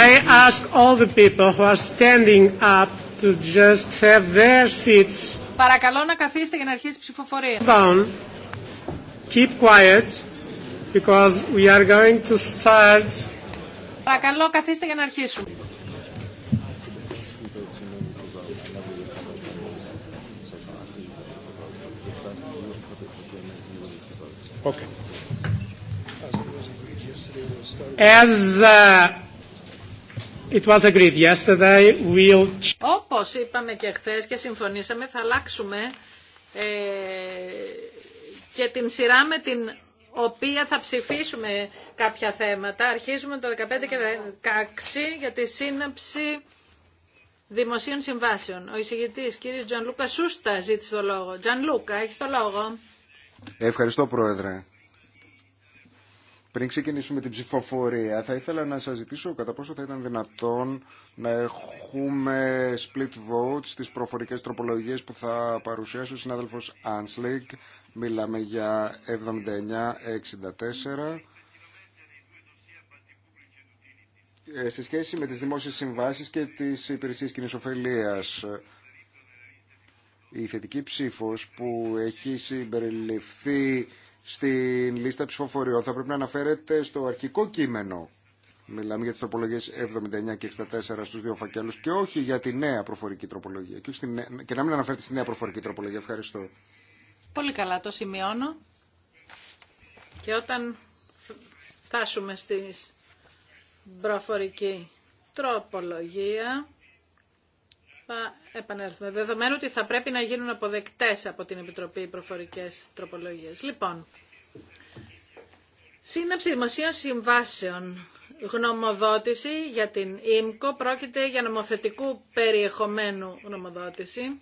May I ask all the people who are standing up to just have their seats. Παρακαλώ να καθίσετε για να αρχίσει η ψηφοφορία. Down. Keep quiet because we are going to start. Παρακαλώ καθίστε για να αρχίσουμε. Okay. As uh, it Όπως είπαμε και χθες και συμφωνήσαμε, θα αλλάξουμε ε, και την σειρά με την οποία θα ψηφίσουμε κάποια θέματα. Αρχίζουμε το 15 και 16 για τη σύναψη δημοσίων συμβάσεων. Ο εισηγητής κύριος Τζανλούκα Σούστα ζήτησε το λόγο. Τζανλούκα, έχεις το λόγο. Ευχαριστώ Πρόεδρε. Πριν ξεκινήσουμε την ψηφοφορία, θα ήθελα να σας ζητήσω κατά πόσο θα ήταν δυνατόν να έχουμε split votes στις προφορικές τροπολογίες που θα παρουσιάσει ο συνάδελφος Άνσλικ. Μιλάμε για 79-64. Ε, σε σχέση με τις δημόσιες συμβάσεις και τις υπηρεσίες κοινής ωφελίας, η θετική ψήφος που έχει συμπεριληφθεί στην λίστα ψηφοφοριών θα πρέπει να αναφέρεται στο αρχικό κείμενο. Μιλάμε για τι τροπολογίε 79 και 64 στου δύο φακέλους και όχι για τη νέα προφορική τροπολογία. Και, στην... και να μην αναφέρεται στη νέα προφορική τροπολογία. Ευχαριστώ. Πολύ καλά, το σημειώνω. Και όταν φτάσουμε στη προφορική τροπολογία θα επανέλθουμε. Δεδομένου ότι θα πρέπει να γίνουν αποδεκτές από την Επιτροπή Προφορικές Τροπολογίες. Λοιπόν, σύναψη δημοσίων συμβάσεων. Γνωμοδότηση για την ΙΜΚΟ πρόκειται για νομοθετικού περιεχομένου γνωμοδότηση.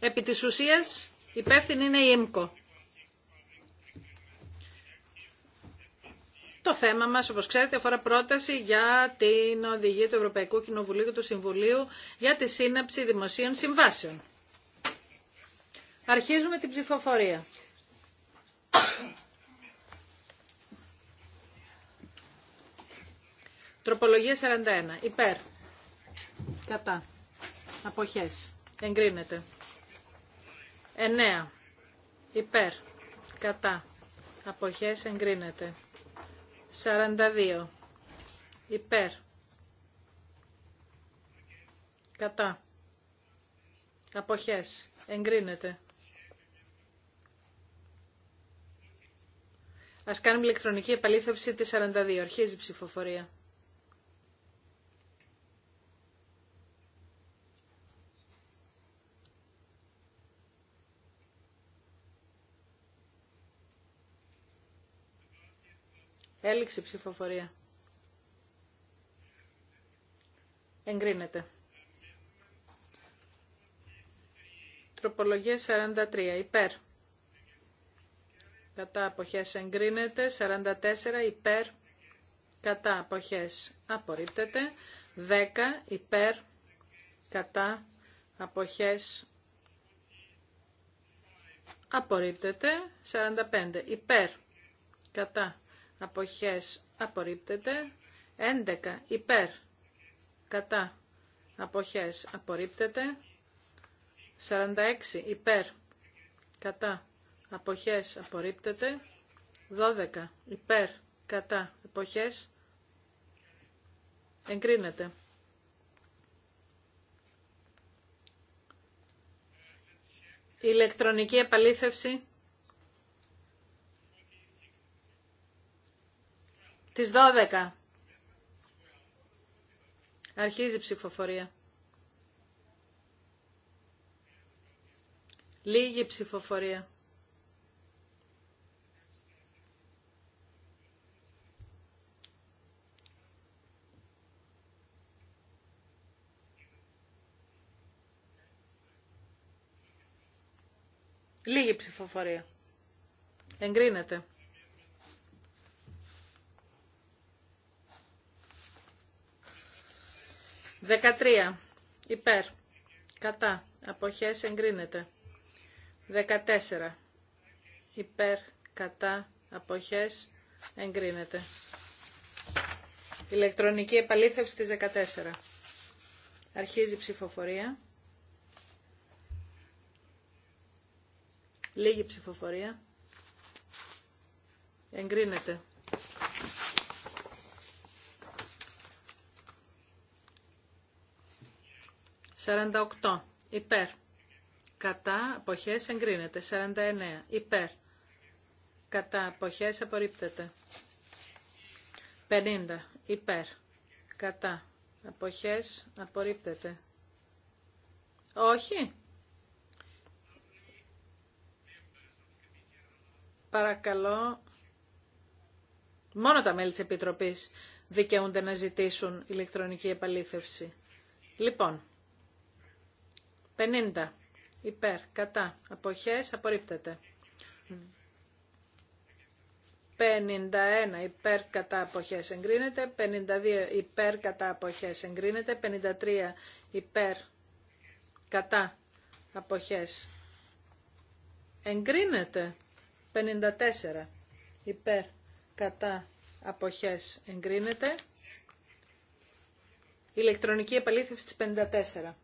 Επί της ουσίας, υπεύθυνη είναι η ΙΜΚΟ. Το θέμα μας, όπως ξέρετε, αφορά πρόταση για την οδηγία του Ευρωπαϊκού Κοινοβουλίου και του Συμβουλίου για τη σύναψη δημοσίων συμβάσεων. Αρχίζουμε την ψηφοφορία. Τροπολογία 41. Υπέρ. Κατά. Αποχές. Εγκρίνεται. 9. Υπέρ. Κατά. Αποχές εγκρίνεται. 42. Υπέρ. Κατά. Αποχές. Εγκρίνεται. Ας κάνουμε ηλεκτρονική επαλήθευση τη 42. Αρχίζει η ψηφοφορία. Έληξη ψηφοφορία. Εγκρίνεται. Τροπολογία 43. Υπέρ. Κατά αποχές εγκρίνεται. 44. Υπέρ. Κατά αποχές απορρίπτεται. 10. Υπέρ. Κατά αποχές απορρίπτεται. 45. Υπέρ. Κατά αποχές απορρίπτεται. 11 υπέρ κατά αποχές απορρίπτεται. 46 υπέρ κατά αποχές απορρίπτεται. 12 υπέρ κατά αποχές εγκρίνεται. Ηλεκτρονική επαλήθευση Τις 12. Αρχίζει η ψηφοφορία. Λίγη ψηφοφορία. Λίγη ψηφοφορία. Εγκρίνεται. 13. Υπέρ. Κατά. Αποχές εγκρίνεται. 14. Υπέρ. Κατά. Αποχές εγκρίνεται. Ηλεκτρονική επαλήθευση της 14. Αρχίζει η ψηφοφορία. Λίγη ψηφοφορία. Εγκρίνεται. 48. Υπέρ. Κατά αποχές εγκρίνεται. 49. Υπέρ. Κατά αποχές απορρίπτεται. 50. Υπέρ. Κατά. Αποχές απορρίπτεται. Όχι. Παρακαλώ. Μόνο τα μέλη της Επιτροπής δικαιούνται να ζητήσουν ηλεκτρονική επαλήθευση. Λοιπόν, 50. Υπέρ. Κατά. Αποχές. Απορρίπτεται. 51 υπέρ κατά αποχές εγκρίνεται, 52 υπέρ κατά αποχές εγκρίνεται, 53 υπέρ κατά αποχές εγκρίνεται, 54 υπέρ κατά αποχές εγκρίνεται, ηλεκτρονική επαλήθευση της 54.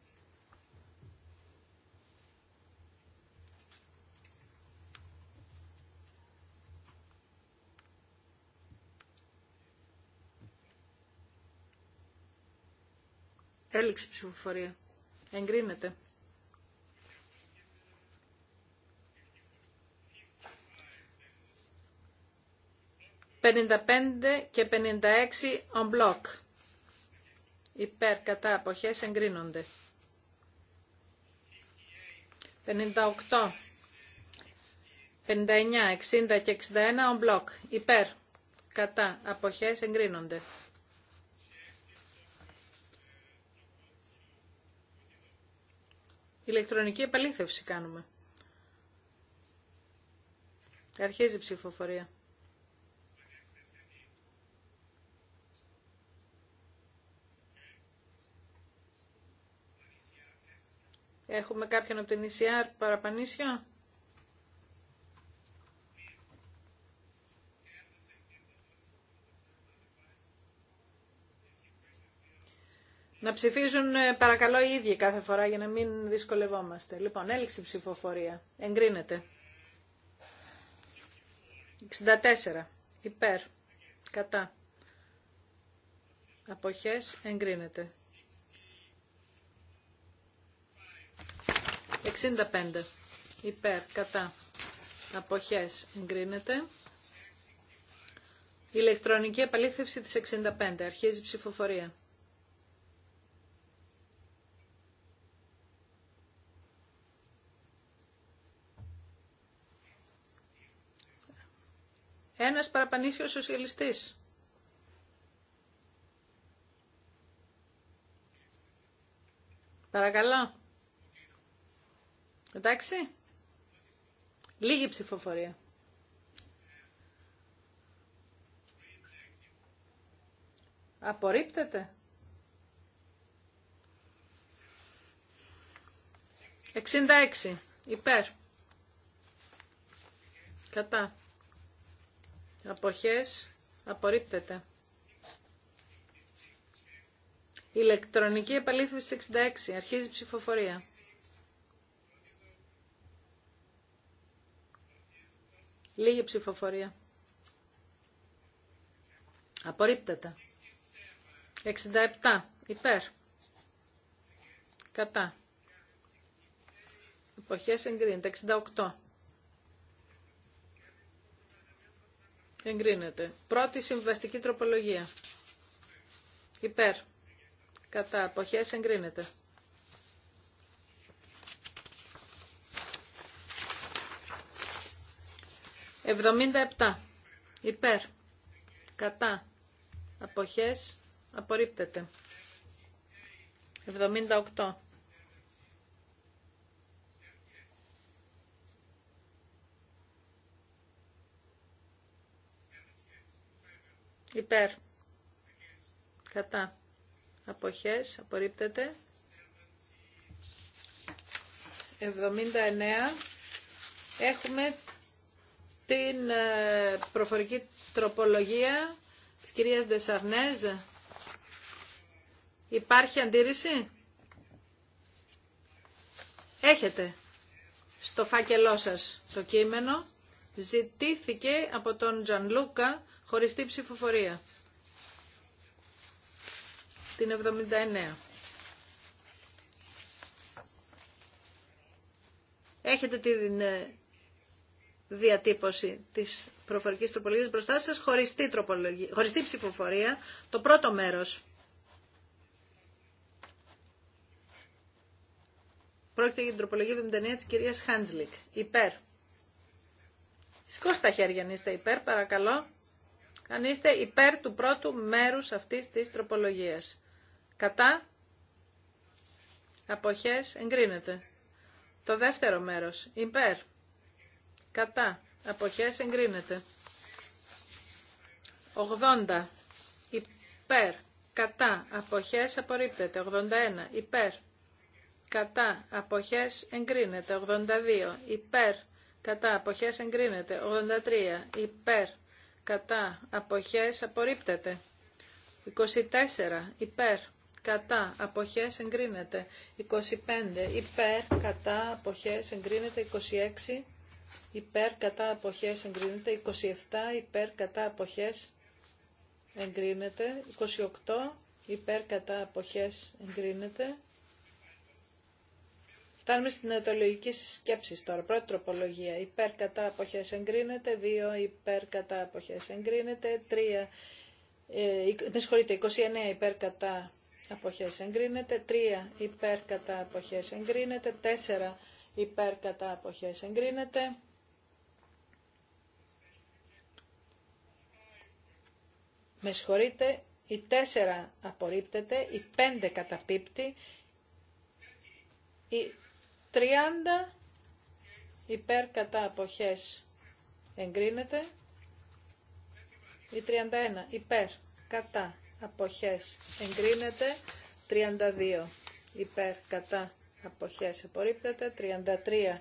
Έληξη ψηφοφορία. Εγκρίνεται. 55 και 56 on block. Υπέρ κατά αποχές εγκρίνονται. 58, 59, 60 και 61 on block. Υπέρ κατά αποχές εγκρίνονται. Ηλεκτρονική επαλήθευση κάνουμε. Αρχίζει η ψηφοφορία. Έχουμε κάποιον από την ECR Να ψηφίζουν ε, παρακαλώ οι ίδιοι κάθε φορά για να μην δυσκολευόμαστε. Λοιπόν, έληξη ψηφοφορία. Εγκρίνεται. 64. Υπέρ. Κατά. Αποχές. Εγκρίνεται. 65. Υπέρ. Κατά. Αποχές. Εγκρίνεται. Ηλεκτρονική επαλήθευση της 65. Αρχίζει ψηφοφορία. ένας παραπανήσιος σοσιαλιστής. Παρακαλώ. Εντάξει. Λίγη ψηφοφορία. Απορρίπτεται. έξι. Υπέρ. Κατά. Αποχές απορρίπτεται. Ηλεκτρονική επαλήθευση 66. Αρχίζει ψηφοφορία. Λίγη ψηφοφορία. Απορρίπτεται. 67. Υπέρ. Κατά. Εποχές εγκρίνεται. 68. Εγκρίνεται. Πρώτη συμβαστική τροπολογία. Υπέρ. Κατά. Αποχές εγκρίνεται. Εβδομήντα επτά. Υπέρ. Κατά. Αποχές απορρίπτεται. Εβδομήντα οκτώ. Υπέρ. Κατά. Αποχές. Απορρίπτεται. 79. Έχουμε την ε, προφορική τροπολογία της κυρίας Δεσαρνέζ. Υπάρχει αντίρρηση? Έχετε στο φάκελό σας το κείμενο. Ζητήθηκε από τον Τζανλούκα Χωριστή ψηφοφορία. Την 79. Έχετε την ε, διατύπωση της προφορικής τροπολογίας μπροστά σας, χωριστή, τροπολογία, χωριστή ψηφοφορία, το πρώτο μέρος. Πρόκειται για την τροπολογία 79 της κυρίας Χάντζλικ. Υπέρ. Σηκώστε τα χέρια αν είστε υπέρ, παρακαλώ αν είστε υπέρ του πρώτου μέρους αυτής της τροπολογίας. Κατά αποχές εγκρίνεται. Το δεύτερο μέρος υπέρ. Κατά αποχές εγκρίνεται. 80 υπέρ. Κατά αποχές απορρίπτεται. 81 υπέρ. Κατά αποχές εγκρίνεται. 82 υπέρ. Κατά αποχές εγκρίνεται. 83 υπέρ κατά, αποχές, απορρίπτεται. 24 υπέρ, κατά, αποχές, εγκρίνεται. 25 υπέρ, κατά, αποχές, εγκρίνεται. 26 υπέρ, κατά, αποχές, εγκρίνεται. 27 υπέρ, κατά, αποχές, εγκρίνεται. 28 υπέρ, κατά, αποχές, εγκρίνεται. Φτάνουμε στην νεοτολογική σκέψη τώρα. Πρώτη τροπολογία. Υπέρ κατά αποχέ εγκρίνεται. 2. Υπέρ κατά αποχέ εγκρίνεται. Τρία. Ε, με συγχωρείτε. 29. Υπέρ κατά αποχέ εγκρίνεται. 3. Υπέρ κατά αποχέ εγκρίνεται. 4. Υπέρ κατά αποχέ εγκρίνεται. Με συγχωρείτε. Η τέσσερα απορρίπτεται. Η πέντε καταπίπτει. Η 30 υπέρ κατά αποχές εγκρίνεται. Η 31 υπέρ κατά αποχές εγκρίνεται. 32 υπέρ κατά αποχές απορρίπτεται. 33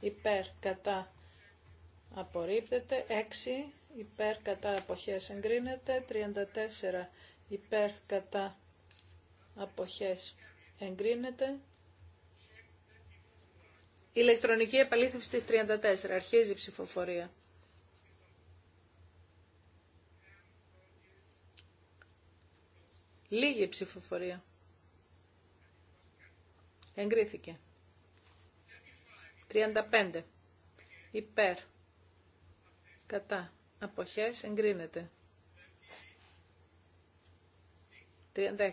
υπέρ κατά απορρίπτεται. 6 υπέρ κατά αποχές εγκρίνεται. 34 υπέρ κατά αποχές εγκρίνεται. Ηλεκτρονική επαλήθευση στις 34. Αρχίζει η ψηφοφορία. Λίγη ψηφοφορία. Εγκρίθηκε. 35. Υπέρ. Κατά. Αποχές. Εγκρίνεται. 36.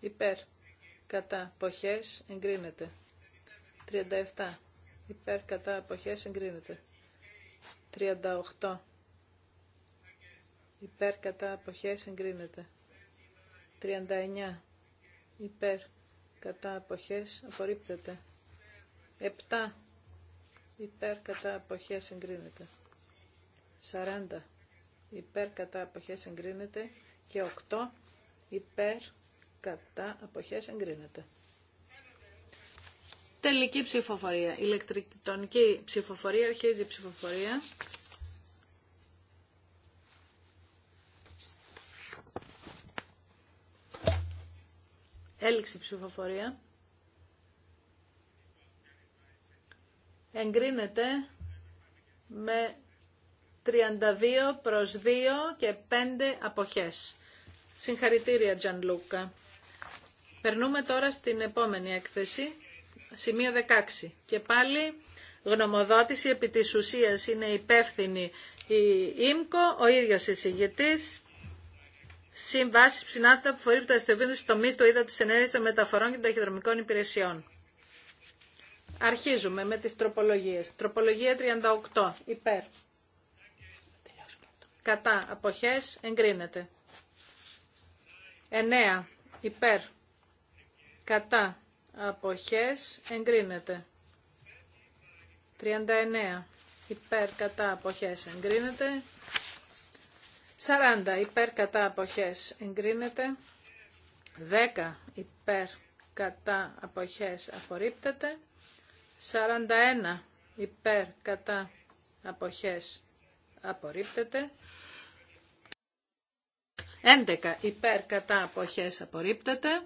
Υπέρ κατά αποχές εγκρίνεται. 37 υπέρ κατά αποχές εγκρίνεται. 38 υπέρ κατά αποχές εγκρίνεται. 39 υπέρ κατά αποχές απορρίπτεται. 7 υπέρ κατά αποχές εγκρίνεται. 40 υπέρ κατά αποχές εγκρίνεται και 8 υπέρ κατά αποχές εγκρίνεται. Τελική ψηφοφορία. Ηλεκτρονική ψηφοφορία. Αρχίζει η ψηφοφορία. Έληξη ψηφοφορία. Εγκρίνεται με 32 προς 2 και 5 αποχές. Συγχαρητήρια Λουκά. Περνούμε τώρα στην επόμενη έκθεση, σημείο 16. Και πάλι γνωμοδότηση επί της ουσίας είναι υπεύθυνη η ΙΜΚΟ, ο ίδιος εισηγητής. Συμβάσει ψηνάτων που φορεί τα αστυνομία του τομεί του είδα του ενέργεια των μεταφορών και των ταχυδρομικών υπηρεσιών. Αρχίζουμε με τι τροπολογίε. Τροπολογία 38. Υπέρ. Κατά. αποχέ. Εγκρίνεται. 9. Υπέρ κατά αποχές εγκρίνεται. 39 υπέρ κατά αποχές εγκρίνεται. 40 υπέρ κατά αποχές εγκρίνεται. 10 υπέρ κατά αποχές απορρίπτεται. 41 υπέρ κατά αποχές απορρίπτεται. 11 υπέρ κατά αποχές απορρίπτεται.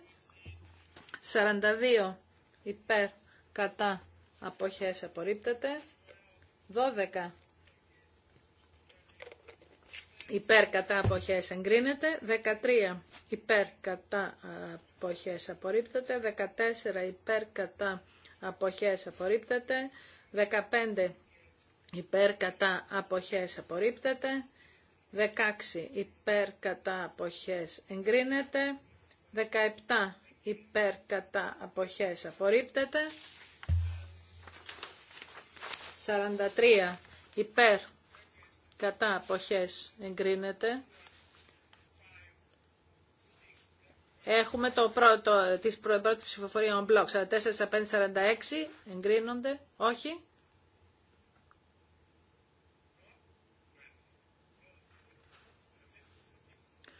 42 υπέρ κατά αποχές απορρίπτεται. 12 υπέρ κατά αποχές εγκρίνεται. 13 υπέρ κατά αποχές απορρίπτεται. 14 υπέρ κατά αποχές απορρίπτεται. 15 υπέρ κατά αποχές απορρίπτεται. 16 υπέρ κατά αποχές εγκρίνεται. 17 υπέρ κατά αποχές απορρίπτεται. 43 υπέρ κατά αποχές εγκρίνεται. Έχουμε το πρώτο, της πρώτη ψηφοφορία on block. 44, 45, 46 εγκρίνονται. Όχι.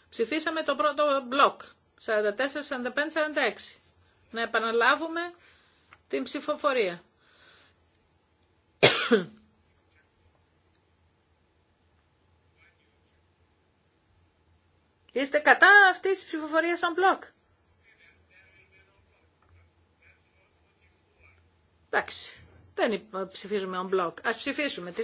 Ψηφίσαμε το πρώτο μπλοκ. 44, 45, 46. Να επαναλάβουμε την ψηφοφορία. Είστε κατά αυτή τη ψηφοφορία σαν μπλοκ. Εντάξει. Δεν ψηφίζουμε on block. Ας ψηφίσουμε Τι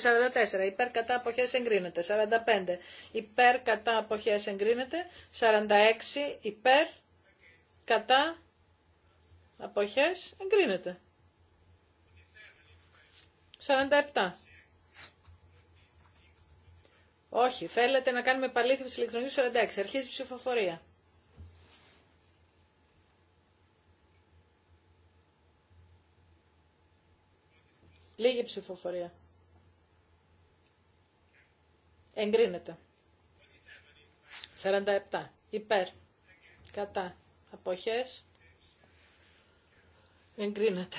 44. Υπέρ κατά αποχές εγκρίνεται. 45. Υπέρ κατά αποχές εγκρίνεται. 46. Υπέρ κατά αποχές εγκρίνεται. 47. Όχι, θέλετε να κάνουμε παλήθευση ηλεκτρονικού 46. Αρχίζει η ψηφοφορία. Λίγη ψηφοφορία. Εγκρίνεται. 47. Υπέρ. Κατά. Αποχές. Εγκρίνεται.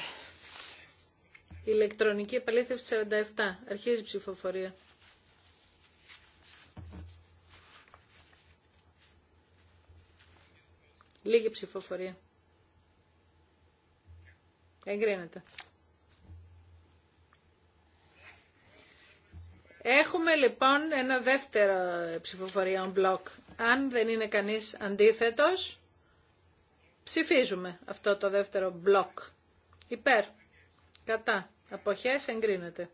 Ηλεκτρονική επαλήθευση 47. Αρχίζει ψηφοφορία. Λίγη ψηφοφορία. Εγκρίνεται. Έχουμε λοιπόν ένα δεύτερο ψηφοφορία on block. Αν δεν είναι κανείς αντίθετος, ψηφίζουμε αυτό το δεύτερο block. Υπέρ, κατά, αποχές, εγκρίνεται.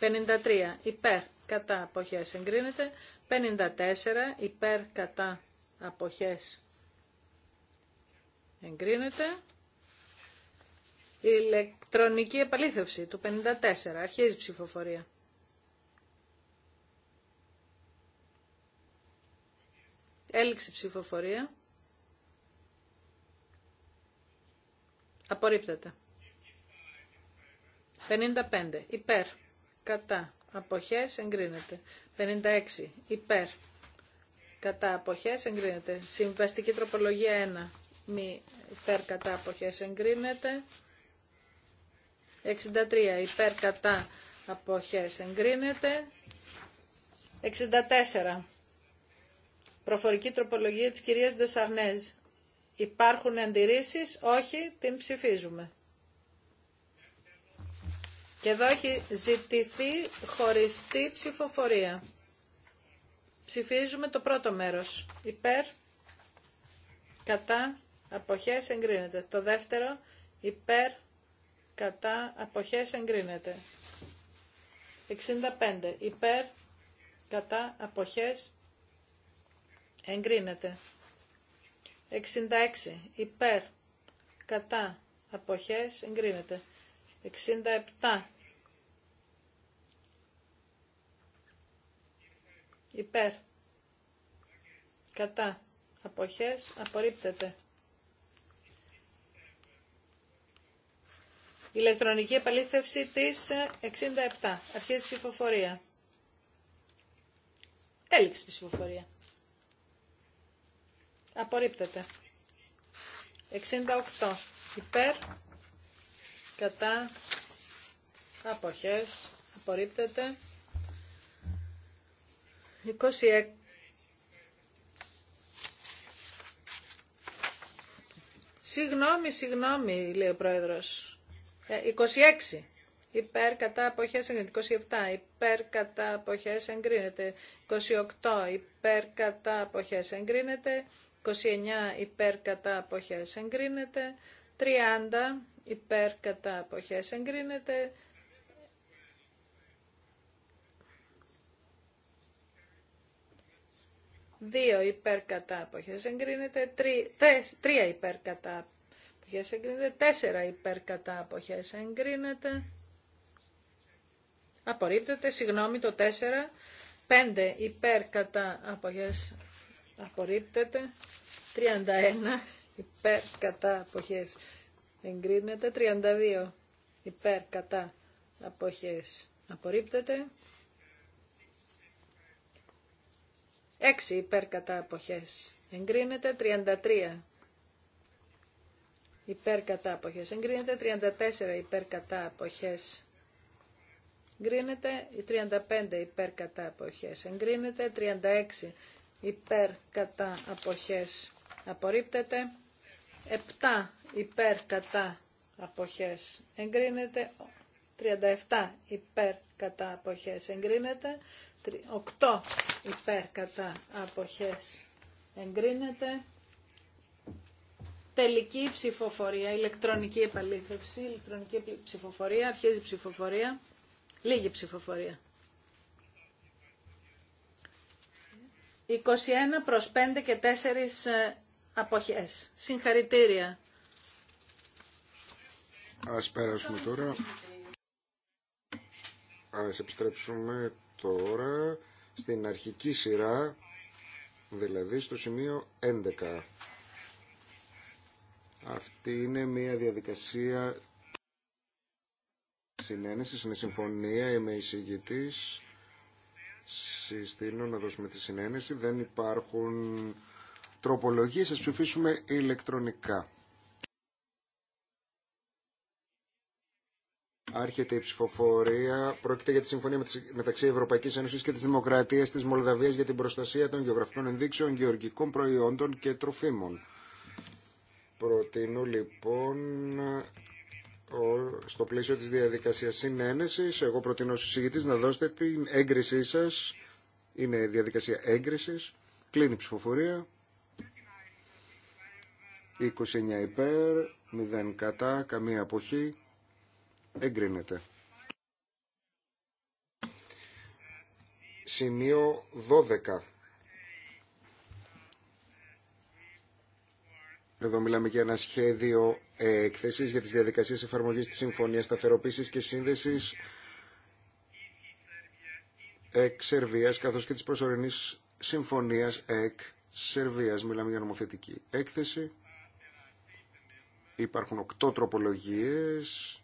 53, υπέρ, κατά, αποχές, εγκρίνεται. 54, υπέρ, κατά, αποχές, εγκρίνεται. Η ηλεκτρονική επαλήθευση του 54, αρχίζει η ψηφοφορία. Έληξη ψηφοφορία. Απορρίπτεται. 55. Υπέρ. Κατά. Αποχές εγκρίνεται. 56. Υπέρ. Κατά. Αποχές εγκρίνεται. Συμβαστική τροπολογία 1. Μη υπέρ κατά αποχές εγκρίνεται. 63. Υπέρ κατά αποχές εγκρίνεται. 64. Προφορική τροπολογία της κυρίας Ντεσαρνέζ. Υπάρχουν αντιρρήσεις, όχι, την ψηφίζουμε. Και εδώ έχει ζητηθεί χωριστή ψηφοφορία. Ψηφίζουμε το πρώτο μέρος. Υπέρ, κατά, αποχές εγκρίνεται. Το δεύτερο, υπέρ, κατά, αποχές εγκρίνεται. 65. Υπέρ, κατά, αποχές εγκρίνεται. 66 υπέρ κατά αποχές εγκρίνεται. 67 υπέρ κατά αποχές απορρίπτεται. Ηλεκτρονική επαλήθευση της 67. Ε, αρχίζει ψηφοφορία. Έληξη ψηφοφορία απορρίπτεται. 68 υπέρ, κατά, αποχές, απορρίπτεται. 26 Συγγνώμη, συγγνώμη, λέει ο πρόεδρος. 26. Ε, υπέρ κατά αποχές εγκρίνεται. 27 υπέρ κατά αποχές εγκρίνεται. 28 υπέρ κατά αποχές εγκρίνεται. 29 υπέρ κατά αποχές εγκρίνεται. 30 υπέρ κατά αποχές εγκρίνεται. 2 υπέρ κατά αποχές εγκρίνεται, τρι, υπέρ κατά αποχές εγκρίνεται, τέσσερα υπέρ κατά αποχές εγκρίνεται απορρίπτεται, συγγνώμη το 4, 5 υπέρ κατά αποχές απορρίπτεται, 31 υπέρ κατά αποχές εγκρίνεται, 32 υπέρ κατά αποχές απορρίπτεται, 6 υπέρ κατά αποχές εγκρίνεται, 33 υπέρ κατά αποχές εγκρίνεται, 34 υπέρ κατά αποχές Εγκρίνεται 35 υπέρ κατά αποχές. Εγκρίνεται 36 υπέρ κατά αποχές. Απορρίπτεται 7 υπέρ κατά αποχές. Εγκρίνεται 37 υπέρ κατά αποχές. Εγκρίνεται 8 υπέρ κατά αποχές. Εγκρίνεται τελική ψηφοφορία, ηλεκτρονική επαλήθευση, ηλεκτρονική ψηφοφορία, αρχίζει η ψηφοφορία. Λίγη ψηφοφορία. 21 προς 5 και 4 ε, αποχές. Συγχαρητήρια. Ας πέρασουμε τώρα. Ας επιστρέψουμε τώρα στην αρχική σειρά, δηλαδή στο σημείο 11. Αυτή είναι μια διαδικασία συνένεση, είναι συμφωνία, είμαι εισηγητή. Συστήνω να δώσουμε τη συνένεση. Δεν υπάρχουν τροπολογίες, α ψηφίσουμε ηλεκτρονικά. Άρχεται η ψηφοφορία. Πρόκειται για τη συμφωνία μεταξύ Ευρωπαϊκή Ένωση και τη Δημοκρατία τη Μολδαβία για την προστασία των γεωγραφικών ενδείξεων, γεωργικών προϊόντων και τροφίμων. Προτείνω λοιπόν στο πλαίσιο της διαδικασίας συνένεσης. Εγώ προτείνω στους συγητής να δώσετε την έγκρισή σας. Είναι διαδικασία έγκρισης. Κλείνει η ψηφοφορία. 29 υπέρ, 0 κατά, καμία αποχή. Εγκρίνεται. Σημείο 12. Εδώ μιλάμε για ένα σχέδιο ε, εκθέση για τις διαδικασίες εφαρμογής της Συμφωνίας σταθεροποίηση και Σύνδεσης ΕΚ Σερβίας καθώς και της προσωρινής Συμφωνίας ΕΚ Σερβίας. Μιλάμε για νομοθετική έκθεση. Υπάρχουν οκτώ τροπολογίες.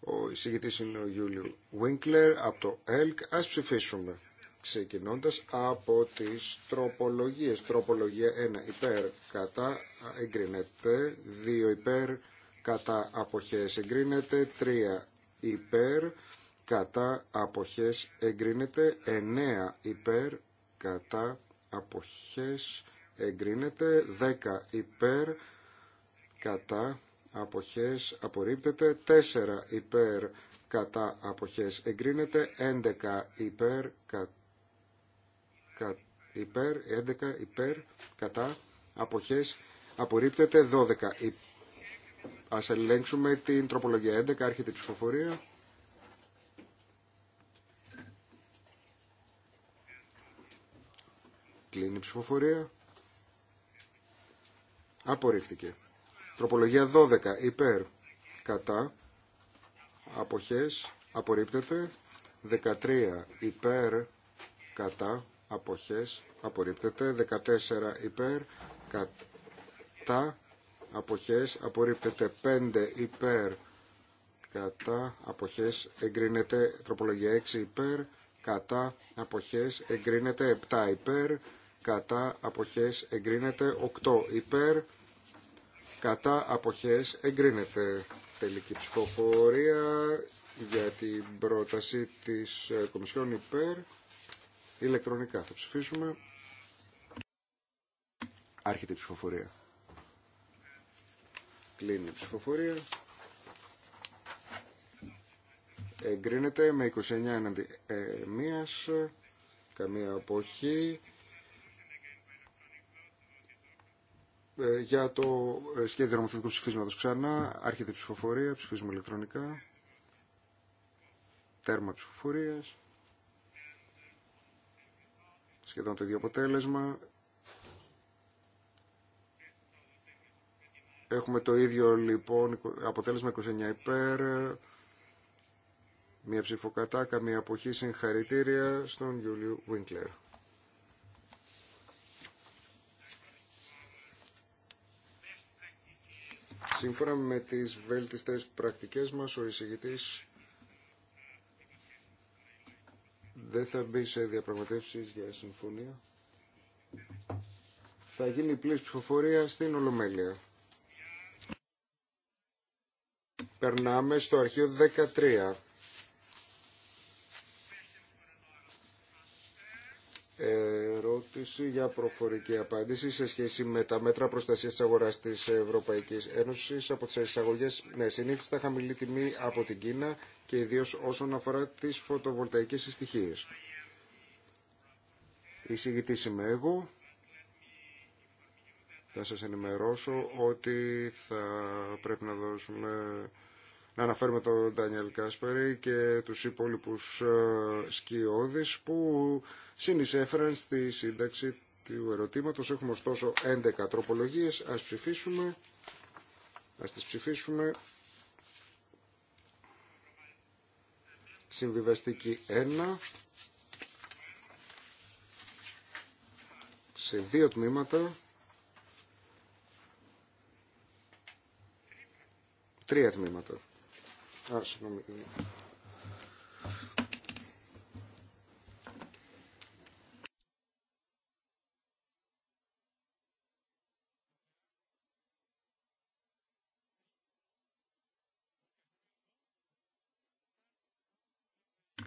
Ο εισηγητή είναι ο Γιούλιο Βίνκλερ από το ΕΛΚ. Α ψηφίσουμε ξεκινώντας από τις τροπολογίες. Τροπολογία 1 υπέρ κατά εγκρίνεται, 2 υπέρ κατά αποχές εγκρίνεται, 3 υπέρ κατά αποχές εγκρίνεται, 9 υπέρ κατά αποχές εγκρίνεται, 10 υπέρ κατά αποχές απορρίπτεται, 4 υπέρ κατά αποχές εγκρίνεται, 11 υπέρ κατά υπέρ, 11 υπέρ, κατά, αποχές, απορρίπτεται 12. Υ... Ας ελέγξουμε την τροπολογία 11, άρχεται η ψηφοφορία. Κλείνει η ψηφοφορία. Απορρίφθηκε. Τροπολογία 12, υπέρ, κατά, αποχές, απορρίπτεται. 13, υπέρ, κατά, αποχές απορρίπτεται 14 υπέρ κατά αποχές απορρίπτεται 5 υπέρ κατά αποχές εγκρίνεται τροπολογία 6 υπέρ κατά αποχές εγκρίνεται 7 υπέρ κατά αποχές εγκρίνεται 8 υπέρ κατά αποχές εγκρίνεται τελική ψηφοφορία για την πρόταση της ε, Κομισιόν υπέρ Ηλεκτρονικά θα ψηφίσουμε. Άρχεται η ψηφοφορία. Κλείνει η ψηφοφορία. Εγκρίνεται με 29 εναντί ε, μίας, καμία αποχή. Ε, για το ε, σχέδιο νομοθετικού ψηφίσματος ξανά, άρχεται η ψηφοφορία, ψηφίζουμε ηλεκτρονικά. Τέρμα ψηφοφορίας σχεδόν το ίδιο αποτέλεσμα. Έχουμε το ίδιο λοιπόν αποτέλεσμα 29 υπέρ, μία ψηφοκατάκα, μια αποχή, συγχαρητήρια στον Γιούλιο Βίνκλερ. Σύμφωνα με τις βέλτιστες πρακτικές μας, ο εισηγητής δεν θα μπει σε διαπραγματεύσεις για συμφωνία. Θα γίνει πλήρης ψηφοφορία στην Ολομέλεια. Περνάμε στο αρχείο 13. Ερώτηση για προφορική απάντηση σε σχέση με τα μέτρα προστασίας της αγοράς της Ευρωπαϊκής Ένωσης από τις εισαγωγέ ναι, συνήθιστα χαμηλή τιμή από την Κίνα και ιδίως όσον αφορά τις φωτοβολταϊκές συστοιχίες. Εισηγητής είμαι εγώ. Θα σας ενημερώσω ότι θα πρέπει να δώσουμε... Να αναφέρουμε τον Ντάνιελ Κάσπερη και τους υπόλοιπους ε, σκιώδεις που συνεισέφεραν στη σύνταξη του ερωτήματος. Έχουμε ωστόσο 11 τροπολογίες. Ας ψηφίσουμε. Ας τις ψηφίσουμε. Συμβιβαστική 1 σε δύο τμήματα. Τρία τμήματα. Α,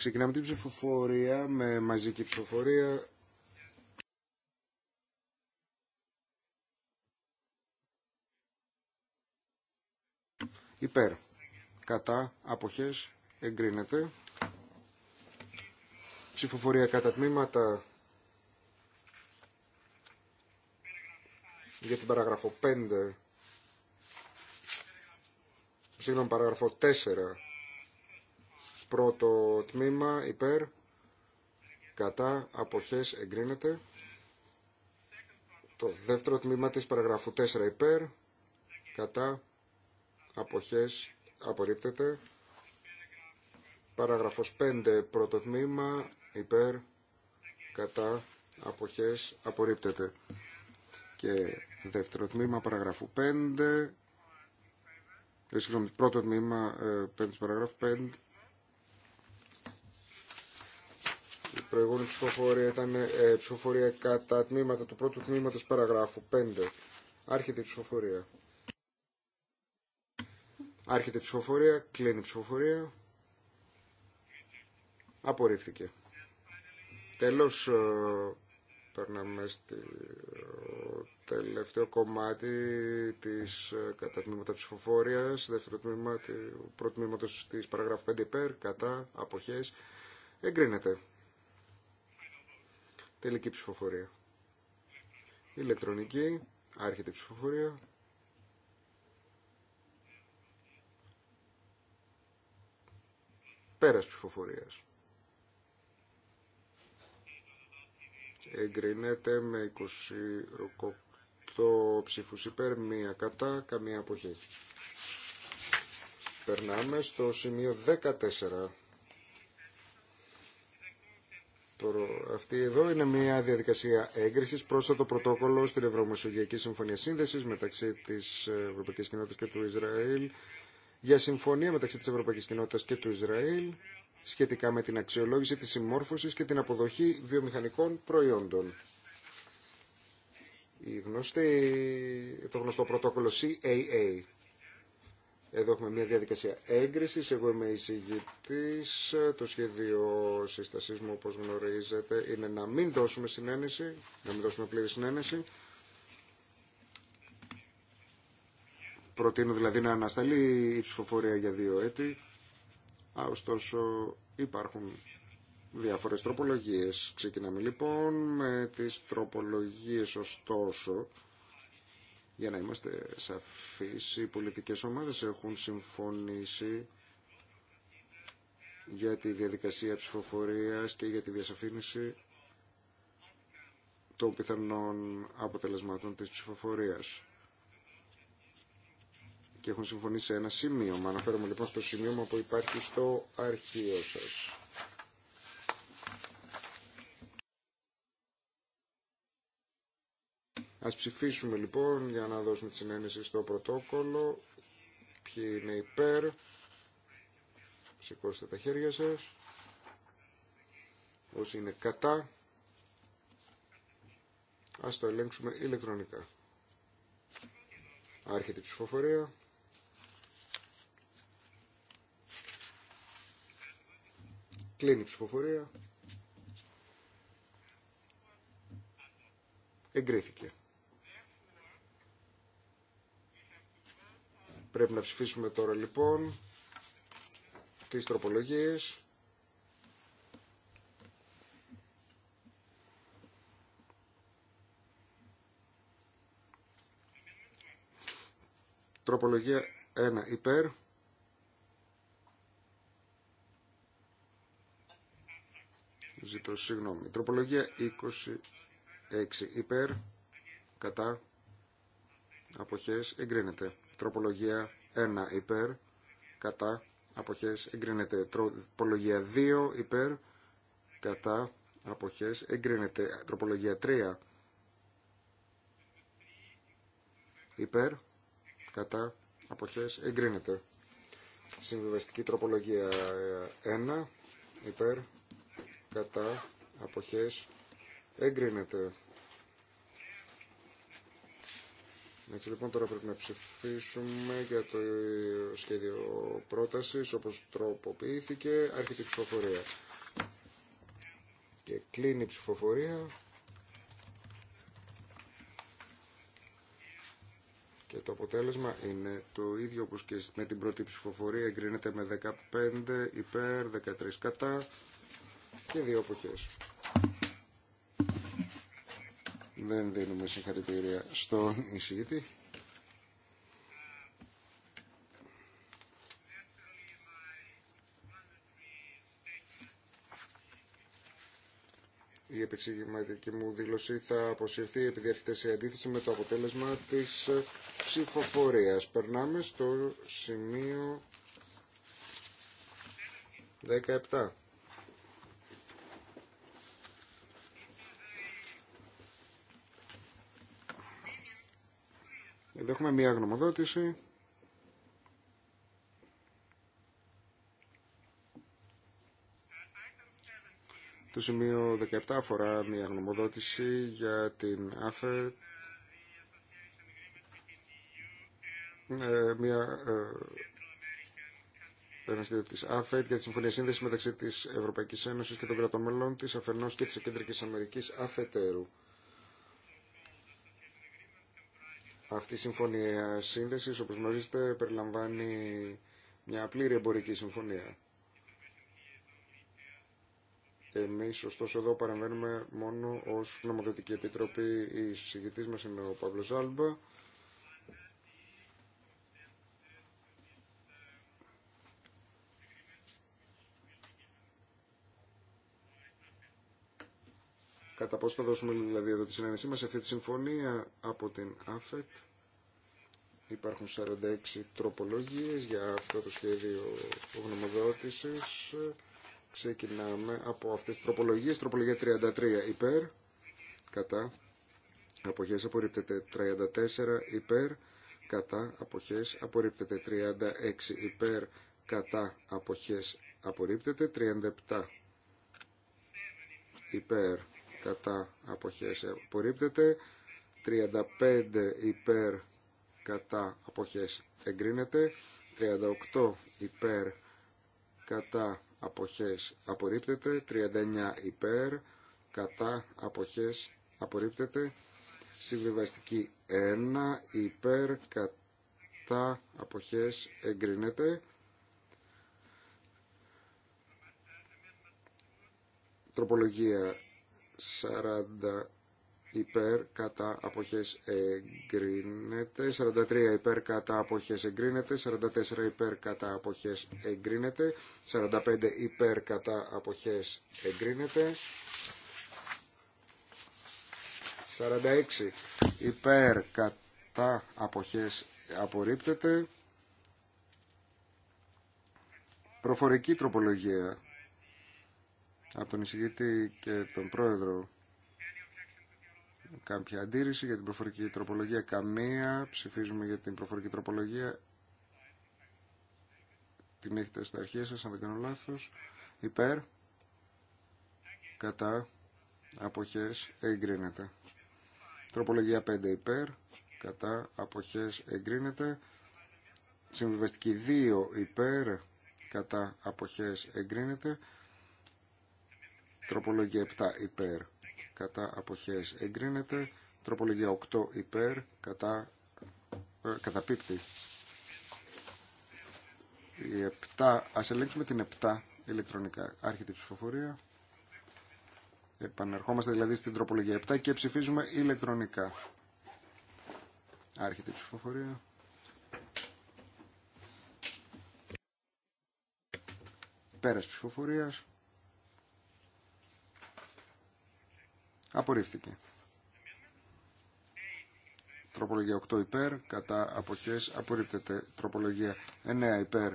Ξεκινάμε την ψηφοφορία με μαζική ψηφοφορία. Υπέρ. Κατά. Αποχές. Εγκρίνεται. Ψηφοφορία κατά τμήματα. Για την παράγραφο 5. Συγγνώμη, παράγραφο 4. Πρώτο τμήμα υπέρ κατά αποχές εγκρίνεται. Το δεύτερο τμήμα της παραγραφού 4 υπέρ κατά αποχές απορρίπτεται. Παράγραφος 5 πρώτο τμήμα υπέρ κατά αποχές απορρίπτεται. Και δεύτερο τμήμα παραγραφού 5 ε, Συγγνώμη, πρώτο τμήμα, ε, πέμπτη παραγράφου, 5, προηγούμενη ψηφοφορία ήταν ε, ψηφοφορία κατά τμήματα του πρώτου τμήματος παραγράφου 5. Άρχεται η ψηφοφορία. Άρχεται η ψηφοφορία, κλείνει η ψηφοφορία. Απορρίφθηκε. Τέλος, ε, περνάμε στο ε, τελευταίο κομμάτι της κατά τμήματα ψηφοφορίας, δεύτερο τμήμα, πρώτο τμήματος της παραγράφου 5 υπέρ, κατά, αποχές, εγκρίνεται. Τελική ψηφοφορία. Ηλεκτρονική. Άρχεται η ψηφοφορία. Πέρας ψηφοφορίας. Εγκρινέται με 28 ψήφους υπέρ, μία κατά, καμία αποχή. Περνάμε στο σημείο 14. Αυτή εδώ είναι μια διαδικασία έγκρισης το πρωτόκολλο στην Ευρωμεσογειακή Συμφωνία Σύνδεσης μεταξύ της Ευρωπαϊκής Κοινότητας και του Ισραήλ για συμφωνία μεταξύ της Ευρωπαϊκής Κοινότητας και του Ισραήλ σχετικά με την αξιολόγηση της συμμόρφωσης και την αποδοχή βιομηχανικών προϊόντων. Η γνωστή, το γνωστό πρωτόκολλο CAA. Εδώ έχουμε μια διαδικασία έγκρισης. Εγώ είμαι εισήγητη Το σχέδιο συστασίσμου, μου, όπως γνωρίζετε, είναι να μην δώσουμε συνένεση, να μην δώσουμε πλήρη συνένεση. Προτείνω δηλαδή να ανασταλεί η ψηφοφορία για δύο έτη. Α, ωστόσο υπάρχουν διάφορες τροπολογίες. Ξεκινάμε λοιπόν με τις τροπολογίες ωστόσο για να είμαστε σαφείς, οι πολιτικές ομάδες έχουν συμφωνήσει για τη διαδικασία ψηφοφορίας και για τη διασαφήνιση των πιθανών αποτελεσμάτων της ψηφοφορίας. Και έχουν συμφωνήσει σε ένα σημείωμα. Αναφέρομαι λοιπόν στο σημείωμα που υπάρχει στο αρχείο σας. Ας ψηφίσουμε λοιπόν για να δώσουμε τη συνένεση στο πρωτόκολλο. Ποιοι είναι υπέρ. Σηκώστε τα χέρια σας. Όσοι είναι κατά. Ας το ελέγξουμε ηλεκτρονικά. Άρχεται η ψηφοφορία. Κλείνει η ψηφοφορία. Εγκρίθηκε. Πρέπει να ψηφίσουμε τώρα λοιπόν τις τροπολογίες. Τροπολογία 1 υπέρ. Ζητώ συγγνώμη. Τροπολογία 26 υπέρ. Κατά. Αποχές εγκρίνεται. Τροπολογία 1 υπέρ, κατά, αποχές εγκρίνεται. Τροπολογία 2 υπέρ, κατά, αποχές εγκρίνεται. Τροπολογία 3 υπέρ, κατά, αποχές εγκρίνεται. Συμβιβαστική τροπολογία 1 ε, υπέρ, κατά, αποχές εγκρίνεται. Έτσι λοιπόν τώρα πρέπει να ψηφίσουμε για το σχέδιο πρότασης όπως τροποποιήθηκε. Άρχεται η ψηφοφορία. Και κλείνει η ψηφοφορία. Και το αποτέλεσμα είναι το ίδιο όπως και με την πρώτη ψηφοφορία εγκρίνεται με 15 υπέρ, 13 κατά και δύο εποχές. Δεν δίνουμε συγχαρητήρια στον εισηγητή. η επεξηγηματική μου δήλωση θα αποσυρθεί επειδή έρχεται σε αντίθεση με το αποτέλεσμα της ψηφοφορίας. Περνάμε στο σημείο 17. Εδώ έχουμε μία γνωμοδότηση. Το σημείο 17 αφορά μία γνωμοδότηση για την ΑΦΕ, ε, μία ε, ΑΦΕΤ για τη Συμφωνία Σύνδεση μεταξύ της Ευρωπαϊκής Ένωσης και των κρατών μελών της αφενός και της Κεντρικής Αμερικής αφετέρου. Αυτή η συμφωνία σύνδεση, όπω γνωρίζετε, περιλαμβάνει μια πλήρη εμπορική συμφωνία. Εμεί, ωστόσο, εδώ παραμένουμε μόνο ως νομοθετική επιτροπή. Η συζητητή μα είναι ο Παύλο Άλμπα. Κατά πόσο θα δώσουμε δηλαδή εδώ τη συνένεσή μας σε αυτή τη συμφωνία από την ΑΦΕΤ. Υπάρχουν 46 τροπολογίες για αυτό το σχέδιο γνωμοδότησης. Ξεκινάμε από αυτές τις τροπολογίες. Τροπολογία 33 υπέρ, κατά, αποχές απορρίπτεται 34 υπέρ, κατά, αποχές απορρίπτεται 36 υπέρ, κατά, αποχές απορρίπτεται 37 υπέρ, κατά αποχές απορρίπτεται 35 υπέρ κατά αποχές εγκρίνεται 38 υπέρ κατά αποχές απορρίπτεται 39 υπέρ κατά αποχές απορρίπτεται συμβιβαστική 1 υπέρ κατά αποχές εγκρίνεται τροπολογία 40 υπέρ κατά αποχές εγκρίνεται, 43 υπέρ κατά αποχές εγκρίνεται, 44 υπέρ κατά αποχές εγκρίνεται, 45 υπέρ κατά αποχές εγκρίνεται, 46 υπέρ κατά αποχές απορρίπτεται, προφορική τροπολογία από τον εισηγητή και τον πρόεδρο κάποια αντίρρηση για την προφορική τροπολογία καμία ψηφίζουμε για την προφορική τροπολογία την έχετε στα αρχεία σας αν δεν κάνω λάθος υπέρ κατά αποχές εγκρίνεται τροπολογία 5 υπέρ κατά αποχές εγκρίνεται συμβιβαστική 2 υπέρ κατά αποχές εγκρίνεται Τροπολογία 7 υπέρ κατά αποχές εγκρίνεται. Τροπολογία 8 υπέρ κατά ε, καταπίπτει. Η 7, ας ελέγξουμε την 7 ηλεκτρονικά. Άρχεται η ψηφοφορία. Επανερχόμαστε δηλαδή στην τροπολογία 7 και ψηφίζουμε ηλεκτρονικά. Άρχεται η ψηφοφορία. Πέρας ψηφοφορίας. Απορρίφθηκε. Τροπολογία 8 υπέρ, κατά αποχές, απορρίπτεται. Τροπολογία 9 υπέρ,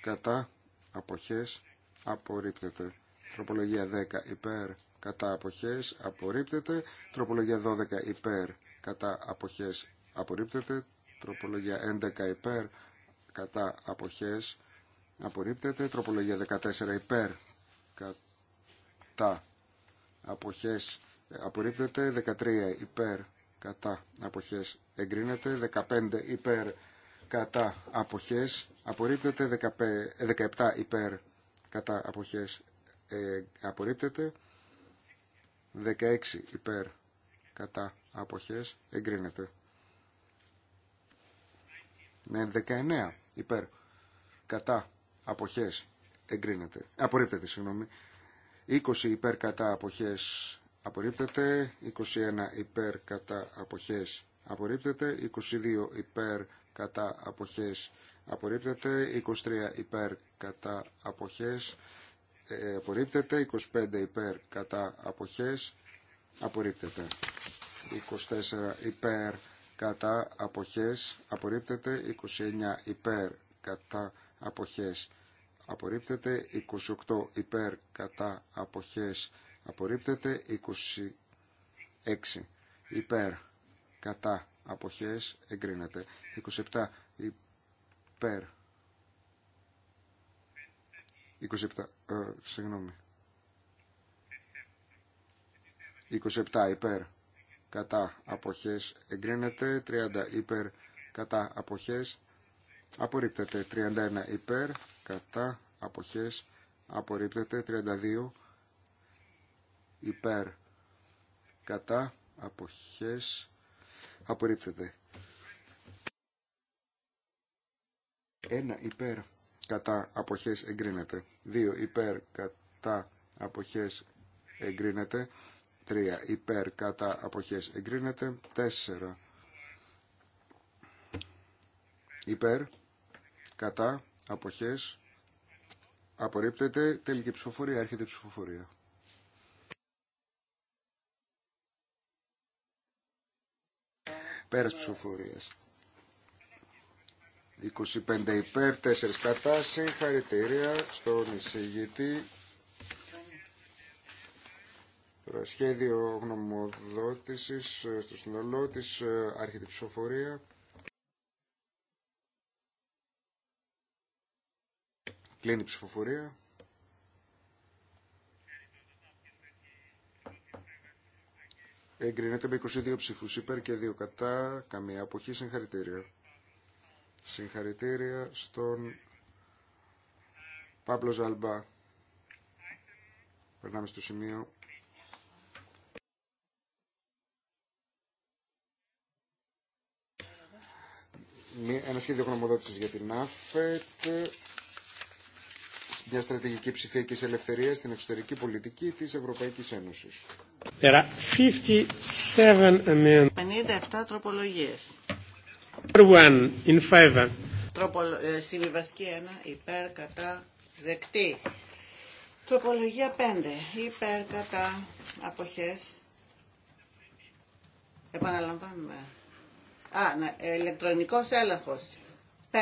κατά αποχές, απορρίπτεται. Τροπολογία 10 υπέρ, κατά αποχές, απορρίπτεται. Τροπολογία 12 υπέρ, κατά αποχές, απορρίπτεται. Τροπολογία 11 υπέρ, κατά αποχές, απορρίπτεται. Τροπολογία 14 υπέρ, κατά αποχές, απορρίπτεται 13 υπέρ κατά αποχές εγκρίνεται 15 υπέρ κατά αποχές απορρίπτεται 17 ε, υπέρ κατά αποχές ε, απορρίπτεται 16 υπέρ κατά αποχές εγκρίνεται 19 ναι, υπέρ κατά αποχές εγκρίνεται απορρίπτεται συγγνώμη 20 υπέρ κατά αποχές απορρίπτεται 21 υπέρ κατά αποχές απορρίπτεται 22 υπέρ κατά αποχές απορρίπτεται 23 υπέρ κατά αποχές ε, απορρίπτεται 25 υπέρ κατά αποχές απορρίπτεται 24 υπέρ κατά αποχές απορρίπτεται 29 υπέρ κατά αποχές απορρίπτεται 28 υπέρ κατά αποχές απορρίπτεται 26 υπέρ κατά αποχές εγκρίνεται 27 υπέρ 27 ε, συγγνώμη 27 υπέρ κατά αποχές εγκρίνεται 30 υπέρ κατά αποχές απορρίπτεται 31 υπέρ κατά αποχές απορρίπτεται 32 υπέρ κατά αποχές απορρίπτεται. Ένα υπέρ κατά αποχές εγκρίνεται. Δύο υπέρ κατά αποχές εγκρίνεται. Τρία υπέρ κατά αποχές εγκρίνεται. Τέσσερα υπέρ κατά αποχές απορρίπτεται. Τελική ψηφοφορία. Έρχεται η ψηφοφορία. Πέρας ψηφοφορίας. 25 υπέρ, 4 κατά, συγχαρητήρια στον εισηγητή. Τώρα σχέδιο γνωμοδότησης ε, στο συνολό της ε, άρχεται ψηφοφορία. Κλείνει η ψηφοφορία. Εγκρίνεται με 22 ψήφους υπέρ και 2 κατά. Καμία αποχή. Συγχαρητήρια. Συγχαρητήρια στον Παύλο Ζαλμπά. Περνάμε στο σημείο. Ένα σχέδιο γνωμοδότησης για την ΑΦΕΤ μια στρατηγική ψηφιακή ελευθερία στην εξωτερική πολιτική τη Ευρωπαϊκή Ένωση. 57... 57 τροπολογίε. Συμβιβαστική 1 υπέρ κατά δεκτή. Τροπολογία 5 υπέρ κατά αποχέ. Επαναλαμβάνουμε. Α, ναι, ηλεκτρονικός έλεγχος. 5.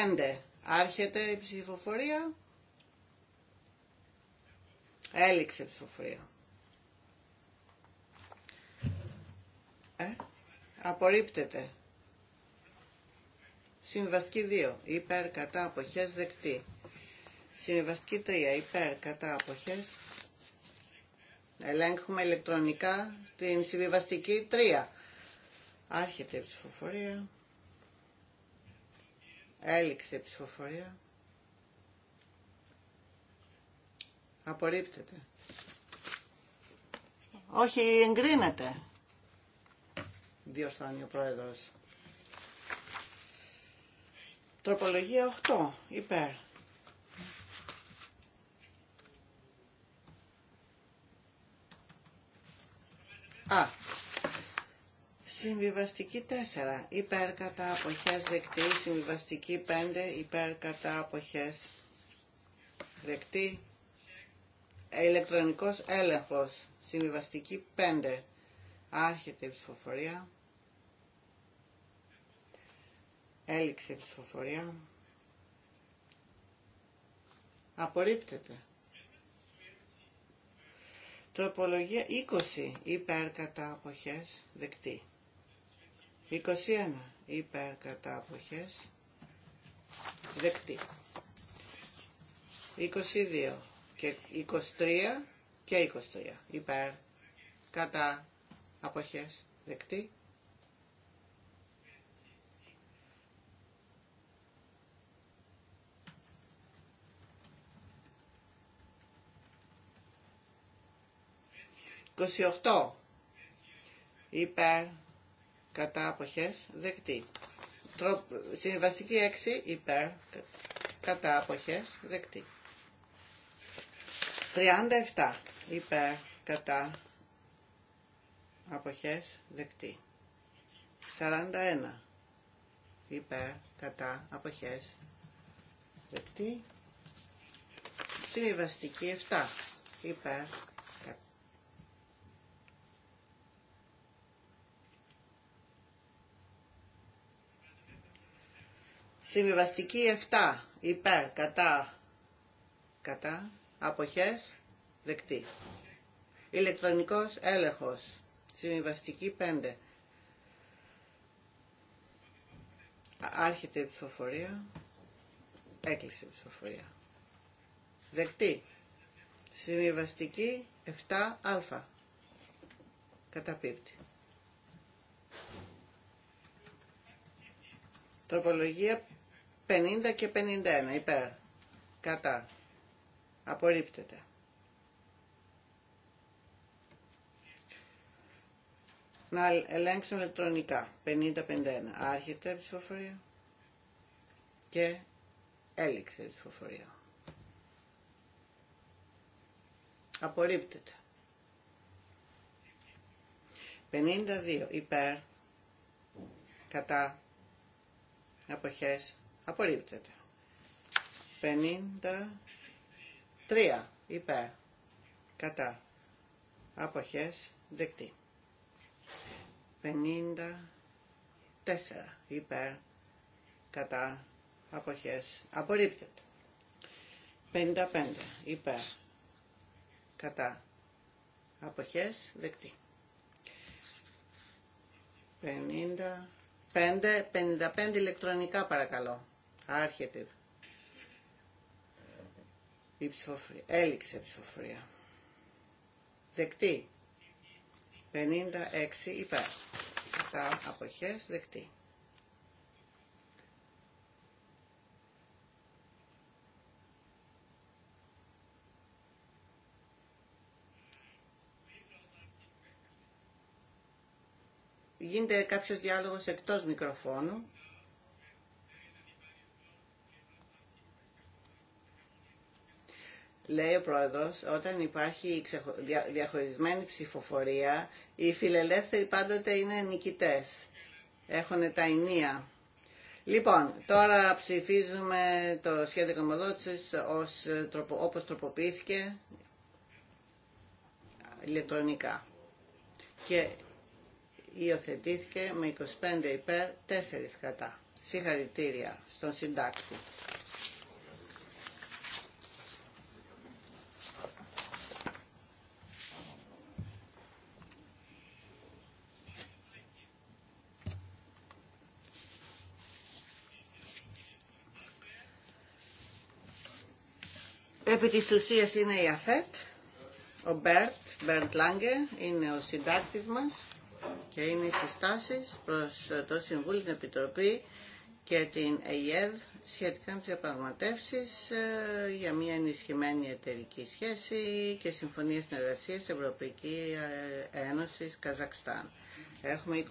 Άρχεται η ψηφοφορία. Έληξε ψηφοφορία. Ε, απορρίπτεται. Συμβαστική 2. Υπέρ κατά αποχές δεκτή. Συμβαστική 3. Υπέρ κατά αποχές. Ελέγχουμε ηλεκτρονικά την συμβιβαστική 3. Άρχεται η ψηφοφορία. Έληξε η ψηφοφορία. Απορρίπτεται. Όχι, εγκρίνεται. Διορθώνει ο πρόεδρος. Τροπολογία 8. Υπέρ. Α. Συμβιβαστική 4. Υπέρ κατά αποχές δεκτή. Συμβιβαστική 5. Υπέρ κατά αποχές δεκτή ηλεκτρονικός έλεγχος. Συμβιβαστική 5. Άρχεται η ψηφοφορία. Έληξε η ψηφοφορία. Απορρίπτεται. Τροπολογία 20. Υπέρ κατά αποχές. Δεκτή. 21. Υπέρ κατά αποχές. Δεκτή. 22 και 23 και 23 υπέρ κατά αποχές δεκτή. 28 υπέρ κατά αποχές δεκτή. Συμβαστική 6 υπέρ κατά αποχές δεκτή. 37 υπέρ κατά αποχές δεκτή. 41 υπέρ κατά αποχές δεκτή. Συμβιβαστική 7 υπέρ κατά. Συμβιβαστική 7 υπέρ κατά κατά αποχές, δεκτή. Ηλεκτρονικός έλεγχος, συμβιβαστική 5. Άρχεται η ψηφοφορία, έκλεισε η ψηφοφορία. Δεκτή. Συμβιβαστική 7α. Καταπίπτει. Τροπολογία 50 και 51 υπέρ. Κατά. Απορρίπτεται. Να ελέγξουμε ηλεκτρονικά. 50-51. Άρχεται η ψηφοφορία. Και έληξε η ψηφοφορία. Απορρίπτεται. 52 υπέρ, κατά, αποχές, απορρίπτεται. 50 3 υπέρ κατά αποχές δεκτή. 54 υπέρ κατά αποχές απορρίπτεται. 55 υπέρ κατά αποχές δεκτή. 55 ηλεκτρονικά παρακαλώ. Άρχεται η ψηφοφορία. Έληξε η ψηφοφορία. Δεκτή. 56 υπέρ. τα αποχές δεκτή. Γίνεται κάποιος διάλογος εκτός μικροφώνου. λέει ο πρόεδρος, όταν υπάρχει διαχωρισμένη ψηφοφορία, οι φιλελεύθεροι πάντοτε είναι νικητές. Έχουν τα ενία. Λοιπόν, τώρα ψηφίζουμε το σχέδιο κομμοδότησης ως, ε, όπως τροποποιήθηκε ηλεκτρονικά. Και υιοθετήθηκε με 25 υπέρ, 4 κατά. Συγχαρητήρια στον συντάκτη. Επί της είναι η ΑΦΕΤ, ο Μπέρτ, Μπέρτ Λάγκε, είναι ο συντάκτης μας και είναι οι συστάσεις προς το Συμβούλιο, την Επιτροπή και την ΕΙΕΔ σχετικά με τις διαπραγματεύσεις ε, για μια ενισχυμένη εταιρική σχέση και συμφωνία συνεργασίας Ευρωπαϊκή ε, Ένωσης Καζακστάν. Έχουμε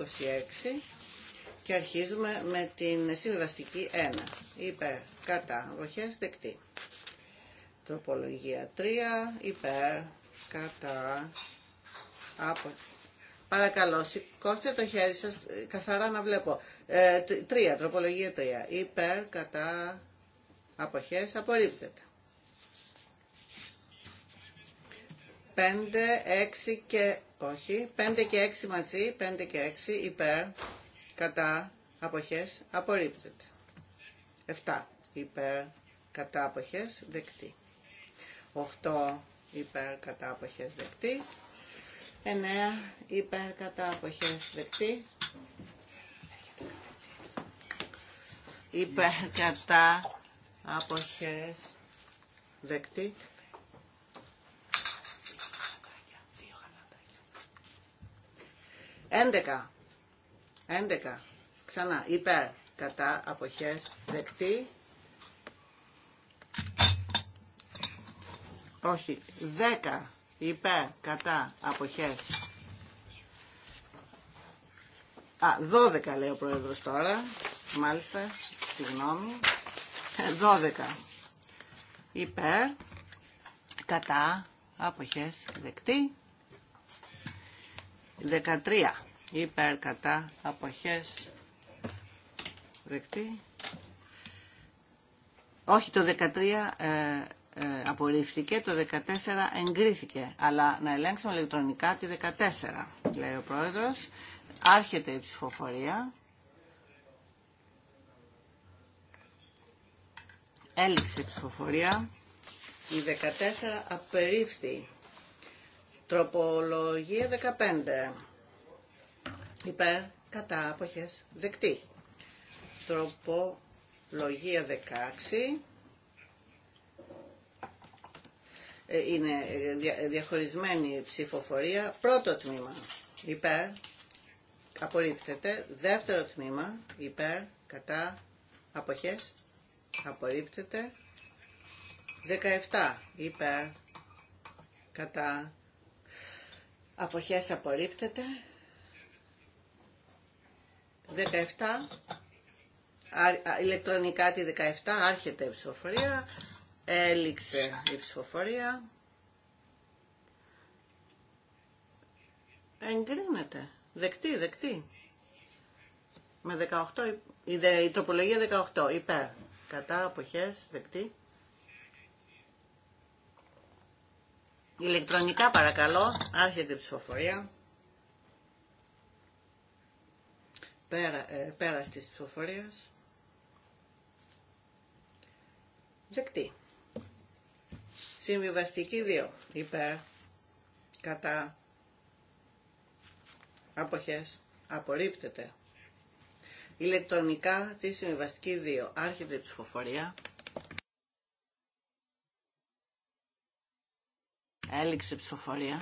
26 και αρχίζουμε με την συμβιβαστική 1. Υπέρ, κατά, βοχές δεκτή. Τροπολογία 3 υπέρ κατά από... Παρακαλώ, σηκώστε το χέρι σας, ε, κασαρά να βλέπω. Ε, τρία, τροπολογία 3. Υπέρ, κατά, αποχές, απορρίπτεται. 5, 6 και όχι, 5 και 6 μαζί, 5 και 6 υπέρ, κατά, αποχές, απορρίπτεται. 7 υπέρ, κατά, αποχές, δεκτή. 8 υπέρ κατά αποχές δεκτή. 9 υπέρ κατά αποχές δεκτή. Υπέρ κατά αποχές δεκτή. Έντεκα. Έντεκα. Ξανά. Υπέρ. Κατά. Αποχές. Δεκτή. όχι, 10 υπέρ κατά αποχές. Α, 12 λέει ο πρόεδρος τώρα, μάλιστα, συγγνώμη. 12 ε, υπέρ κατά αποχές δεκτή. 13 υπέρ κατά αποχές δεκτή. Όχι, το 13 ε, ε, απορρίφθηκε, το 14 εγκρίθηκε. Αλλά να ελέγξουμε ηλεκτρονικά τη 14, λέει ο πρόεδρος. Άρχεται η ψηφοφορία. Έληξε η ψηφοφορία. Η 14 απερίφθη. Τροπολογία 15. Υπέρ, κατά, αποχές, δεκτή. Τροπολογία 16 Ε, είναι ε, ε, διαχωρισμένη ψηφοφορία. Πρώτο τμήμα υπέρ, απορρίπτεται. Δεύτερο τμήμα υπέρ, κατά, αποχές, απορρίπτεται. 17 υπέρ, κατά, αποχές, απορρίπτεται. 17 ηλεκτρονικά τη 17 άρχεται η ψηφοφορία Έληξε η ψηφοφορία. Εγκρίνεται. Δεκτή, δεκτή. Με 18, η, η τροπολογία 18, υπέρ. Κατά, αποχές, δεκτή. Ηλεκτρονικά παρακαλώ, άρχεται η ψηφοφορία. Πέρα, ε, πέρας της Δεκτή. Συμβιβαστική 2. Υπέρ. Κατά. Αποχές. Απορρίπτεται. Ηλεκτρονικά τη συμβιβαστική 2. Άρχεται η ψηφοφορία. Έληξε ψηφοφορία.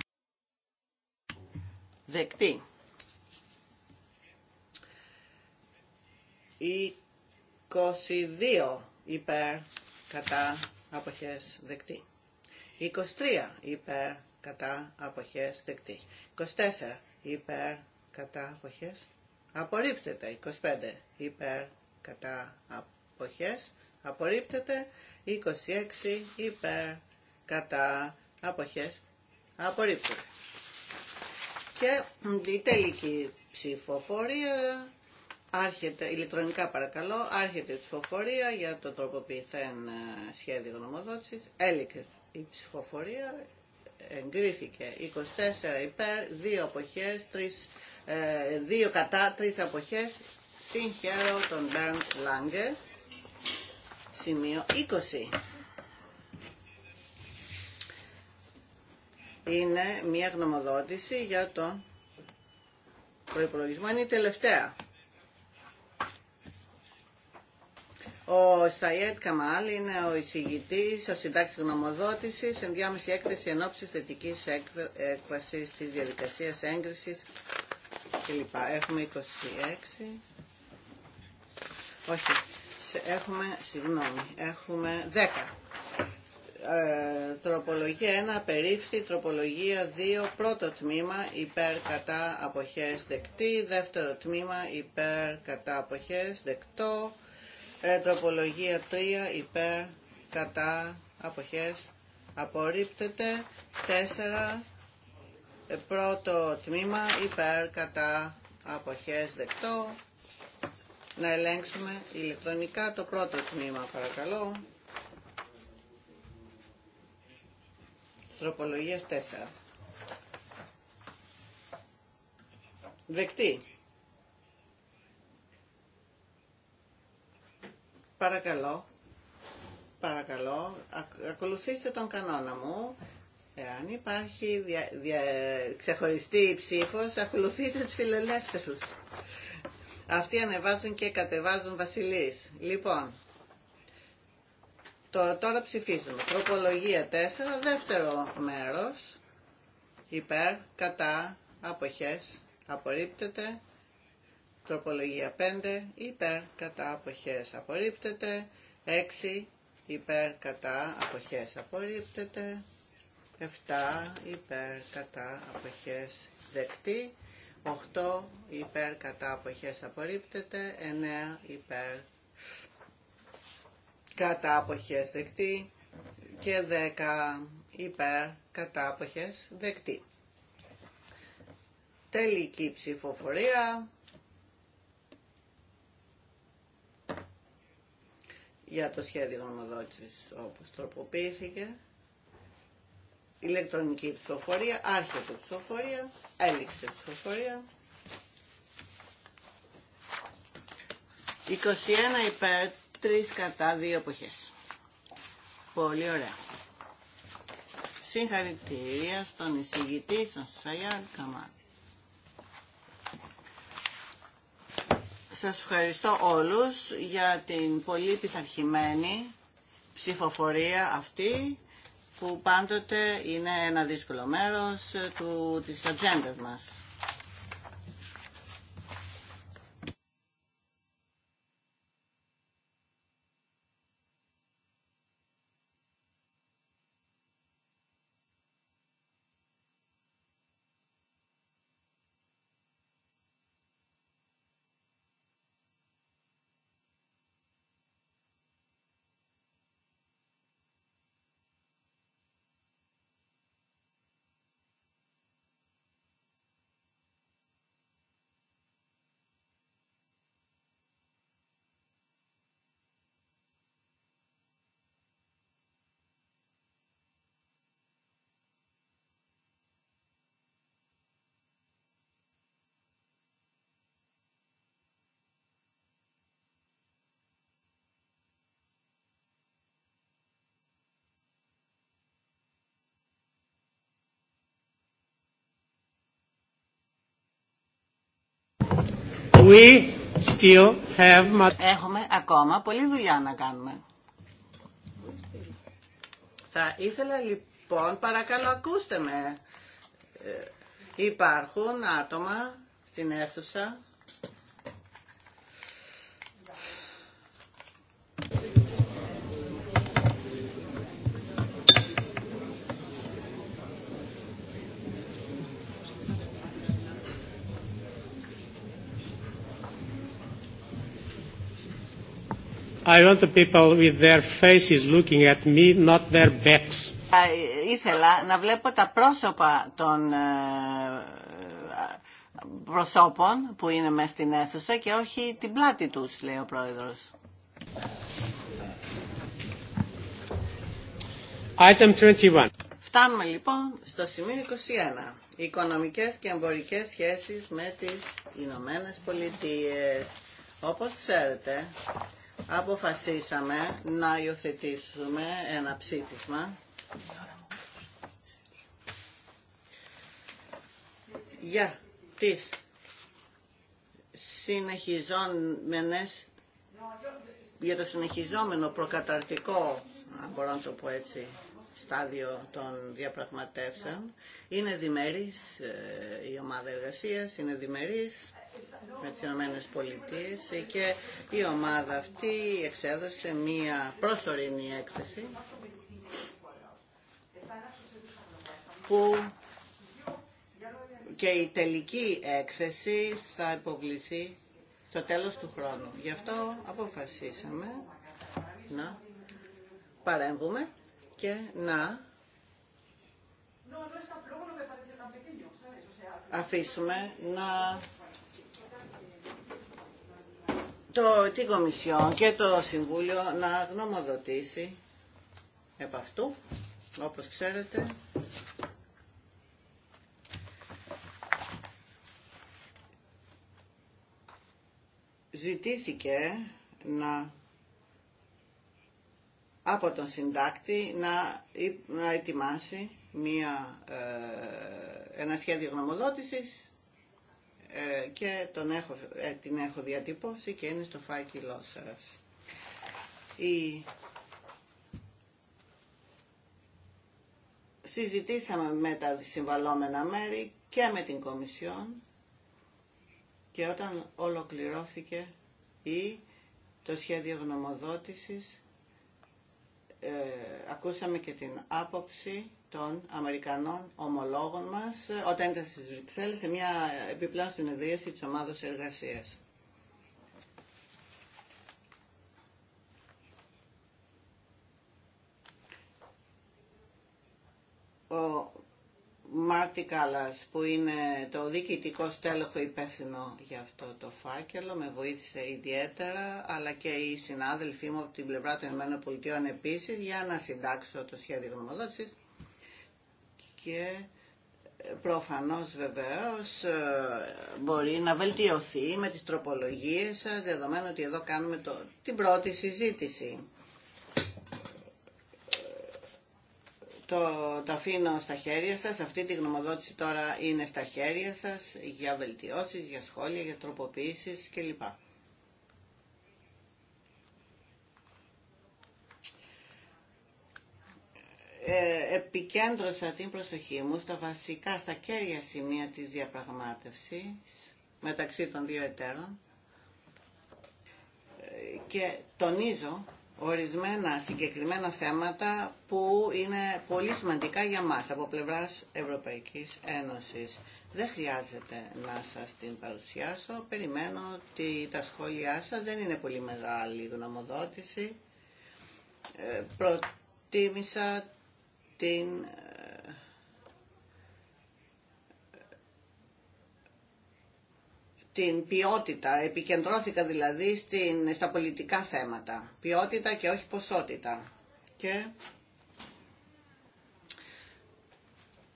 Δεκτή. Η 22 υπέρ κατά αποχές δεκτή. 23 υπέρ κατά αποχές δεκτή. 24 υπέρ κατά αποχές απορρίπτεται. 25 υπέρ κατά αποχές απορρίπτεται. 26 υπέρ κατά αποχές απορρίπτεται. Και η τελική ψηφοφορία Άρχεται, ηλεκτρονικά παρακαλώ, άρχεται η ψηφοφορία για το τροποποιηθέν ε, σχέδιο νομοδότησης, έλικες η ψηφοφορία εγκρίθηκε. 24 υπέρ, 2 αποχές, 3, 2 ε, κατά, 3 αποχές. Συγχαίρω των Μπέρντ Λάγκε. Σημείο 20. Είναι μια γνωμοδότηση για τον προϋπολογισμό. Είναι η τελευταία. Ο Σαϊέτ Καμάλ είναι ο εισηγητή, ο συντάξη γνωμοδότησης, ενδιάμεση έκθεση ενόψη θετική έκβαση τη διαδικασία έγκριση κλπ. Έχουμε 26. Όχι, έχουμε, συγγνώμη, έχουμε 10. Ε, τροπολογία 1, περίφθη, τροπολογία 2, πρώτο τμήμα, υπέρ κατά αποχές δεκτή, δεύτερο τμήμα, υπέρ κατά αποχές δεκτό, ε, τροπολογία 3 υπέρ κατά αποχές απορρίπτεται 4 ε, πρώτο τμήμα υπέρ κατά αποχές δεκτό να ελέγξουμε ηλεκτρονικά το πρώτο τμήμα παρακαλώ τροπολογίας 4 δεκτή παρακαλώ, παρακαλώ, ακολουθήστε τον κανόνα μου. Εάν υπάρχει δια, ξεχωριστή ψήφος, ακολουθήστε τους φιλελεύθερους. Αυτοί ανεβάζουν και κατεβάζουν βασιλείς. Λοιπόν, το, τώρα ψηφίζουμε. Τροπολογία 4, δεύτερο μέρος, υπέρ, κατά, αποχές, απορρίπτεται. Τροπολογία 5 υπέρ κατά αποχές απορρίπτεται. 6 υπέρ κατά αποχές απορρίπτεται. 7 υπέρ κατά αποχές δεκτή. 8 υπέρ κατά αποχές απορρίπτεται. 9 υπέρ κατά αποχές δεκτή. Και 10 υπέρ κατά αποχές δεκτή. Τελική ψηφοφορία για το σχέδιο γνωμοδότησης όπως τροποποιήθηκε. Ηλεκτρονική ψηφοφορία, άρχισε ψηφοφορία, έληξε ψηφοφορία. 21 υπέρ, 3 κατά, 2 εποχές. Πολύ ωραία. Συγχαρητήρια στον εισηγητή, στον Σαγιάρ Καμάρ. Σας ευχαριστώ όλους για την πολύ πειθαρχημένη ψηφοφορία αυτή που πάντοτε είναι ένα δύσκολο μέρος ε, του, της ατζέντας μας. Έχουμε ακόμα πολλή δουλειά να κάνουμε. Θα ήθελα λοιπόν, παρακαλώ ακούστε με. Ε, υπάρχουν άτομα στην αίθουσα I want the people with their faces looking at me, not their backs. Ε, ήθελα να βλέπω τα πρόσωπα των ε, προσώπων που είναι μέσα στην αίθουσα και όχι την πλάτη τους, λέει ο πρόεδρος. Item 21. Φτάνουμε λοιπόν στο σημείο 21. Οικονομικές και εμπορικές σχέσεις με τις Ηνωμένε Πολιτείες. Όπως ξέρετε, αποφασίσαμε να υιοθετήσουμε ένα ψήφισμα για τις συνεχιζόμενες για το συνεχιζόμενο προκαταρτικό αν το πω έτσι στάδιο των διαπραγματεύσεων είναι διμερής ε, η ομάδα εργασίας είναι διμερής με τις Ηνωμένες Πολιτείες και η ομάδα αυτή εξέδωσε μία προσωρινή έκθεση που και η τελική έκθεση θα υποβληθεί στο τέλος του χρόνου. Γι' αυτό αποφασίσαμε να παρέμβουμε και να αφήσουμε να το, την Κομισιόν και το Συμβούλιο να γνωμοδοτήσει επ' αυτού, όπως ξέρετε. Ζητήθηκε να από τον συντάκτη να, να ετοιμάσει μία, ε, ένα σχέδιο γνωμοδότησης ε, και τον έχω, ε, την έχω διατυπώσει και είναι στο φάκελό σας. Η... Συζητήσαμε με τα συμβαλόμενα μέρη και με την Κομισιόν και όταν ολοκληρώθηκε η, το σχέδιο γνωμοδότησης ε, ακούσαμε και την άποψη των Αμερικανών ομολόγων μας ε, όταν ήταν στις Βρυξέλλες σε μια επιπλέον συνεδρίαση της ομάδα εργασία. Ο Μάρτι Κάλλας που είναι το διοικητικό στέλεχο υπεύθυνο για αυτό το φάκελο με βοήθησε ιδιαίτερα αλλά και οι συνάδελφοί μου από την πλευρά των ΗΠΑ επίσης για να συντάξω το σχέδιο γνωμοδότησης και ε, προφανώς βεβαίως ε, μπορεί να βελτιωθεί με τις τροπολογίες σας, δεδομένου ότι εδώ κάνουμε το, την πρώτη συζήτηση. Το, το αφήνω στα χέρια σας, αυτή τη γνωμοδότηση τώρα είναι στα χέρια σας για βελτιώσεις, για σχόλια, για τροποποίησεις κλπ. Ε, επικέντρωσα την προσοχή μου στα βασικά, στα κέρια σημεία της διαπραγμάτευσης μεταξύ των δύο εταίρων ε, και τονίζω ορισμένα συγκεκριμένα θέματα που είναι πολύ σημαντικά για μας από πλευράς Ευρωπαϊκής Ένωσης. Δεν χρειάζεται να σας την παρουσιάσω. Περιμένω ότι τα σχόλιά σας δεν είναι πολύ μεγάλη δυναμοδότηση. Ε, προτίμησα την την ποιότητα, επικεντρώθηκα δηλαδή στην, στα πολιτικά θέματα. Ποιότητα και όχι ποσότητα. Και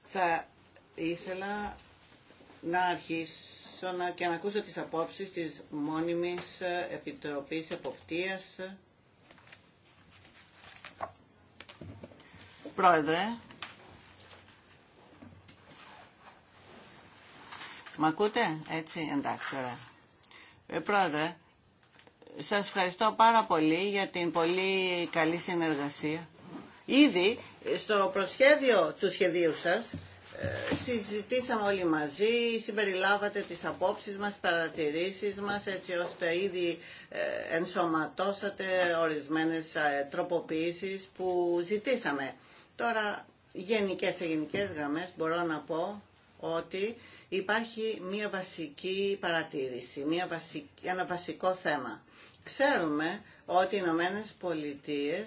θα ήθελα να αρχίσω να, και να ακούσω τις απόψεις της μόνιμης Επιτροπής Εποπτείας Πρόεδρε. Μ' Έτσι, εντάξει, Ε, πρόεδρε, σας ευχαριστώ πάρα πολύ για την πολύ καλή συνεργασία. Ήδη στο προσχέδιο του σχεδίου σας ε, συζητήσαμε όλοι μαζί, συμπεριλάβατε τις απόψεις μας, τις παρατηρήσεις μας, έτσι ώστε ήδη ε, ενσωματώσατε ορισμένες ε, τροποποιήσεις που ζητήσαμε. Τώρα, γενικές σε γενικές γραμμές μπορώ να πω ότι υπάρχει μία βασική παρατήρηση, μία ένα βασικό θέμα. Ξέρουμε ότι οι Ηνωμένε Πολιτείε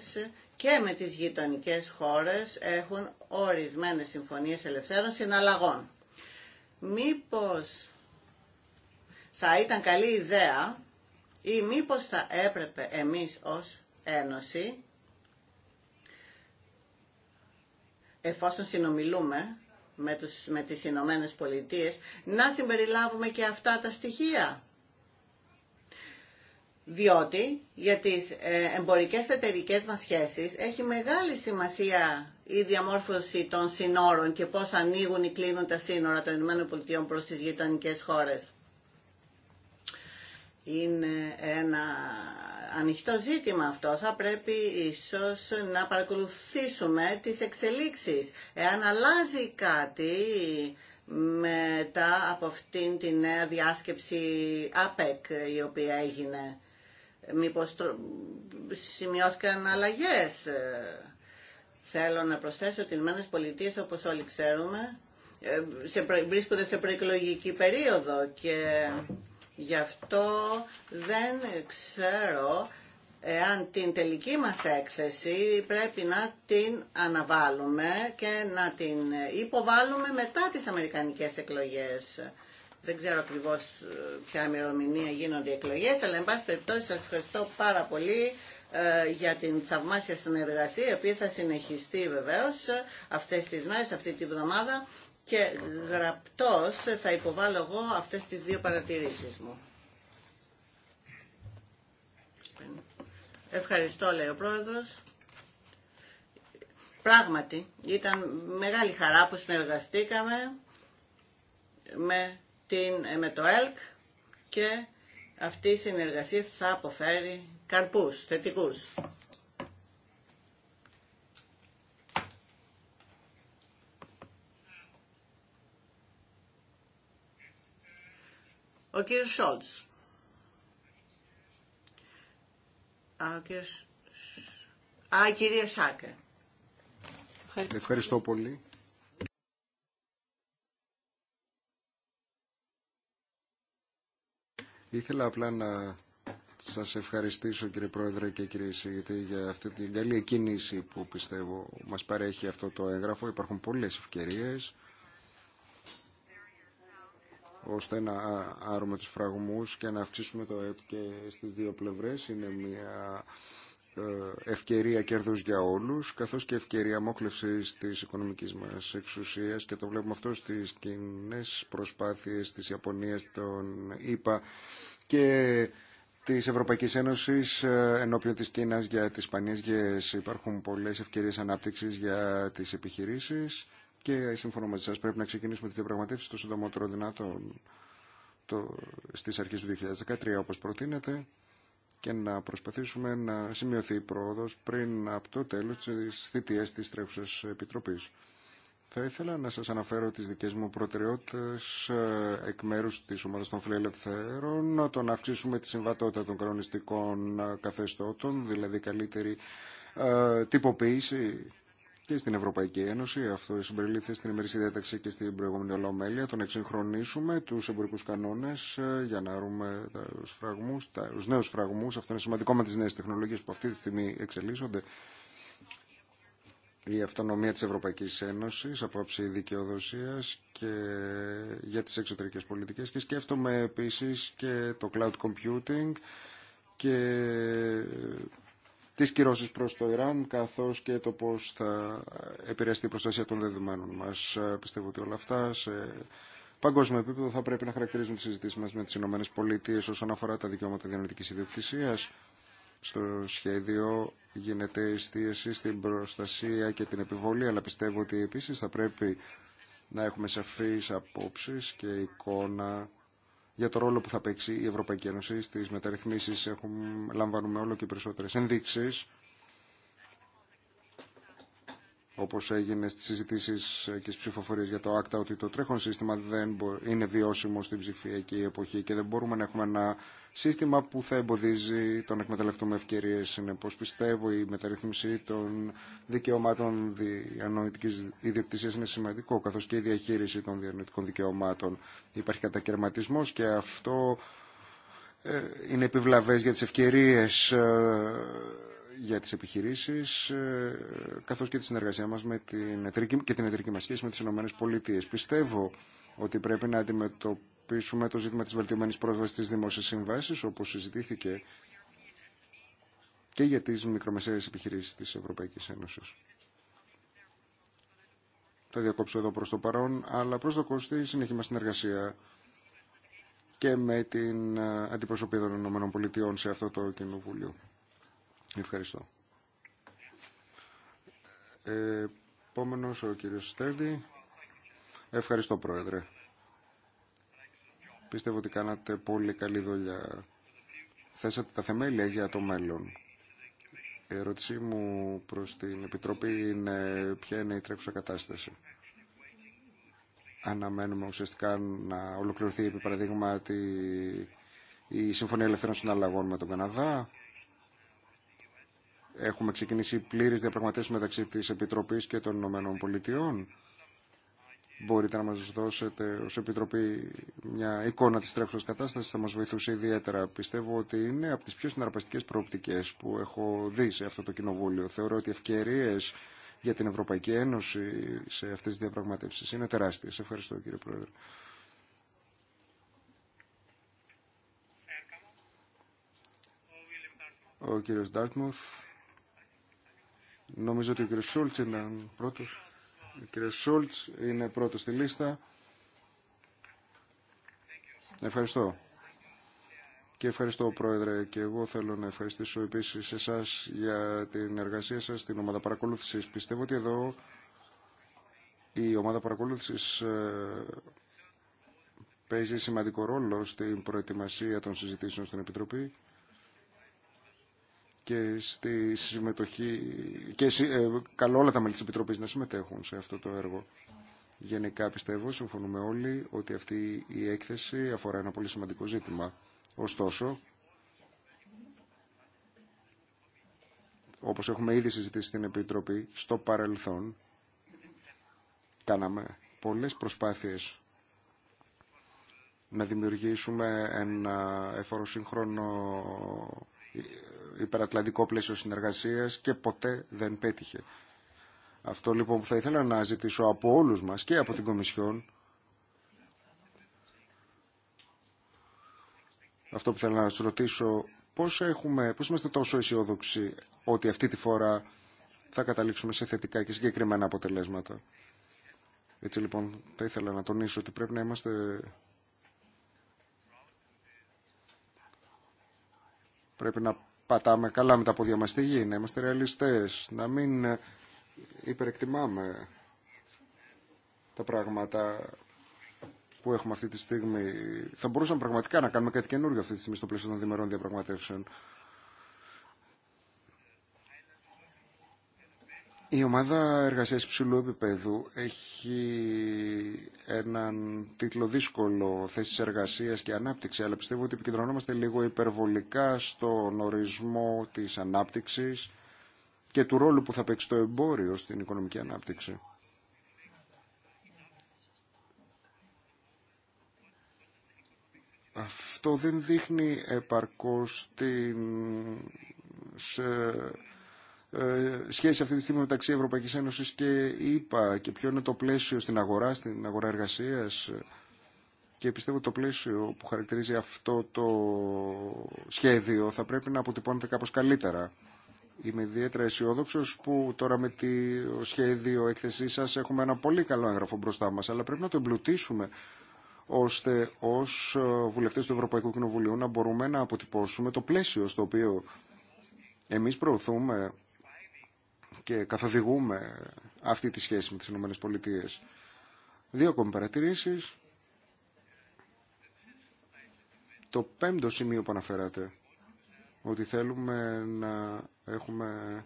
και με τις γειτονικέ χώρες έχουν ορισμένες συμφωνίες ελευθέρων συναλλαγών. Μήπως θα ήταν καλή ιδέα ή μήπως θα έπρεπε εμείς ως Ένωση εφόσον συνομιλούμε με, τους, με τις Ηνωμένε Πολιτείε, να συμπεριλάβουμε και αυτά τα στοιχεία. Διότι για τις ε, εμπορικές εταιρικές μας σχέσεις έχει μεγάλη σημασία η διαμόρφωση των συνόρων και πώς ανοίγουν ή κλείνουν τα σύνορα των Πολιτείων προς τις γειτονικές χώρες. Είναι ένα ανοιχτό ζήτημα αυτό. Θα πρέπει ίσως να παρακολουθήσουμε τις εξελίξεις. Εάν αλλάζει κάτι μετά από αυτήν την νέα διάσκεψη ΑΠΕΚ η οποία έγινε. Μήπως σημειώθηκαν αλλαγές. Θέλω να προσθέσω ότι οι Ηνωμένες Πολιτείες, όπως όλοι ξέρουμε, ε, βρίσκονται σε προεκλογική περίοδο και Γι' αυτό δεν ξέρω εάν την τελική μας έκθεση πρέπει να την αναβάλουμε και να την υποβάλουμε μετά τις αμερικανικές εκλογές. Δεν ξέρω ακριβώ ε, ποια ημερομηνία γίνονται οι εκλογές, αλλά εν πάση περιπτώσει σας ευχαριστώ πάρα πολύ ε, για την θαυμάσια συνεργασία, η οποία θα συνεχιστεί βεβαίως ε, αυτές τις μέρες, αυτή τη βδομάδα και γραπτός θα υποβάλω εγώ αυτές τις δύο παρατηρήσεις μου. Ευχαριστώ, λέει ο Πρόεδρος. Πράγματι, ήταν μεγάλη χαρά που συνεργαστήκαμε με, την, με το ΕΛΚ και αυτή η συνεργασία θα αποφέρει καρπούς θετικούς. Ο κύριος Σόλτς. Α, ο Ευχαριστώ πολύ. Ήθελα απλά να σας ευχαριστήσω κύριε Πρόεδρε και κύριε Εισηγητή για αυτή την καλή κίνηση που πιστεύω μας παρέχει αυτό το έγγραφο. Υπάρχουν πολλές ευκαιρίες ώστε να άρουμε τους φραγμούς και να αυξήσουμε το ΕΠ και στις δύο πλευρές. Είναι μια ε, ευκαιρία κέρδους για όλους, καθώς και ευκαιρία μόχλευσης της οικονομικής μας εξουσίας και το βλέπουμε αυτό στις κοινέ προσπάθειες της Ιαπωνίας, των ΗΠΑ και της Ευρωπαϊκής Ένωσης ε, ενώπιον της Κίνα για τις Πανίσγες Υπάρχουν πολλές ευκαιρίες ανάπτυξης για τις επιχειρήσεις και σύμφωνα μαζί σα πρέπει να ξεκινήσουμε τη διαπραγματεύση το συντομότερο δυνατόν το, στις του 2013 όπω προτείνεται και να προσπαθήσουμε να σημειωθεί η πρόοδο πριν από το τέλο τη θητεία τη τρέχουσα Επιτροπή. Θα ήθελα να σα αναφέρω τι δικέ μου προτεραιότητε ε, εκ μέρου τη ομάδα των Φιλελευθέρων, το να αυξήσουμε τη συμβατότητα των κανονιστικών καθεστώτων, δηλαδή καλύτερη ε, τυποποίηση και στην Ευρωπαϊκή Ένωση. Αυτό συμπεριλήφθη στην ημερήσια διάταξη και στην προηγούμενη ολομέλεια. Τον εξυγχρονίσουμε του εμπορικού κανόνε ε, για να ρούμε του τους νέου φραγμού. Αυτό είναι σημαντικό με τι νέε τεχνολογίε που αυτή τη στιγμή εξελίσσονται. Η αυτονομία της Ευρωπαϊκής Ένωσης, απόψη δικαιοδοσία και για τι εξωτερικέ πολιτικέ. και σκέφτομαι επίση και το cloud computing και τις κυρώσεις προς το Ιράν καθώς και το πώς θα επηρεαστεί η προστασία των δεδομένων μας. Ε, πιστεύω ότι όλα αυτά σε παγκόσμιο επίπεδο θα πρέπει να χαρακτηρίζουν τις συζήτησή μας με τις ΗΠΑ όσον αφορά τα δικαιώματα διανοητικής ιδιοκτησίας. Στο σχέδιο γίνεται εστίαση στην προστασία και την επιβολή, αλλά πιστεύω ότι επίσης θα πρέπει να έχουμε σαφείς απόψεις και εικόνα για το ρόλο που θα παίξει η Ευρωπαϊκή Ένωση στις μεταρρυθμίσεις. Έχουμε, λαμβάνουμε όλο και περισσότερες ενδείξεις Όπω έγινε στι συζητήσει και στι ψηφοφορίε για το ΑΚΤΑ, ότι το τρέχον σύστημα δεν είναι βιώσιμο στην ψηφιακή εποχή και δεν μπορούμε να έχουμε ένα σύστημα που θα εμποδίζει τον εκμεταλλευτούμε ευκαιρίες. Συνεπώς πιστεύω η μεταρρύθμιση των δικαιωμάτων διανοητική ιδιοκτησία είναι σημαντικό, καθώ και η διαχείριση των διανοητικών δικαιωμάτων. Υπάρχει κατακαιρματισμό και αυτό ε, είναι επιβλαβές για τις ευκαιρίες ε, για τις επιχειρήσεις ε, καθώς και τη συνεργασία μας με την εταιρική, και την εταιρική μας σχέση με τις Ηνωμένες Πολιτείες. Πιστεύω ότι πρέπει να αντιμετωπίσουμε το ζήτημα της βελτιωμένης πρόσβασης στις δημόσιες συμβάσεις όπως συζητήθηκε και για τις μικρομεσαίες επιχειρήσεις της Ευρωπαϊκής Ένωσης. Θα διακόψω εδώ προς το παρόν, αλλά προς το στη συνεχή μας συνεργασία και με την ε, αντιπροσωπή των ΗΠΑ σε αυτό το Κοινοβούλιο. Ευχαριστώ. Ε, επόμενος ο κύριος Στέρντι. Ευχαριστώ Πρόεδρε. Πιστεύω ότι κάνατε πολύ καλή δουλειά. Θέσατε τα θεμέλια για το μέλλον. Η ερώτησή μου προς την Επιτροπή είναι ποια είναι η τρέχουσα κατάσταση. Αναμένουμε ουσιαστικά να ολοκληρωθεί επί παραδείγματι η Συμφωνία Ελευθερών Συναλλαγών με τον Καναδά Έχουμε ξεκινήσει πλήρε διαπραγματεύσει μεταξύ τη Επιτροπή και των Ηνωμένων Πολιτειών. Μπορείτε να μα δώσετε ω Επιτροπή μια εικόνα τη τρέχουσα κατάσταση. Θα μα βοηθούσε ιδιαίτερα. Πιστεύω ότι είναι από τι πιο συναρπαστικέ προοπτικέ που έχω δει σε αυτό το κοινοβούλιο. Θεωρώ ότι ευκαιρίε για την Ευρωπαϊκή Ένωση σε αυτέ τι διαπραγματεύσει είναι τεράστιε. Ευχαριστώ κύριε Πρόεδρε. ο κύριος Ντάρτμουθ Νομίζω ότι ο κ. Σούλτς είναι πρώτος. Ο κ. είναι πρώτος στη λίστα. Ευχαριστώ. Και ευχαριστώ, Πρόεδρε, και εγώ θέλω να ευχαριστήσω επίσης εσάς για την εργασία σας, την ομάδα παρακολούθησης. Πιστεύω ότι εδώ η ομάδα παρακολούθησης ε, παίζει σημαντικό ρόλο στην προετοιμασία των συζητήσεων στην Επιτροπή και στη συμμετοχή και ε, καλό όλα τα μέλη της Επιτροπής να συμμετέχουν σε αυτό το έργο. Γενικά πιστεύω, συμφωνούμε όλοι, ότι αυτή η έκθεση αφορά ένα πολύ σημαντικό ζήτημα. Ωστόσο, όπως έχουμε ήδη συζητήσει στην Επιτροπή, στο παρελθόν κάναμε πολλές προσπάθειες να δημιουργήσουμε ένα εφοροσύγχρονο υπερατλαντικό πλαίσιο συνεργασία και ποτέ δεν πέτυχε. Αυτό λοιπόν που θα ήθελα να ζητήσω από όλους μας και από την Κομισιόν αυτό που θέλω να σα ρωτήσω πώ έχουμε, πώς είμαστε τόσο αισιόδοξοι ότι αυτή τη φορά θα καταλήξουμε σε θετικά και συγκεκριμένα αποτελέσματα. Έτσι λοιπόν θα ήθελα να τονίσω ότι πρέπει να είμαστε πρέπει να πατάμε καλά με τα πόδια μας στη γη, να είμαστε ρεαλιστές, να μην ε, υπερεκτιμάμε τα πράγματα που έχουμε αυτή τη στιγμή. Θα μπορούσαμε πραγματικά να κάνουμε κάτι καινούργιο αυτή τη στιγμή στο πλαίσιο των διμερών διαπραγματεύσεων. Η ομάδα εργασίας υψηλού επίπεδου έχει έναν τίτλο δύσκολο θέση εργασίας και ανάπτυξη, αλλά πιστεύω ότι επικεντρωνόμαστε λίγο υπερβολικά στον ορισμό της ανάπτυξης και του ρόλου που θα παίξει το εμπόριο στην οικονομική ανάπτυξη. Αυτό δεν δείχνει επαρκώς την... Ε, σχέση αυτή τη στιγμή μεταξύ Ευρωπαϊκής Ένωσης και ΗΠΑ και ποιο είναι το πλαίσιο στην αγορά, στην αγορά εργασία ε, και πιστεύω ότι το πλαίσιο που χαρακτηρίζει αυτό το σχέδιο θα πρέπει να αποτυπώνεται κάπω καλύτερα. Είμαι ιδιαίτερα αισιόδοξο που τώρα με το σχέδιο έκθεσή σα έχουμε ένα πολύ καλό έγγραφο μπροστά μα, αλλά πρέπει να το εμπλουτίσουμε ώστε ω ε, βουλευτέ του Ευρωπαϊκού Κοινοβουλίου να μπορούμε να αποτυπώσουμε το πλαίσιο στο οποίο εμεί προωθούμε και καθοδηγούμε αυτή τη σχέση με τις Ηνωμένες Πολιτείες. Δύο ακόμη παρατηρήσεις. Το πέμπτο σημείο που αναφέρατε, ότι θέλουμε να έχουμε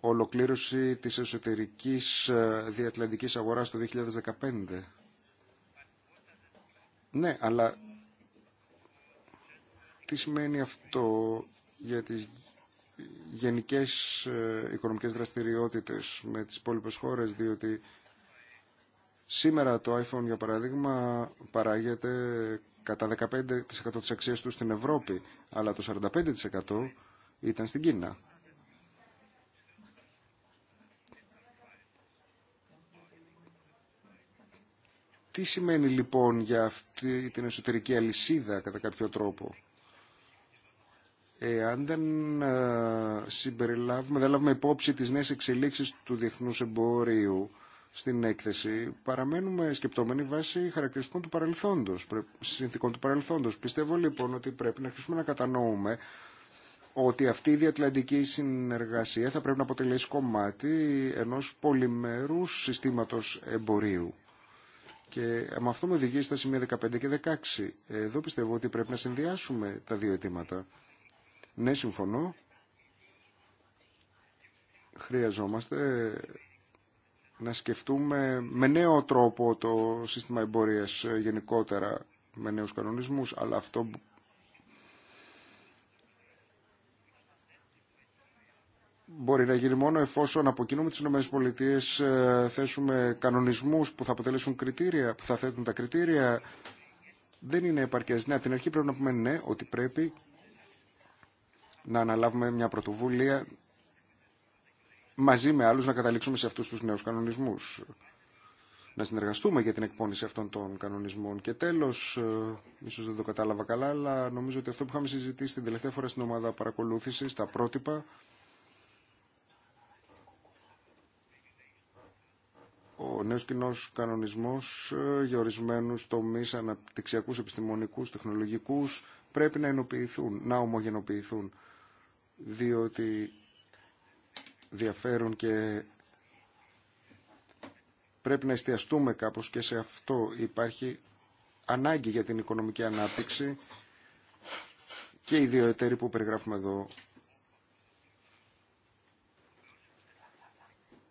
ολοκλήρωση της εσωτερικής ε, διατλαντικής αγοράς το 2015. Ναι, αλλά τι σημαίνει αυτό για τις γενικές ε, οικονομικές δραστηριότητες με τις υπόλοιπες χώρες, διότι σήμερα το iPhone, για παράδειγμα, παράγεται κατά 15% της αξίας του στην Ευρώπη, αλλά το 45% ήταν στην Κίνα. Τι σημαίνει λοιπόν για αυτή την εσωτερική αλυσίδα κατά κάποιο τρόπο εάν δεν ε, συμπεριλάβουμε, δεν λάβουμε υπόψη τις νέες εξελίξεις του διεθνούς εμπορίου στην έκθεση, παραμένουμε σκεπτόμενοι βάσει χαρακτηριστικών του παρελθόντος, συνθήκων του παρελθόντος. Πιστεύω λοιπόν ότι πρέπει να αρχίσουμε να κατανοούμε ότι αυτή η διατλαντική συνεργασία θα πρέπει να αποτελέσει κομμάτι ενός πολυμερού συστήματος εμπορίου. Και με αυτό με οδηγεί στα σημεία 15 και 16. Εδώ πιστεύω ότι πρέπει να συνδυάσουμε τα δύο αιτήματα. Ναι, συμφωνώ. Χρειαζόμαστε να σκεφτούμε με νέο τρόπο το σύστημα εμπορίας ε, γενικότερα με νέους κανονισμούς, αλλά αυτό μπορεί να γίνει μόνο εφόσον από κοινού με τις ΗΠΑ ε, θέσουμε κανονισμούς που θα αποτελέσουν κριτήρια, που θα θέτουν τα κριτήρια. Δεν είναι επαρκές. Ναι, από την αρχή πρέπει να πούμε ναι, ότι πρέπει να αναλάβουμε μια πρωτοβουλία μαζί με άλλους να καταλήξουμε σε αυτούς τους νέους κανονισμούς. Να συνεργαστούμε για την εκπόνηση αυτών των κανονισμών. Και τέλος, ε, ίσως δεν το κατάλαβα καλά, αλλά νομίζω ότι αυτό που είχαμε συζητήσει την τελευταία φορά στην ομάδα παρακολούθησης, τα πρότυπα, ο νέος κοινό κανονισμός ε, για ορισμένους τομείς αναπτυξιακούς, επιστημονικούς, τεχνολογικούς πρέπει να ενοποιηθούν, να ομογενοποιηθούν διότι διαφέρουν και πρέπει να εστιαστούμε κάπως και σε αυτό υπάρχει ανάγκη για την οικονομική ανάπτυξη και οι δύο εταίροι που περιγράφουμε εδώ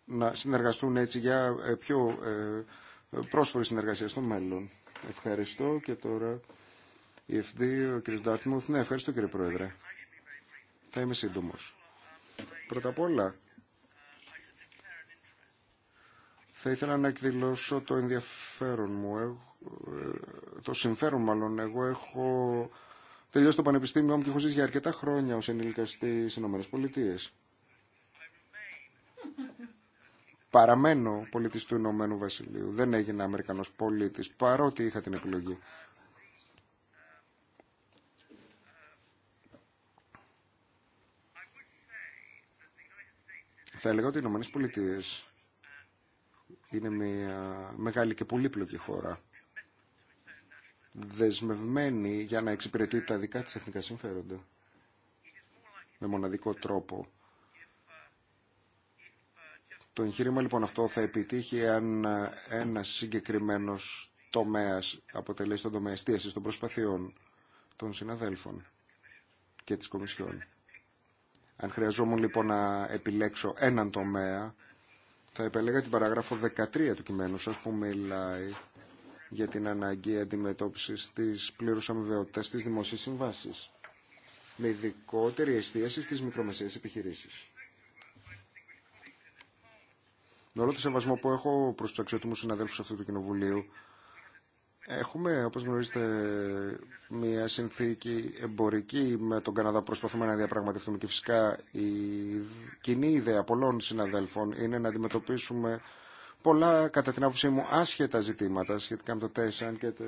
να συνεργαστούν έτσι για ε, πιο ε, πρόσφορη συνεργασία στο μέλλον. Ευχαριστώ και τώρα η ΕΦΔ, ο κ. Ντάρτμουθ. Ναι, ευχαριστώ κύριε Πρόεδρε. Θα είμαι σύντομος. Πρώτα απ' όλα, θα ήθελα να εκδηλώσω το ενδιαφέρον μου, ε, το συμφέρον μάλλον. Εγώ έχω τελειώσει το πανεπιστήμιο μου και έχω ζήσει για αρκετά χρόνια ως ενήλικας στις Ηνωμένες Πολιτείες. Παραμένω πολιτής του Ηνωμένου Βασιλείου. Δεν έγινα Αμερικανός πολίτης, παρότι είχα την επιλογή. Θα έλεγα ότι οι Ηνωμένε Πολιτείε είναι μια μεγάλη και πολύπλοκη χώρα δεσμευμένη για να εξυπηρετεί τα δικά της εθνικά συμφέροντα με μοναδικό τρόπο. Το εγχείρημα λοιπόν αυτό θα επιτύχει αν ένα συγκεκριμένος τομέας αποτελέσει τον τομέα εστίαση των προσπαθειών των συναδέλφων και της Κομισιόν. Αν χρειαζόμουν λοιπόν να επιλέξω έναν τομέα, θα επέλεγα την παράγραφο 13 του κειμένου σας που μιλάει για την αναγκή αντιμετώπιση της πλήρου αμοιβαιότητα τη δημόσια συμβάση με ειδικότερη εστίαση στις μικρομεσαίες επιχειρήσεις. Με όλο το σεβασμό που έχω προς του αξιότιμου συναδέλφου αυτού του Κοινοβουλίου, Έχουμε, όπως γνωρίζετε, μια συνθήκη εμπορική με τον Καναδά που προσπαθούμε να διαπραγματευτούμε και φυσικά η κοινή ιδέα πολλών συναδέλφων είναι να αντιμετωπίσουμε πολλά, κατά την άποψή μου, άσχετα ζητήματα σχετικά με το Τέσαν και το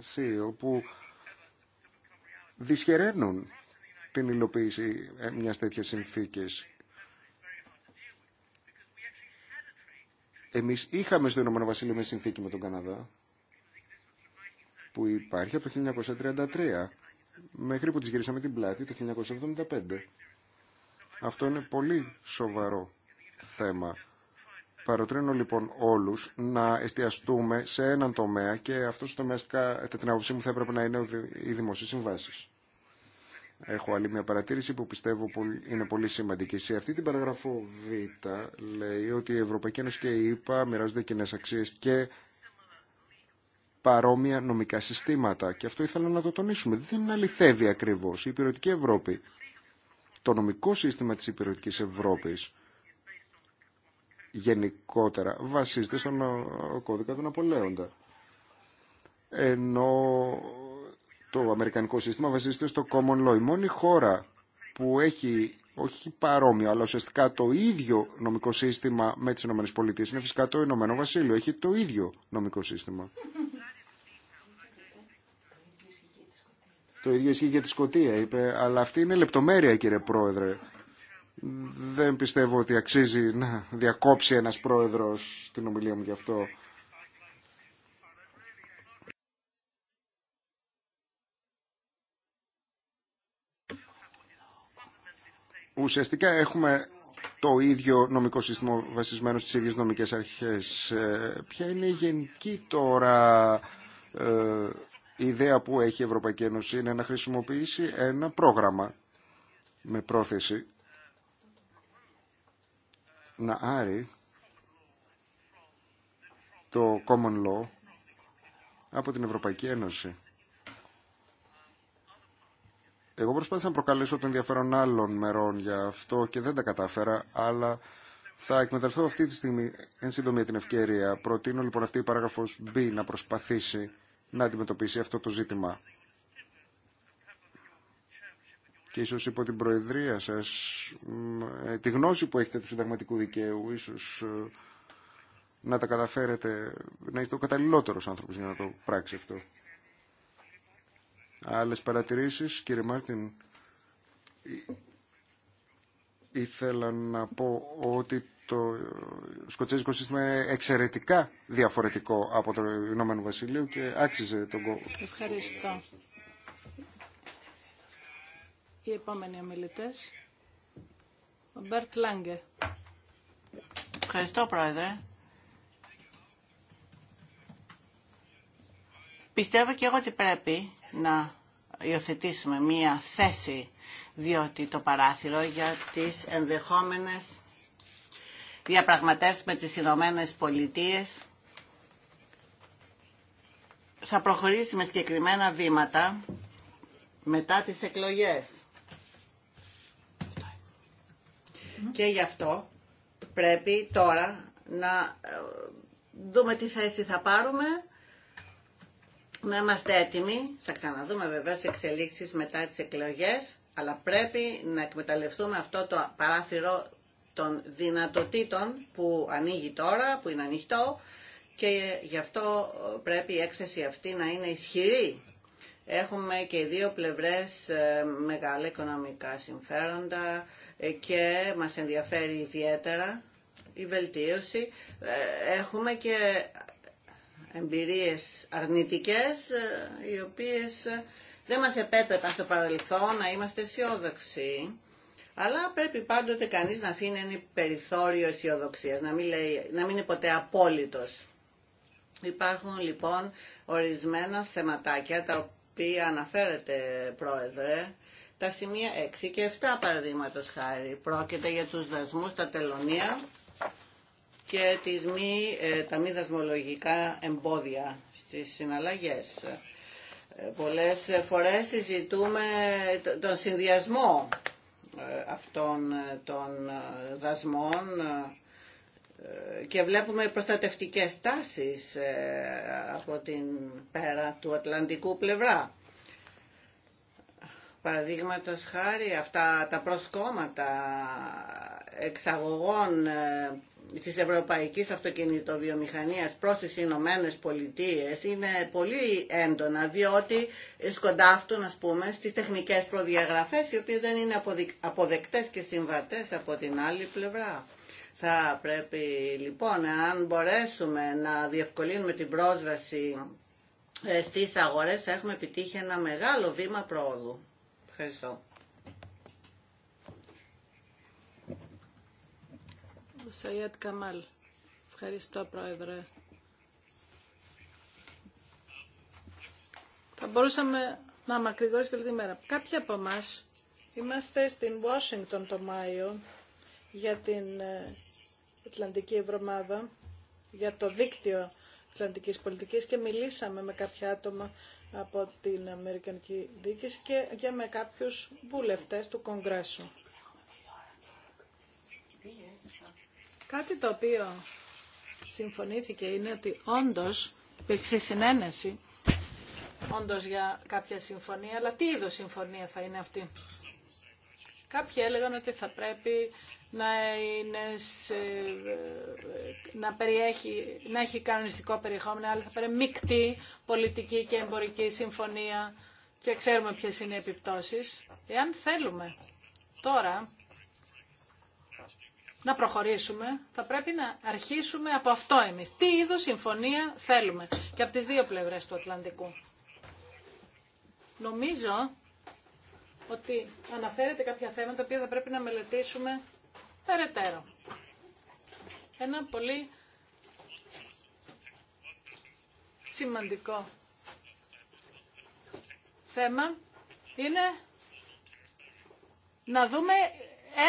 ΣΥΟ e που δυσχεραίνουν την υλοποίηση μιας τέτοιας συνθήκης. Εμείς είχαμε στο Ηνωμένο Βασίλειο μια συνθήκη με τον Καναδά που υπάρχει από το 1933 μέχρι που τις γυρίσαμε την πλάτη το 1975. Αυτό είναι πολύ σοβαρό θέμα. Παροτρύνω λοιπόν όλους να εστιαστούμε σε έναν τομέα και αυτός το τομέας κατά την άποψή μου θα έπρεπε να είναι οι δημοσίες συμβάσεις. Έχω άλλη μια παρατήρηση που πιστεύω είναι πολύ σημαντική. Σε αυτή την παραγραφό Β λέει ότι η Ευρωπαϊκή Ένωση και η ΕΕ μοιράζονται κοινέ αξίε και παρόμοια νομικά συστήματα. Και αυτό ήθελα να το τονίσουμε. Δεν αληθεύει ακριβώς η υπηρετική Ευρώπη. Το νομικό σύστημα της Υπηρετική Ευρώπης γενικότερα βασίζεται στον κώδικα του Ναπολέοντα. Ενώ το αμερικανικό σύστημα βασίζεται στο common law. Η μόνη χώρα που έχει όχι παρόμοιο, αλλά ουσιαστικά το ίδιο νομικό σύστημα με τις ΗΠΑ είναι φυσικά το Ηνωμένο Βασίλειο. Έχει το ίδιο νομικό σύστημα. Το ίδιο ισχύει για τη Σκωτία, είπε. Αλλά αυτή είναι λεπτομέρεια, κύριε Πρόεδρε. Δεν πιστεύω ότι αξίζει να διακόψει ένας πρόεδρος την ομιλία μου γι' αυτό. Ουσιαστικά έχουμε το ίδιο νομικό σύστημα βασισμένο στις ίδιες νομικές αρχές. Ε, ποια είναι η γενική τώρα ε, η ιδέα που έχει η Ευρωπαϊκή Ένωση είναι να χρησιμοποιήσει ένα πρόγραμμα με πρόθεση να άρει το common law από την Ευρωπαϊκή Ένωση. Εγώ προσπάθησα να προκαλέσω τον ενδιαφέρον άλλων μερών για αυτό και δεν τα κατάφερα, αλλά θα εκμεταλλευτώ αυτή τη στιγμή εν συντομία την ευκαιρία. Προτείνω λοιπόν αυτή η παράγραφος B να προσπαθήσει να αντιμετωπίσει αυτό το ζήτημα. Και ίσως υπό την προεδρία σας, ε, τη γνώση που έχετε του συνταγματικού δικαίου, ίσως ε, να τα καταφέρετε, να είστε ο καταλληλότερος άνθρωπος για να το πράξει αυτό. Άλλες παρατηρήσεις, κύριε Μάρτιν, ήθελα να πω ότι το σκοτσέζικο σύστημα είναι εξαιρετικά διαφορετικό από το Ηνωμένο Βασίλειο και άξιζε τον κόπο. Ευχαριστώ. Οι επόμενοι ομιλητέ. Ο Μπέρτ Λάγκε. Ευχαριστώ, Πρόεδρε. Πιστεύω και εγώ ότι πρέπει να υιοθετήσουμε μία θέση, διότι το παράθυρο για τις ενδεχόμενες διαπραγματεύσει με τις Ηνωμένε Πολιτείε θα προχωρήσει με συγκεκριμένα βήματα μετά τις εκλογές. Και γι' αυτό πρέπει τώρα να ε, δούμε τι θέση θα πάρουμε, να είμαστε έτοιμοι, θα ξαναδούμε βεβαίως εξελίξεις μετά τις εκλογές, αλλά πρέπει να εκμεταλλευτούμε αυτό το παράθυρο των δυνατοτήτων που ανοίγει τώρα, που είναι ανοιχτό και γι' αυτό πρέπει η έκθεση αυτή να είναι ισχυρή. Έχουμε και οι δύο πλευρές ε, μεγάλα οικονομικά συμφέροντα ε, και μας ενδιαφέρει ιδιαίτερα η βελτίωση. Ε, έχουμε και εμπειρίες αρνητικές οι οποίες δεν μας επέτρεπαν στο παρελθόν να είμαστε αισιόδοξοι. Αλλά πρέπει πάντοτε κανείς να αφήνει ένα περιθώριο αισιοδοξία, να, μην να μην είναι ποτέ απόλυτος. Υπάρχουν λοιπόν ορισμένα θεματάκια τα οποία αναφέρεται πρόεδρε, τα σημεία 6 και 7 παραδείγματο χάρη. Πρόκειται για τους δασμούς, τα τελωνία και τις μη, ε, τα μη δασμολογικά εμπόδια στις συναλλαγές. Ε, πολλές φορές συζητούμε τον συνδυασμό ε, αυτών ε, των ε, δασμών και βλέπουμε προστατευτικές τάσεις από την πέρα του Ατλαντικού πλευρά. Παραδείγματο χάρη αυτά τα προσκόμματα εξαγωγών της ευρωπαϊκής αυτοκινητοβιομηχανίας προς τις Ηνωμένε Πολιτείε είναι πολύ έντονα διότι σκοντάφτουν ας πούμε στις τεχνικές προδιαγραφές οι οποίες δεν είναι αποδεκτές και συμβατές από την άλλη πλευρά. Θα πρέπει λοιπόν αν μπορέσουμε να διευκολύνουμε την πρόσβαση ε, στις αγορές θα έχουμε επιτύχει ένα μεγάλο βήμα πρόοδου. Ευχαριστώ. Σαϊάτ Καμάλ. Ευχαριστώ, Πρόεδρε. Θα μπορούσαμε να μακρυγορίσουμε και όλη τη μέρα. Κάποιοι από εμά είμαστε στην Ουάσιγκτον το Μάιο για την ε, Ατλαντική Ευρωμάδα, για το δίκτυο Ατλαντικής Πολιτικής και μιλήσαμε με κάποια άτομα από την Αμερικανική Δίκηση και, και με κάποιους βουλευτές του Κογκρέσου. Κάτι το οποίο συμφωνήθηκε είναι ότι όντως υπήρξε συνένεση όντως για κάποια συμφωνία, αλλά τι είδος συμφωνία θα είναι αυτή. Κάποιοι έλεγαν ότι θα πρέπει να, είναι να, περιέχει, να έχει κανονιστικό περιεχόμενο, αλλά θα πρέπει μεικτή πολιτική και εμπορική συμφωνία και ξέρουμε ποιες είναι οι επιπτώσεις. Εάν θέλουμε τώρα να προχωρήσουμε, θα πρέπει να αρχίσουμε από αυτό εμείς. Τι είδους συμφωνία θέλουμε και από τις δύο πλευρές του Ατλαντικού. Νομίζω ότι αναφέρεται κάποια θέματα που θα πρέπει να μελετήσουμε περαιτέρω. Ένα πολύ σημαντικό θέμα είναι να δούμε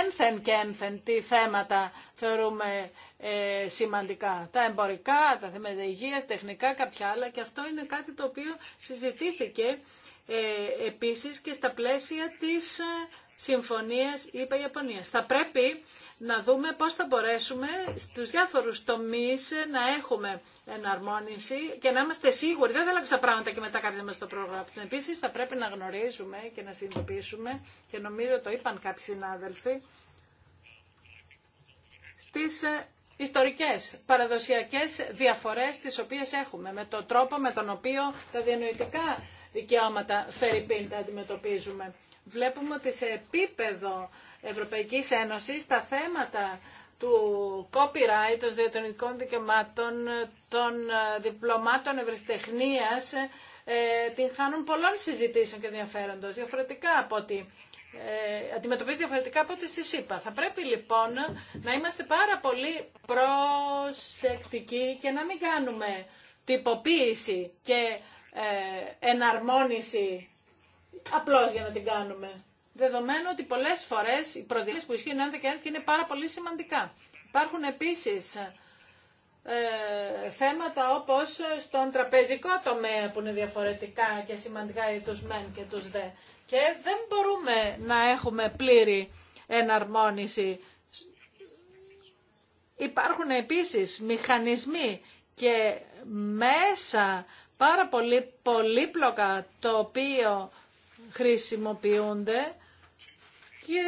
ένθεν και ένθεν τι θέματα θεωρούμε ε, σημαντικά. Τα εμπορικά, τα θέματα υγείας, τεχνικά, κάποια άλλα και αυτό είναι κάτι το οποίο συζητήθηκε ε, επίσης και στα πλαίσια της ε, συμφωνίες είπα Ιαπωνία. Θα πρέπει να δούμε πώς θα μπορέσουμε στους διάφορους τομείς να έχουμε εναρμόνιση και να είμαστε σίγουροι. Δεν θα αλλάξουν τα πράγματα και μετά κάποιοι μας στο πρόγραμμα. Επίσης θα πρέπει να γνωρίζουμε και να συνειδητοποιήσουμε και νομίζω το είπαν κάποιοι συνάδελφοι στις ε, ιστορικές, παραδοσιακές διαφορές τις οποίες έχουμε με τον τρόπο με τον οποίο τα διανοητικά δικαιώματα πίν τα αντιμετωπίζουμε βλέπουμε ότι σε επίπεδο Ευρωπαϊκής Ένωσης τα θέματα του copyright, των διατονικών δικαιωμάτων, των ε, διπλωμάτων ευρεσιτεχνίας, ε, την χάνουν πολλών συζητήσεων και ενδιαφέροντος, διαφορετικά από ότι ε, αντιμετωπίζει διαφορετικά από ό,τι στη ΣΥΠΑ. Θα πρέπει λοιπόν να είμαστε πάρα πολύ προσεκτικοί και να μην κάνουμε τυποποίηση και ε, εναρμόνιση Απλώ για να την κάνουμε. Δεδομένου ότι πολλέ φορές οι προδιαγραφές που ισχύουν και είναι πάρα πολύ σημαντικά. Υπάρχουν επίσης ε, θέματα όπως στον τραπεζικό τομέα που είναι διαφορετικά και σημαντικά για τους μεν και τους δε. Και δεν μπορούμε να έχουμε πλήρη εναρμόνιση. Υπάρχουν επίσης μηχανισμοί και μέσα πάρα πολύ πολύπλοκα το οποίο χρησιμοποιούνται και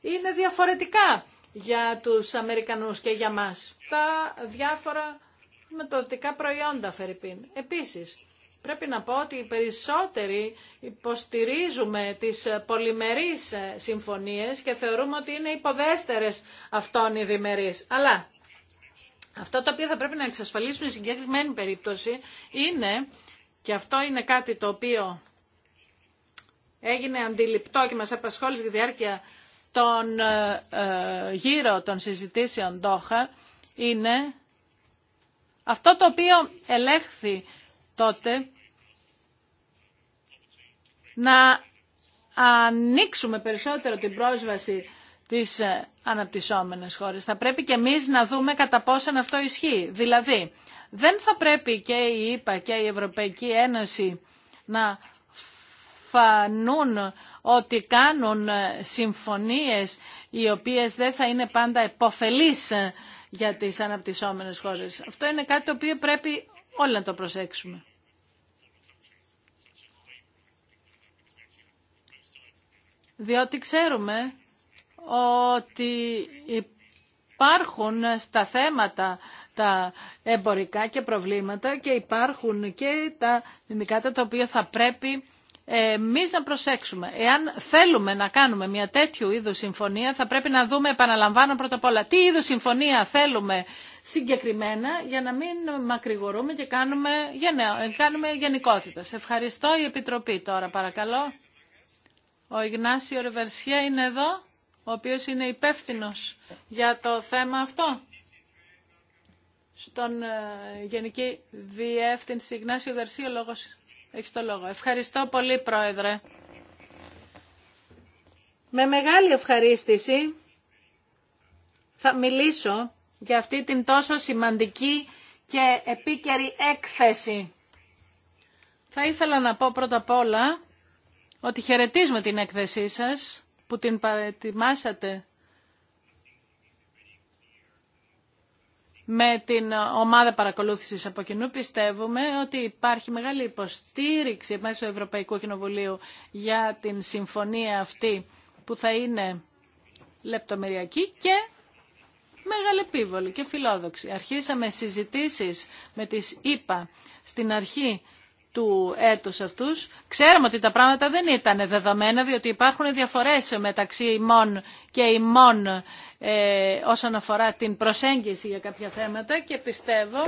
είναι διαφορετικά για τους Αμερικανούς και για μας. Τα διάφορα μετοδοτικά προϊόντα, Φερρυπίν. Επίσης, πρέπει να πω ότι οι περισσότεροι υποστηρίζουμε τις πολυμερείς συμφωνίες και θεωρούμε ότι είναι υποδέστερες αυτών οι διμερείς. Αλλά αυτό το οποίο θα πρέπει να εξασφαλίσουμε στην συγκεκριμένη περίπτωση είναι και αυτό είναι κάτι το οποίο έγινε αντιληπτό και μας απασχόλησε τη διάρκεια των ε, ε, γύρω των συζητήσεων Ντόχα, είναι αυτό το οποίο ελέγχθη τότε να ανοίξουμε περισσότερο την πρόσβαση της ε, αναπτυσσόμενες χώρες. Θα πρέπει και εμείς να δούμε κατά πόσον αυτό ισχύει. Δηλαδή, δεν θα πρέπει και η ΕΠΑ και η Ευρωπαϊκή Ένωση να φανούν ότι κάνουν συμφωνίες οι οποίες δεν θα είναι πάντα επωφελείς για τις αναπτυσσόμενες χώρες. Αυτό είναι κάτι το οποίο πρέπει όλοι να το προσέξουμε. Διότι ξέρουμε ότι υπάρχουν στα θέματα τα εμπορικά και προβλήματα και υπάρχουν και τα δυναμικά τα οποία θα πρέπει ε, Εμεί να προσέξουμε. Εάν θέλουμε να κάνουμε μια τέτοιου είδου συμφωνία, θα πρέπει να δούμε, επαναλαμβάνω πρώτα απ' όλα, τι είδου συμφωνία θέλουμε συγκεκριμένα, για να μην μακρηγορούμε και κάνουμε, κάνουμε γενικότητα. ευχαριστώ. Η Επιτροπή τώρα, παρακαλώ. Ο Ιγνάσιο Ρεβερσιέ είναι εδώ, ο οποίος είναι υπεύθυνο για το θέμα αυτό στον ε, Γενική Διεύθυνση Γνάσιο Γαρσίου, Λόγος, έχεις το λόγο. Ευχαριστώ πολύ, Πρόεδρε. Με μεγάλη ευχαρίστηση θα μιλήσω για αυτή την τόσο σημαντική και επίκαιρη έκθεση. Θα ήθελα να πω πρώτα απ' όλα ότι χαιρετίζουμε την έκθεσή σας που την παρετοιμάσατε με την ομάδα παρακολούθησης από κοινού πιστεύουμε ότι υπάρχει μεγάλη υποστήριξη μέσω του Ευρωπαϊκού Κοινοβουλίου για την συμφωνία αυτή που θα είναι λεπτομεριακή και μεγάλη επίβολη και φιλόδοξη. Αρχίσαμε συζητήσεις με τις ΙΠΑ στην αρχή του έτους αυτούς. Ξέρουμε ότι τα πράγματα δεν ήταν δεδομένα, διότι υπάρχουν διαφορές μεταξύ ημών και ημών ε, όσον αφορά την προσέγγιση για κάποια θέματα και πιστεύω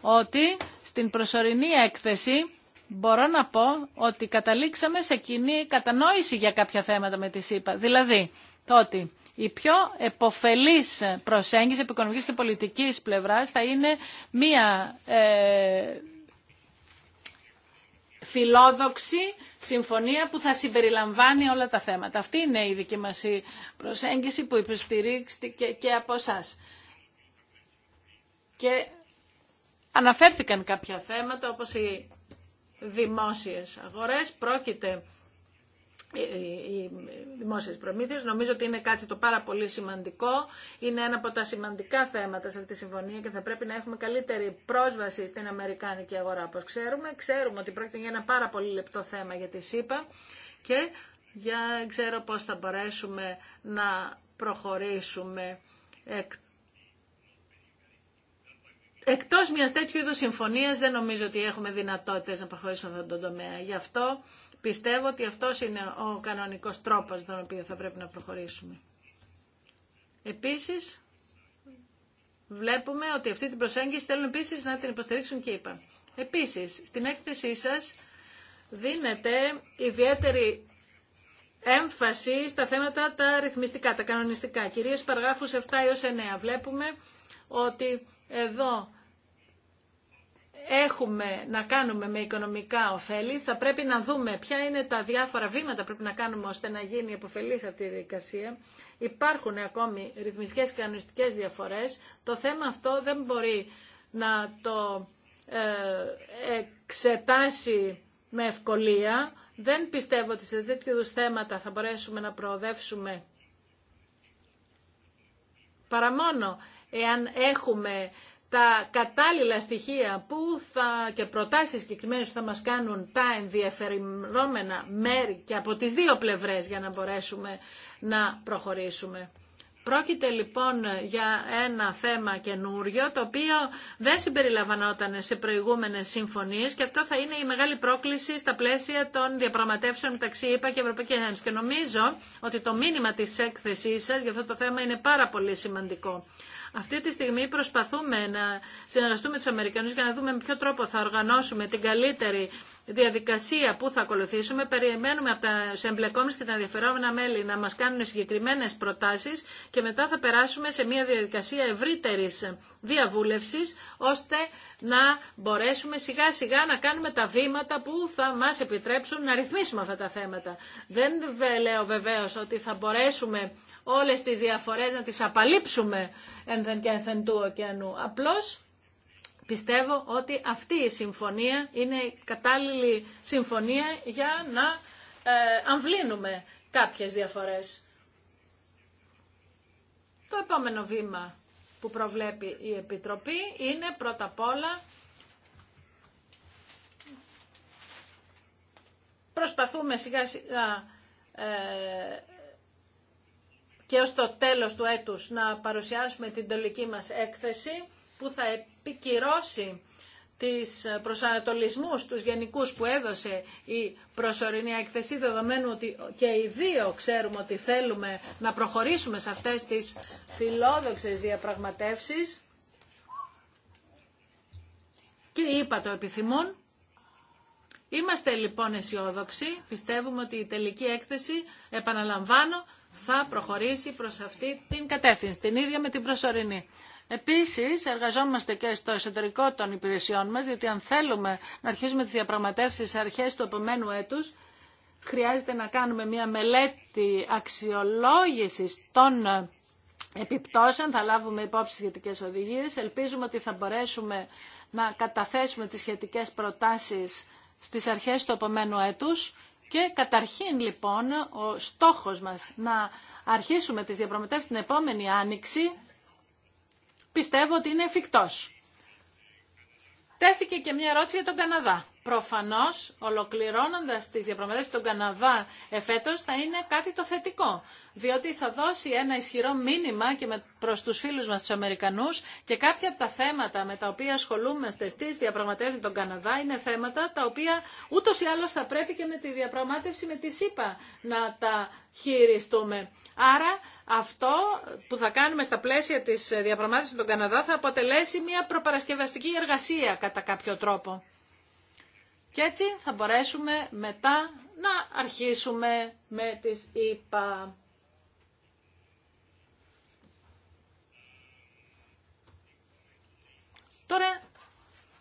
ότι στην προσωρινή έκθεση μπορώ να πω ότι καταλήξαμε σε κοινή κατανόηση για κάποια θέματα με τη ΣΥΠΑ. Δηλαδή, ότι η πιο εποφελής προσέγγιση οικονομικής και πολιτικής πλευράς θα είναι μία ε, φιλόδοξη συμφωνία που θα συμπεριλαμβάνει όλα τα θέματα. Αυτή είναι η δική μας προσέγγιση που υποστηρίξτηκε και από εσά. Και αναφέρθηκαν κάποια θέματα όπως οι δημόσιες αγορές. Πρόκειται ε, ε, οι δημόσιες προμήθειες. Νομίζω ότι είναι κάτι το πάρα πολύ σημαντικό. Είναι ένα από τα σημαντικά θέματα σε αυτή τη συμφωνία και θα πρέπει να έχουμε καλύτερη πρόσβαση στην Αμερικάνικη αγορά, όπως ξέρουμε. Ξέρουμε ότι πρόκειται για ένα πάρα πολύ λεπτό θέμα για τη ΣΥΠΑ και για ξέρω πώς θα μπορέσουμε να προχωρήσουμε εκ... Εκτός μιας τέτοιου είδους συμφωνίας δεν νομίζω ότι έχουμε δυνατότητες να προχωρήσουμε αυτόν τον τομέα. Γι' αυτό Πιστεύω ότι αυτός είναι ο κανονικός τρόπος τον οποίο θα πρέπει να προχωρήσουμε. Επίσης, βλέπουμε ότι αυτή την προσέγγιση θέλουν επίσης να την υποστηρίξουν και είπα. Επίσης, στην έκθεσή σας δίνεται ιδιαίτερη έμφαση στα θέματα τα ρυθμιστικά, τα κανονιστικά. Κυρίως παραγράφους 7 έως 9. Βλέπουμε ότι εδώ έχουμε να κάνουμε με οικονομικά ωφέλη, θα πρέπει να δούμε ποια είναι τα διάφορα βήματα που πρέπει να κάνουμε ώστε να γίνει υποφελής αυτή η διαδικασία. Υπάρχουν ακόμη ρυθμιστικές και κανονιστικές διαφορές. Το θέμα αυτό δεν μπορεί να το ε, εξετάσει με ευκολία. Δεν πιστεύω ότι σε τέτοιου είδους θέματα θα μπορέσουμε να προοδεύσουμε παρά μόνο εάν έχουμε τα κατάλληλα στοιχεία που θα, και προτάσεις συγκεκριμένες που θα μας κάνουν τα ενδιαφερόμενα μέρη και από τις δύο πλευρές για να μπορέσουμε να προχωρήσουμε. Πρόκειται λοιπόν για ένα θέμα καινούριο, το οποίο δεν συμπεριλαμβανόταν σε προηγούμενες συμφωνίες και αυτό θα είναι η μεγάλη πρόκληση στα πλαίσια των διαπραγματεύσεων μεταξύ ΕΠΑ ΕΕ και Ευρωπαϊκή Ένωση. Και νομίζω ότι το μήνυμα της έκθεσής σας για αυτό το θέμα είναι πάρα πολύ σημαντικό. Αυτή τη στιγμή προσπαθούμε να συνεργαστούμε τους Αμερικανούς για να δούμε με ποιο τρόπο θα οργανώσουμε την καλύτερη διαδικασία που θα ακολουθήσουμε περιμένουμε από τα εμπλεκόμενους και τα ενδιαφερόμενα μέλη να μας κάνουν συγκεκριμένες προτάσεις και μετά θα περάσουμε σε μια διαδικασία ευρύτερης διαβούλευσης ώστε να μπορέσουμε σιγά σιγά να κάνουμε τα βήματα που θα μας επιτρέψουν να ρυθμίσουμε αυτά τα θέματα. Δεν λέω βεβαίως ότι θα μπορέσουμε όλες τις διαφορές να τις απαλείψουμε ένθεν και ένθεν του ωκεανού. Απλώς Πιστεύω ότι αυτή η συμφωνία είναι η κατάλληλη συμφωνία για να ε, αμβλύνουμε κάποιες διαφορές. Το επόμενο βήμα που προβλέπει η Επιτροπή είναι πρώτα απ' όλα προσπαθούμε σιγά σιγά ε, και ως το τέλος του έτους να παρουσιάσουμε την τελική μας έκθεση που θα επικυρώσει τις προσανατολισμούς, τους γενικούς που έδωσε η προσωρινή εκθεσή, δεδομένου ότι και οι δύο ξέρουμε ότι θέλουμε να προχωρήσουμε σε αυτές τις φιλόδοξες διαπραγματεύσεις και είπα το επιθυμούν. Είμαστε λοιπόν αισιόδοξοι, πιστεύουμε ότι η τελική έκθεση, επαναλαμβάνω, θα προχωρήσει προς αυτή την κατεύθυνση, την ίδια με την προσωρινή. Επίσης, εργαζόμαστε και στο εσωτερικό των υπηρεσιών μας, διότι αν θέλουμε να αρχίσουμε τις διαπραγματεύσεις αρχές του επόμενου έτους, χρειάζεται να κάνουμε μια μελέτη αξιολόγησης των ε, επιπτώσεων, θα λάβουμε υπόψη σχετικές οδηγίες. Ελπίζουμε ότι θα μπορέσουμε να καταθέσουμε τις σχετικές προτάσεις στις αρχές του επόμενου έτους και καταρχήν λοιπόν ο στόχος μας να αρχίσουμε τις διαπραγματεύσεις την επόμενη άνοιξη πιστεύω ότι είναι εφικτός. Τέθηκε και μια ερώτηση για τον Καναδά. Προφανώς, ολοκληρώνοντας τις διαπραγματεύσεις τον Καναδά εφέτος, θα είναι κάτι το θετικό, διότι θα δώσει ένα ισχυρό μήνυμα και προς τους φίλους μας τους Αμερικανούς και κάποια από τα θέματα με τα οποία ασχολούμαστε στις διαπραγματεύσεις τον Καναδά είναι θέματα τα οποία ούτως ή άλλως θα πρέπει και με τη διαπραγμάτευση με τη ΣΥΠΑ να τα χειριστούμε. Άρα αυτό που θα κάνουμε στα πλαίσια της διαπραγμάτευσης των Καναδά θα αποτελέσει μια προπαρασκευαστική εργασία κατά κάποιο τρόπο. Και έτσι θα μπορέσουμε μετά να αρχίσουμε με τις ΙΠΑ. Τώρα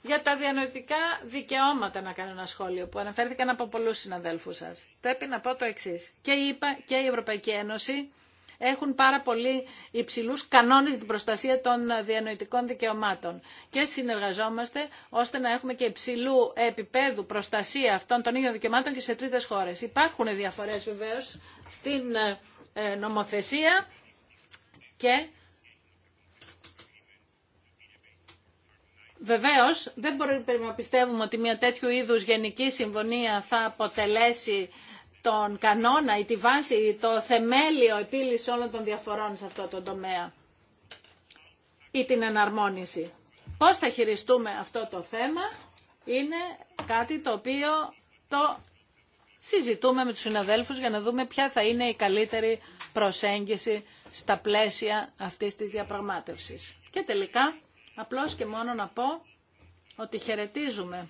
για τα διανοητικά δικαιώματα να κάνω ένα σχόλιο που αναφέρθηκαν από πολλούς συναδέλφους σας. Πρέπει να πω το εξής. Και η και η Ευρωπαϊκή Ένωση έχουν πάρα πολύ υψηλού κανόνε για την προστασία των διανοητικών δικαιωμάτων. Και συνεργαζόμαστε ώστε να έχουμε και υψηλού επίπεδου προστασία αυτών των ίδιων δικαιωμάτων και σε τρίτε χώρε. Υπάρχουν διαφορέ βεβαίω στην ε, νομοθεσία και Βεβαίω, δεν μπορούμε να πιστεύουμε ότι μια τέτοιου είδου γενική συμφωνία θα αποτελέσει τον κανόνα ή τη βάση, ή το θεμέλιο επίλυση όλων των διαφορών σε αυτό το τομέα ή την εναρμόνιση. Πώς θα χειριστούμε αυτό το θέμα είναι κάτι το οποίο το συζητούμε με τους συναδέλφους για να δούμε ποια θα είναι η καλύτερη προσέγγιση στα πλαίσια αυτής της διαπραγμάτευσης. Και τελικά Απλώς και μόνο να πω ότι χαιρετίζουμε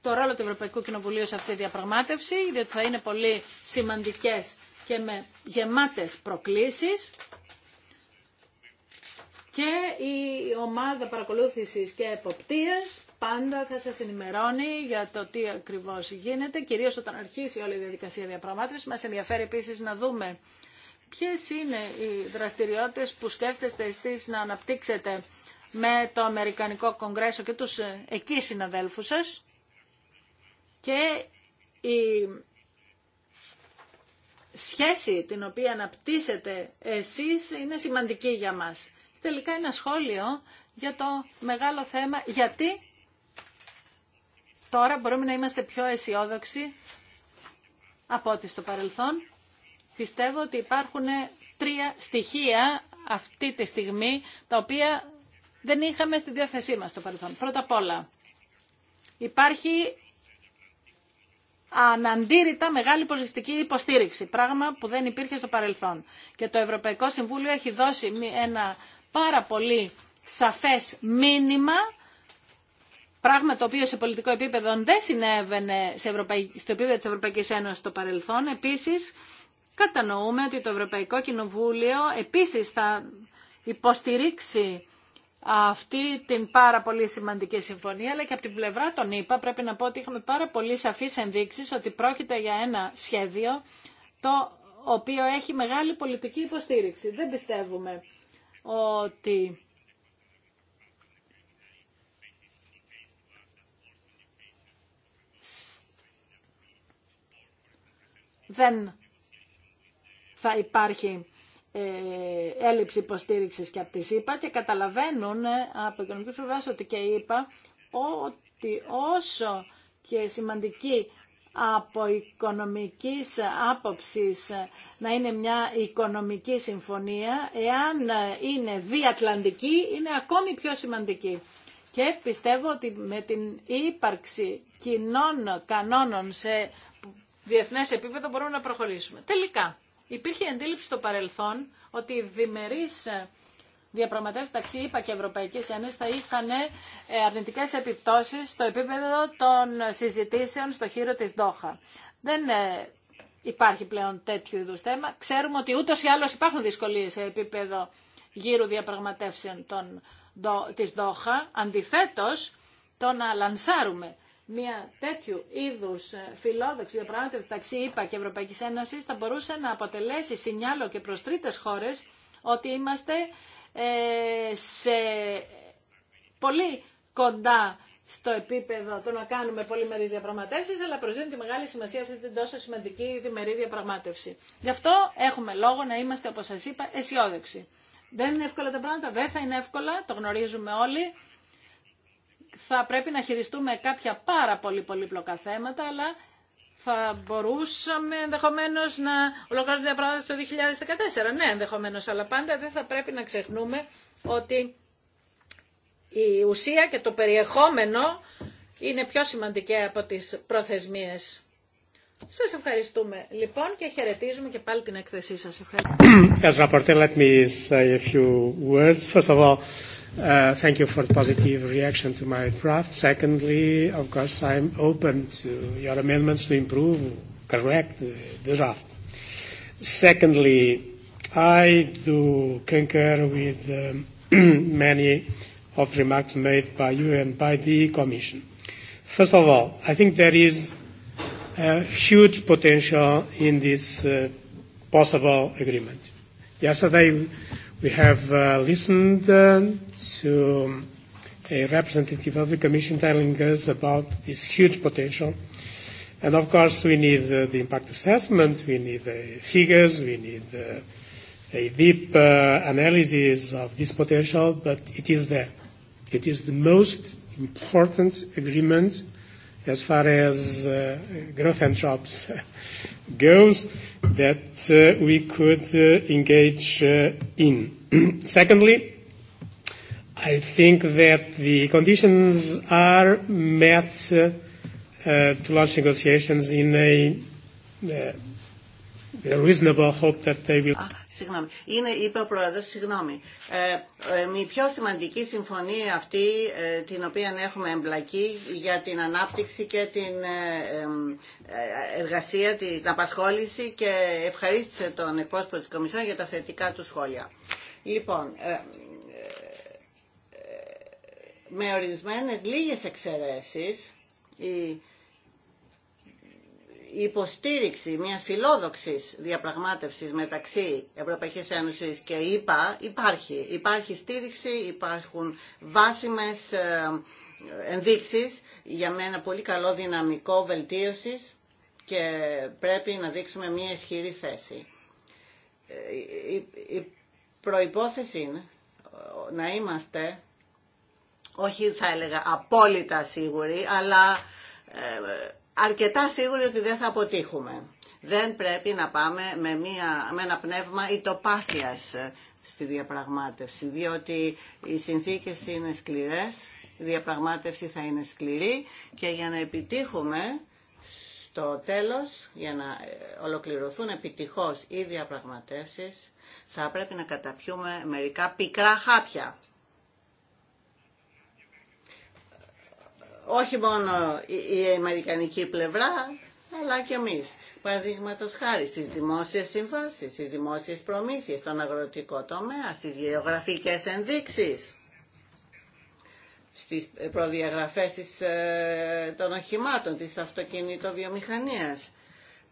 το ρόλο του Ευρωπαϊκού Κοινοβουλίου σε αυτή τη διαπραγμάτευση, διότι θα είναι πολύ σημαντικές και με γεμάτες προκλήσεις και η ομάδα παρακολούθησης και εποπτείας πάντα θα σας ενημερώνει για το τι ακριβώς γίνεται, κυρίως όταν αρχίσει όλη η διαδικασία διαπραγμάτευσης. Μας ενδιαφέρει επίσης να δούμε Ποιες είναι οι δραστηριότητες που σκέφτεστε εσείς να αναπτύξετε με το Αμερικανικό Κογκρέσο και τους ε, εκεί συναδέλφους σας και η σχέση την οποία αναπτύσσετε εσείς είναι σημαντική για μας. Τελικά ένα σχόλιο για το μεγάλο θέμα γιατί τώρα μπορούμε να είμαστε πιο αισιόδοξοι από ό,τι στο παρελθόν Πιστεύω ότι υπάρχουν τρία στοιχεία αυτή τη στιγμή τα οποία δεν είχαμε στη διάθεσή μας στο παρελθόν. Πρώτα απ' όλα, υπάρχει αναντήρητα μεγάλη πολιτιστική υποστήριξη, πράγμα που δεν υπήρχε στο παρελθόν. Και το Ευρωπαϊκό Συμβούλιο έχει δώσει ένα πάρα πολύ σαφές μήνυμα, πράγμα το οποίο σε πολιτικό επίπεδο δεν συνέβαινε στο επίπεδο της Ευρωπαϊκής Ένωσης στο παρελθόν. Επίσης, κατανοούμε ότι το Ευρωπαϊκό Κοινοβούλιο επίσης θα υποστηρίξει αυτή την πάρα πολύ σημαντική συμφωνία, αλλά και από την πλευρά των ΗΠΑ πρέπει να πω ότι είχαμε πάρα πολύ σαφείς ενδείξεις ότι πρόκειται για ένα σχέδιο το οποίο έχει μεγάλη πολιτική υποστήριξη. Δεν πιστεύουμε ότι δεν θα υπάρχει ε, έλλειψη υποστήριξη και από τη ΣΥΠΑ και καταλαβαίνουν ε, από οικονομική πλευρά ότι και είπα ότι όσο και σημαντική από οικονομικής άποψης να είναι μια οικονομική συμφωνία, εάν είναι διατλαντική είναι ακόμη πιο σημαντική. Και πιστεύω ότι με την ύπαρξη κοινών κανόνων σε διεθνές επίπεδο μπορούμε να προχωρήσουμε. Τελικά, Υπήρχε αντίληψη στο παρελθόν ότι οι διμερείς ε, διαπραγματεύσει ταξί ΕΕ και Ευρωπαϊκή Ένωση θα είχαν ε, αρνητικές επιπτώσει στο επίπεδο των συζητήσεων στο χείρο της Δόχα. Δεν ε, υπάρχει πλέον τέτοιου είδου θέμα. Ξέρουμε ότι ούτω ή άλλω υπάρχουν δυσκολίες σε επίπεδο γύρου διαπραγματεύσεων των, της Δόχα. Αντιθέτω το να λανσάρουμε μια τέτοιου είδου ε, φιλόδοξη διαπραγμάτευση μεταξύ ΕΠΑ και Ευρωπαϊκή Ένωση θα μπορούσε να αποτελέσει σινιάλο και προ τρίτε χώρε ότι είμαστε ε, σε πολύ κοντά στο επίπεδο το να κάνουμε πολυμερεί διαπραγματεύσει, αλλά προσδίδουν και μεγάλη σημασία αυτή την τόσο σημαντική διμερή διαπραγμάτευση. Γι' αυτό έχουμε λόγο να είμαστε, όπω σα είπα, αισιόδοξοι. Δεν είναι εύκολα τα πράγματα, δεν θα είναι εύκολα, το γνωρίζουμε όλοι θα πρέπει να χειριστούμε κάποια πάρα πολύ πολύπλοκα θέματα, αλλά θα μπορούσαμε ενδεχομένω να ολοκληρώσουμε την πράγματα το 2014. Ναι, ενδεχομένω, αλλά πάντα δεν θα πρέπει να ξεχνούμε ότι η ουσία και το περιεχόμενο είναι πιο σημαντικέ από τις προθεσμίες. Σας ευχαριστούμε λοιπόν και χαιρετίζουμε και πάλι την έκθεσή σας. Ευχαριστώ. Thank you for the positive reaction to my draft. Secondly, of course, I'm open to your amendments to improve, correct the draft. Secondly, I do concur with many of the remarks made by you and by the Commission. First of all, I think there is a huge potential in this possible agreement. Yesterday We have listened to a representative of the Commission telling us about this huge potential. And of course, we need the impact assessment, we need the figures, we need a deep analysis of this potential, but it is there. It is the most important agreement as far as growth and jobs goes that we could engage in. Secondly, I think that the conditions are met to launch negotiations in a reasonable hope that they will. Είναι, είπε ο Πρόεδρος, συγγνώμη. Ε, ε, η πιο σημαντική συμφωνία αυτή, ε, την οποία έχουμε εμπλακεί για την ανάπτυξη και την εργασία, την απασχόληση και ευχαρίστησε τον εκπρόσωπο της Κομισιόν για τα θετικά του σχόλια. Λοιπόν, με ορισμένες λίγες εξαιρέσεις, η υποστήριξη μιας φιλόδοξης διαπραγμάτευσης μεταξύ Ευρωπαϊκής Ένωσης και ΕΠΑ ΕΕ υπάρχει. Υπάρχει στήριξη, υπάρχουν βάσιμες ε, ενδείξεις για με ένα πολύ καλό δυναμικό βελτίωσης και πρέπει να δείξουμε μια ισχυρή θέση. Ε, η προϋπόθεση είναι ε, να είμαστε, όχι θα έλεγα απόλυτα σίγουροι, αλλά αρκετά σίγουροι ότι δεν θα αποτύχουμε. Δεν πρέπει να πάμε με, μια, με ένα πνεύμα ητοπάθειας ε, στη διαπραγμάτευση, διότι οι συνθήκες είναι σκληρές, η διαπραγμάτευση θα είναι σκληρή και για να επιτύχουμε στο τέλος, για να ε, ολοκληρωθούν επιτυχώς οι διαπραγματεύσεις, θα πρέπει να καταπιούμε μερικά πικρά χάπια. όχι μόνο η αμερικανική πλευρά, αλλά και εμείς. Παραδείγματο χάρη στι δημόσιε συμβάσει, στι δημόσιε προμήθειε, στον αγροτικό τομέα, στις γεωγραφικές ενδείξεις, στις προδιαγραφές ε, των οχημάτων, της αυτοκινητοβιομηχανία.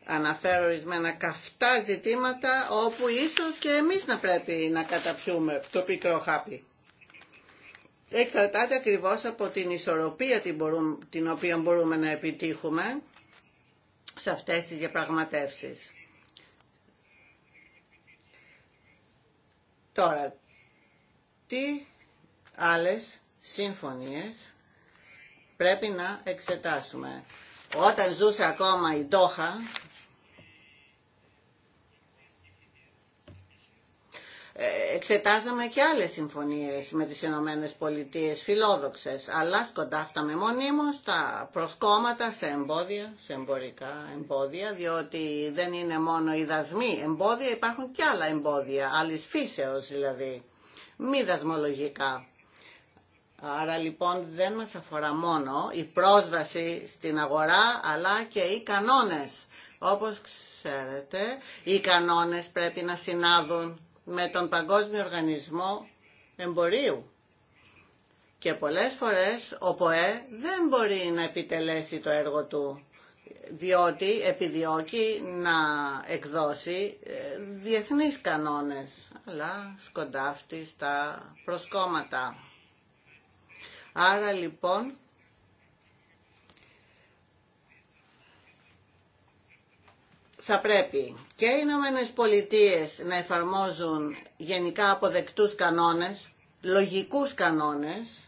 Αναφέρω ορισμένα καυτά ζητήματα όπου ίσως και εμείς να πρέπει να καταπιούμε το πικρό χάπι εξαρτάται ακριβώς από την ισορροπία την, την οποία μπορούμε να επιτύχουμε σε αυτές τις διαπραγματεύσεις. Τώρα, τι άλλες συμφωνίες πρέπει να εξετάσουμε. Όταν ζούσε ακόμα η Ντόχα, Ε, εξετάζαμε και άλλες συμφωνίες με τις Ηνωμένες Πολιτείες, φιλόδοξες, αλλά σκοντάφταμε μονίμως τα προσκόμματα σε εμπόδια, σε εμπορικά εμπόδια, διότι δεν είναι μόνο οι δασμοί εμπόδια, υπάρχουν και άλλα εμπόδια, άλλης φύσεως δηλαδή, μη δασμολογικά. Άρα λοιπόν δεν μας αφορά μόνο η πρόσβαση στην αγορά, αλλά και οι κανόνες. Όπως ξέρετε, οι κανόνες πρέπει να συνάδουν με τον Παγκόσμιο Οργανισμό Εμπορίου. Και πολλές φορές ο ΠΟΕ δεν μπορεί να επιτελέσει το έργο του, διότι επιδιώκει να εκδώσει ε, διεθνείς κανόνες, αλλά σκοντάφτει στα προσκόμματα. Άρα λοιπόν θα πρέπει και οι Ηνωμένε Πολιτείε να εφαρμόζουν γενικά αποδεκτούς κανόνες, λογικούς κανόνες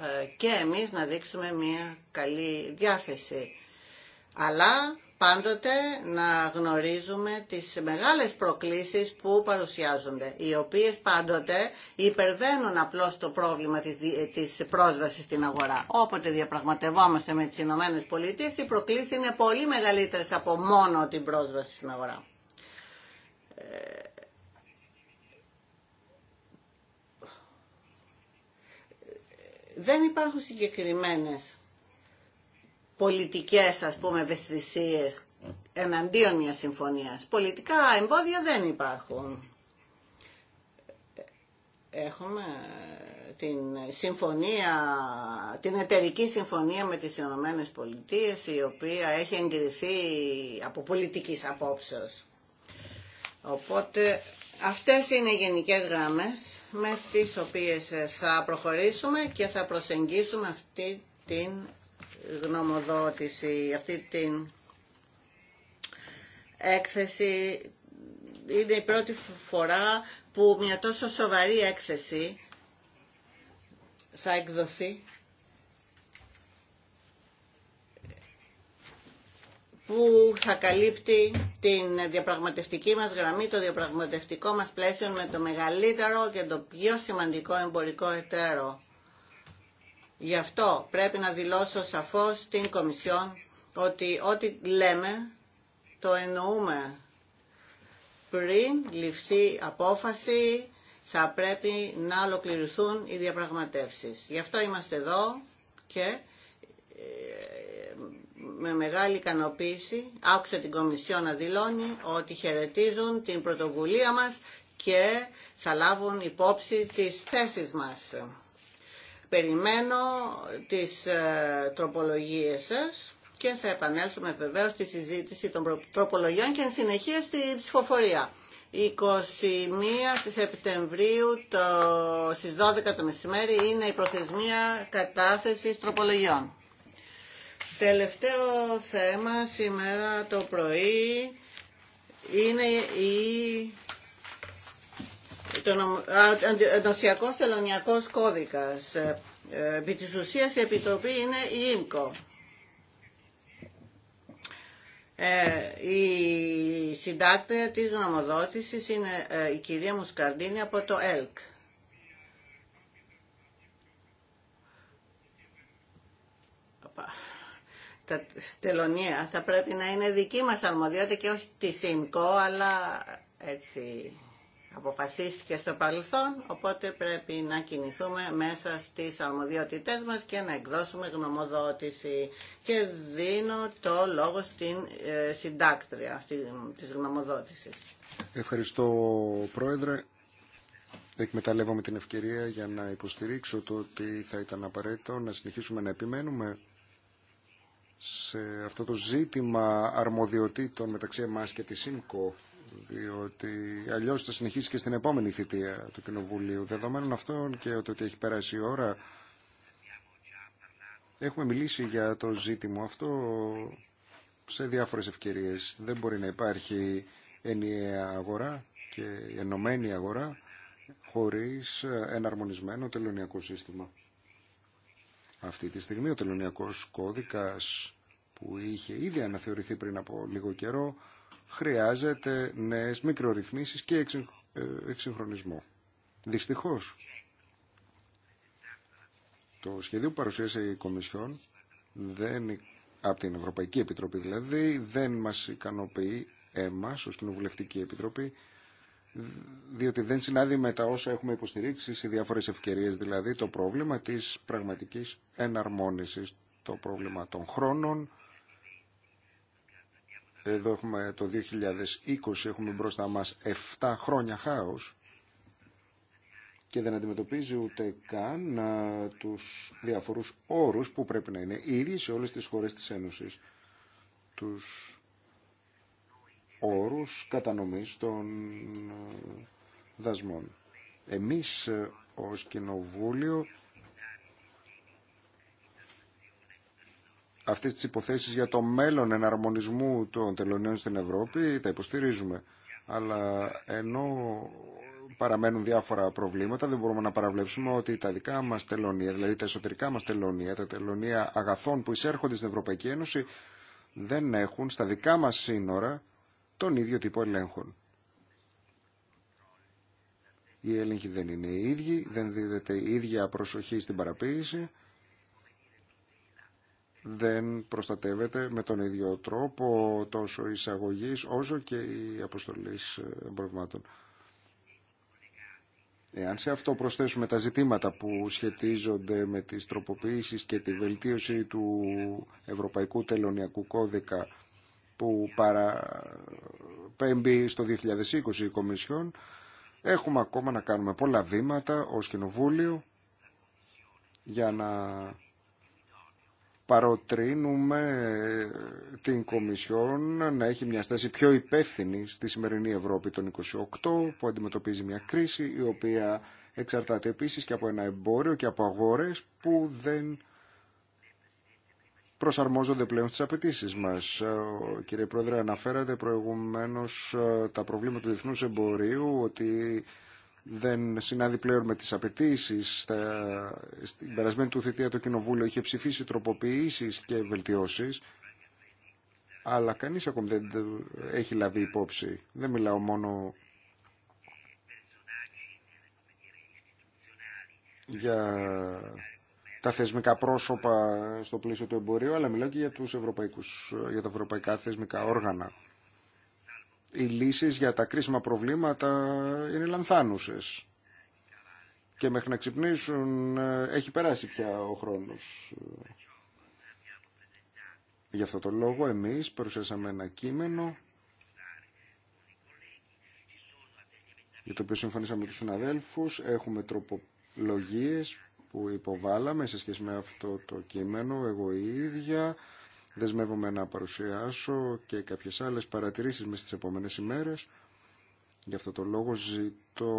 ε, και εμείς να δείξουμε μια καλή διάθεση. Αλλά πάντοτε να γνωρίζουμε τις μεγάλες προκλήσεις που παρουσιάζονται, οι οποίες πάντοτε υπερβαίνουν απλώς το πρόβλημα της, της πρόσβασης στην αγορά. Όποτε διαπραγματευόμαστε με τις Ηνωμένε Πολιτείε, οι προκλήσεις είναι πολύ μεγαλύτερες από μόνο την πρόσβαση στην αγορά. Ε, δεν υπάρχουν συγκεκριμένες πολιτικές ας πούμε ευαισθησίες εναντίον μιας συμφωνίας. Πολιτικά εμπόδια δεν υπάρχουν. Έχουμε την συμφωνία, την εταιρική συμφωνία με τις Ηνωμένες Πολιτείες η οποία έχει εγκριθεί από πολιτικής απόψεως. Οπότε αυτές είναι οι γενικές γραμμές με τις οποίες θα προχωρήσουμε και θα προσεγγίσουμε αυτή την γνωμοδότηση, αυτή την έκθεση. Είναι η πρώτη φορά που μια τόσο σοβαρή έκθεση θα εκδοθεί που θα καλύπτει την διαπραγματευτική μας γραμμή, το διαπραγματευτικό μας πλαίσιο με το μεγαλύτερο και το πιο σημαντικό εμπορικό εταίρο Γι' αυτό πρέπει να δηλώσω σαφώς την Κομισιόν ότι ό,τι λέμε το εννοούμε. Πριν ληφθεί απόφαση θα πρέπει να ολοκληρωθούν οι διαπραγματεύσεις. Γι' αυτό είμαστε εδώ και ε, με μεγάλη ικανοποίηση άκουσα την Κομισιόν να δηλώνει ότι χαιρετίζουν την πρωτοβουλία μας και θα λάβουν υπόψη τις θέσεις μας. Περιμένω τις ε, τροπολογίες σας και θα επανέλθουμε βεβαίως στη συζήτηση των τροπολογιών και εν συνεχεία στη ψηφοφορία. 21 Σεπτεμβρίου το, στις 12 το μεσημέρι είναι η προθεσμία κατάθεσης τροπολογιών. Τελευταίο θέμα σήμερα το πρωί είναι η το ενωσιακό θελωνιακός κώδικα. Ε, ε, επί τη ουσία η επιτροπή είναι η ΙΜΚΟ. Ε, η συντάκτρια της γνωμοδότησης είναι ε, η κυρία Μουσκαρδίνη από το ΕΛΚ. Τα τελωνία θα πρέπει να είναι δική μας αρμοδιότητα και όχι τη ΣΥΜΚΟ, αλλά έτσι αποφασίστηκε στο παρελθόν, οπότε πρέπει να κινηθούμε μέσα στις αρμοδιότητές μας και να εκδώσουμε γνωμοδότηση. Και δίνω το λόγο στην ε, συντάκτρια της γνωμοδότησης. Ευχαριστώ Πρόεδρε. Εκμεταλλεύομαι την ευκαιρία για να υποστηρίξω το ότι θα ήταν απαραίτητο να συνεχίσουμε να επιμένουμε σε αυτό το ζήτημα αρμοδιοτήτων μεταξύ εμάς και της ΣΥΜΚΟ διότι αλλιώς θα συνεχίσει και στην επόμενη θητεία του Κοινοβουλίου. Δεδομένων αυτών και ότι έχει περάσει η ώρα, έχουμε μιλήσει για το ζήτημα αυτό σε διάφορες ευκαιρίες. Δεν μπορεί να υπάρχει ενιαία αγορά και ενωμένη αγορά χωρίς εναρμονισμένο τελωνιακό σύστημα. Αυτή τη στιγμή ο τελωνιακός κώδικας που είχε ήδη αναθεωρηθεί πριν από λίγο καιρό χρειάζεται νέες μικρορυθμίσεις και ε, εξυγχρονισμό. Δυστυχώς, το σχεδίο που παρουσίασε η Κομισιόν δεν, από την Ευρωπαϊκή Επιτροπή δηλαδή δεν μας ικανοποιεί εμάς ως Κοινοβουλευτική Επιτροπή διότι δεν συνάδει με τα όσα έχουμε υποστηρίξει σε διάφορες ευκαιρίες δηλαδή το πρόβλημα της πραγματικής εναρμόνισης το πρόβλημα των χρόνων εδώ έχουμε το 2020, έχουμε μπροστά μας 7 χρόνια χάος και δεν αντιμετωπίζει ούτε καν α, τους διαφορούς όρους που πρέπει να είναι ίδιοι σε όλες τις χώρες της Ένωσης. Τους όρους κατανομής των δασμών. Εμείς ως Κοινοβούλιο Αυτέ τις υποθέσεις για το μέλλον εναρμονισμού των τελωνίων στην Ευρώπη, τα υποστηρίζουμε. Αλλά ενώ παραμένουν διάφορα προβλήματα, δεν μπορούμε να παραβλέψουμε ότι τα δικά μας τελωνία, δηλαδή τα εσωτερικά μας τελωνία, τα τελωνία αγαθών που εισέρχονται στην Ευρωπαϊκή Ένωση, δεν έχουν στα δικά μα σύνορα τον ίδιο τύπο ελέγχων. Οι έλεγχοι δεν είναι οι ίδιοι, δεν δίδεται η ίδια προσοχή στην παραποίηση δεν προστατεύεται με τον ίδιο τρόπο τόσο η εισαγωγή όσο και η αποστολή εμπορευμάτων. Εάν σε αυτό προσθέσουμε τα ζητήματα που σχετίζονται με τις τροποποιήσεις και τη βελτίωση του Ευρωπαϊκού Τελωνιακού Κώδικα που παραπέμπει στο 2020 η Κομισιόν, έχουμε ακόμα να κάνουμε πολλά βήματα ως Κοινοβούλιο για να παροτρύνουμε την Κομισιόν να έχει μια στάση πιο υπεύθυνη στη σημερινή Ευρώπη των 28 που αντιμετωπίζει μια κρίση η οποία εξαρτάται επίσης και από ένα εμπόριο και από αγορές που δεν προσαρμόζονται πλέον στις απαιτήσει μας. Κύριε Πρόεδρε, αναφέρατε προηγουμένως τα προβλήματα του διεθνούς εμπορίου, ότι δεν συνάδει πλέον με τις απαιτήσει. Στην περασμένη του θητεία το Κοινοβούλιο είχε ψηφίσει τροποποιήσεις και βελτιώσεις, αλλά κανείς ακόμη δεν έχει λάβει υπόψη. Δεν μιλάω μόνο για τα θεσμικά πρόσωπα στο πλαίσιο του εμπορίου, αλλά μιλάω και για, τους ευρωπαϊκούς, για τα ευρωπαϊκά θεσμικά όργανα οι λύσεις για τα κρίσιμα προβλήματα είναι λανθάνουσες. Και μέχρι να ξυπνήσουν ε, έχει περάσει πια ο χρόνος. Γι' αυτό το λόγο εμείς παρουσιάσαμε ένα κείμενο για το οποίο συμφωνήσαμε με τους συναδέλφους. Έχουμε τροπολογίες που υποβάλαμε σε σχέση με αυτό το κείμενο εγώ ίδια Δεσμεύομαι να παρουσιάσω και κάποιες άλλες παρατηρήσεις μες στις επόμενες ημέρες. Γι' αυτό το λόγο ζητώ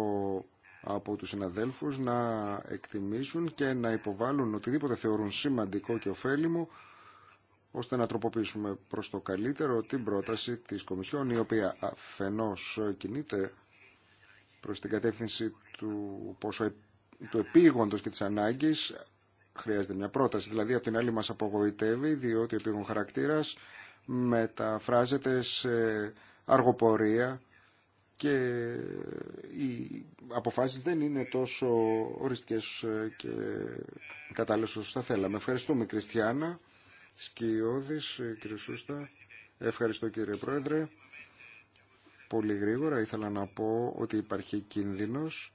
από τους συναδέλφους να εκτιμήσουν και να υποβάλουν οτιδήποτε θεωρούν σημαντικό και ωφέλιμο ώστε να τροποποιήσουμε προς το καλύτερο την πρόταση της Κομισιόν η οποία αφενός κινείται προς την κατεύθυνση του, του επίγοντος και της ανάγκης χρειάζεται μια πρόταση. Δηλαδή, από την άλλη μας απογοητεύει, διότι ο επίγον χαρακτήρας μεταφράζεται σε αργοπορία και οι αποφάσεις δεν είναι τόσο οριστικές και κατάλληλες όσο θα θέλαμε. Ευχαριστούμε Κριστιάνα, Σκιώδης, κύριε Σούστα. Ευχαριστώ κύριε Πρόεδρε. Πολύ γρήγορα ήθελα να πω ότι υπάρχει κίνδυνος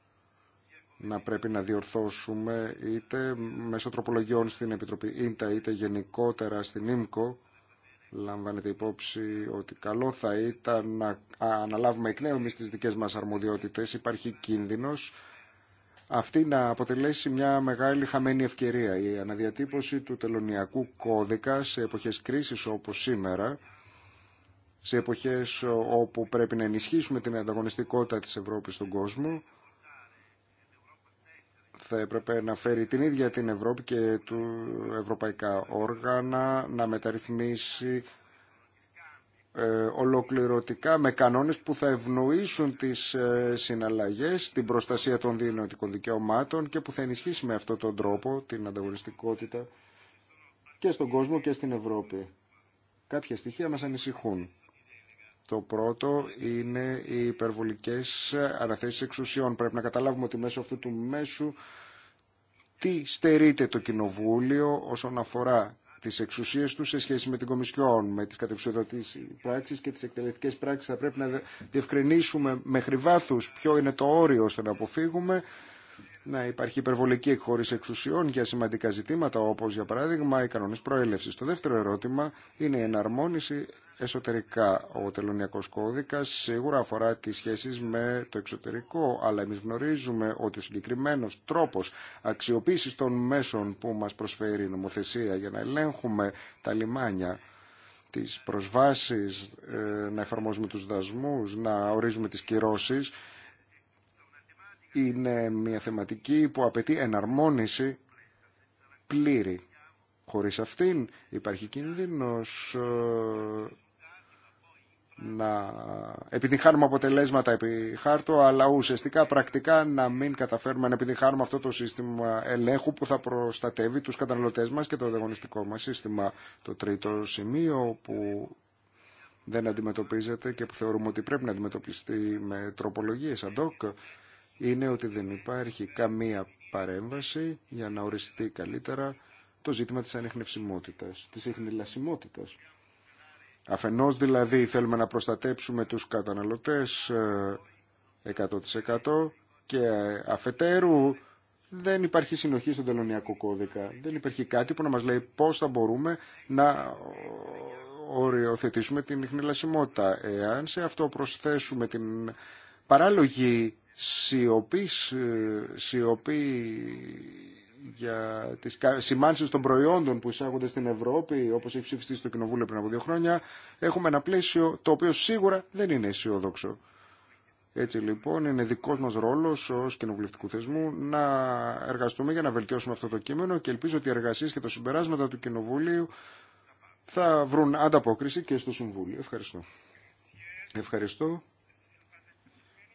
να πρέπει να διορθώσουμε είτε μέσω τροπολογιών στην Επιτροπή ΙΝΤΑ είτε γενικότερα στην ΙΜΚΟ λαμβάνεται υπόψη ότι καλό θα ήταν να αναλάβουμε εκ νέου εμείς τις δικές μας αρμοδιότητες. Υπάρχει κίνδυνος αυτή να αποτελέσει μια μεγάλη χαμένη ευκαιρία. Η αναδιατύπωση του τελωνιακού κώδικα σε εποχές κρίσης όπως σήμερα, σε εποχές όπου πρέπει να ενισχύσουμε την ανταγωνιστικότητα της Ευρώπης στον κόσμο, θα έπρεπε να φέρει την ίδια την Ευρώπη και του ευρωπαϊκά όργανα να μεταρρυθμίσει ε, ολοκληρωτικά με κανόνες που θα ευνοήσουν τις ε, συναλλαγές, την προστασία των διενωτικών δικαιωμάτων και που θα ενισχύσει με αυτόν τον τρόπο την ανταγωνιστικότητα και στον κόσμο και στην Ευρώπη. Κάποια στοιχεία μας ανησυχούν. Το πρώτο είναι οι υπερβολικές αναθέσεις εξουσιών. Πρέπει να καταλάβουμε ότι μέσω αυτού του μέσου τι στερείται το Κοινοβούλιο όσον αφορά τις εξουσίες του σε σχέση με την Κομισιόν, με τις κατευθυντικές πράξεις και τις εκτελεστικές πράξεις. Θα πρέπει να διευκρινίσουμε μέχρι βάθους ποιο είναι το όριο ώστε να αποφύγουμε να υπάρχει υπερβολική εκχώρηση εξουσιών για σημαντικά ζητήματα, όπω για παράδειγμα οι κανόνε προέλευση. Το δεύτερο ερώτημα είναι η εναρμόνιση εσωτερικά. Ο τελωνιακό κώδικα σίγουρα αφορά τι σχέσει με το εξωτερικό, αλλά εμεί γνωρίζουμε ότι ο συγκεκριμένο τρόπο αξιοποίηση των μέσων που μα προσφέρει η νομοθεσία για να ελέγχουμε τα λιμάνια τις προσβάσεις, ε, να εφαρμόζουμε τους δασμούς, να ορίζουμε τις κυρώσεις, είναι μια θεματική που απαιτεί εναρμόνιση πλήρη. Χωρίς αυτήν υπάρχει κίνδυνος ε, να επιτυχάνουμε αποτελέσματα επί χάρτο, αλλά ουσιαστικά πρακτικά να μην καταφέρουμε να επιτυχάνουμε αυτό το σύστημα ελέγχου που θα προστατεύει τους καταναλωτές μας και το δεγονιστικό μας σύστημα. Το τρίτο σημείο που δεν αντιμετωπίζεται και που θεωρούμε ότι πρέπει να αντιμετωπιστεί με τροπολογίες ad hoc είναι ότι δεν υπάρχει καμία παρέμβαση για να οριστεί καλύτερα το ζήτημα της ανεχνευσιμότητας, της ειχνηλασιμότητας. Αφενός δηλαδή θέλουμε να προστατέψουμε τους καταναλωτές 100% ε, και ε, αφετέρου δεν υπάρχει συνοχή στον τελωνιακό κώδικα. Δεν υπάρχει κάτι που να μας λέει πώς θα μπορούμε να ε, οριοθετήσουμε την ειχνηλασιμότητα. Εάν σε αυτό προσθέσουμε την παράλογη ε, σιωπή, για τις σημάνσεις των προϊόντων που εισάγονται στην Ευρώπη, όπως έχει ψηφιστεί στο Κοινοβούλιο πριν από δύο χρόνια, έχουμε ένα πλαίσιο το οποίο σίγουρα δεν είναι αισιόδοξο. Έτσι λοιπόν είναι δικός μας ρόλος ως κοινοβουλευτικού θεσμού να εργαστούμε για να βελτιώσουμε αυτό το κείμενο και ελπίζω ότι οι εργασίες και τα συμπεράσματα του Κοινοβουλίου θα βρουν ανταπόκριση και στο Συμβούλιο. Ευχαριστώ. Ευχαριστώ.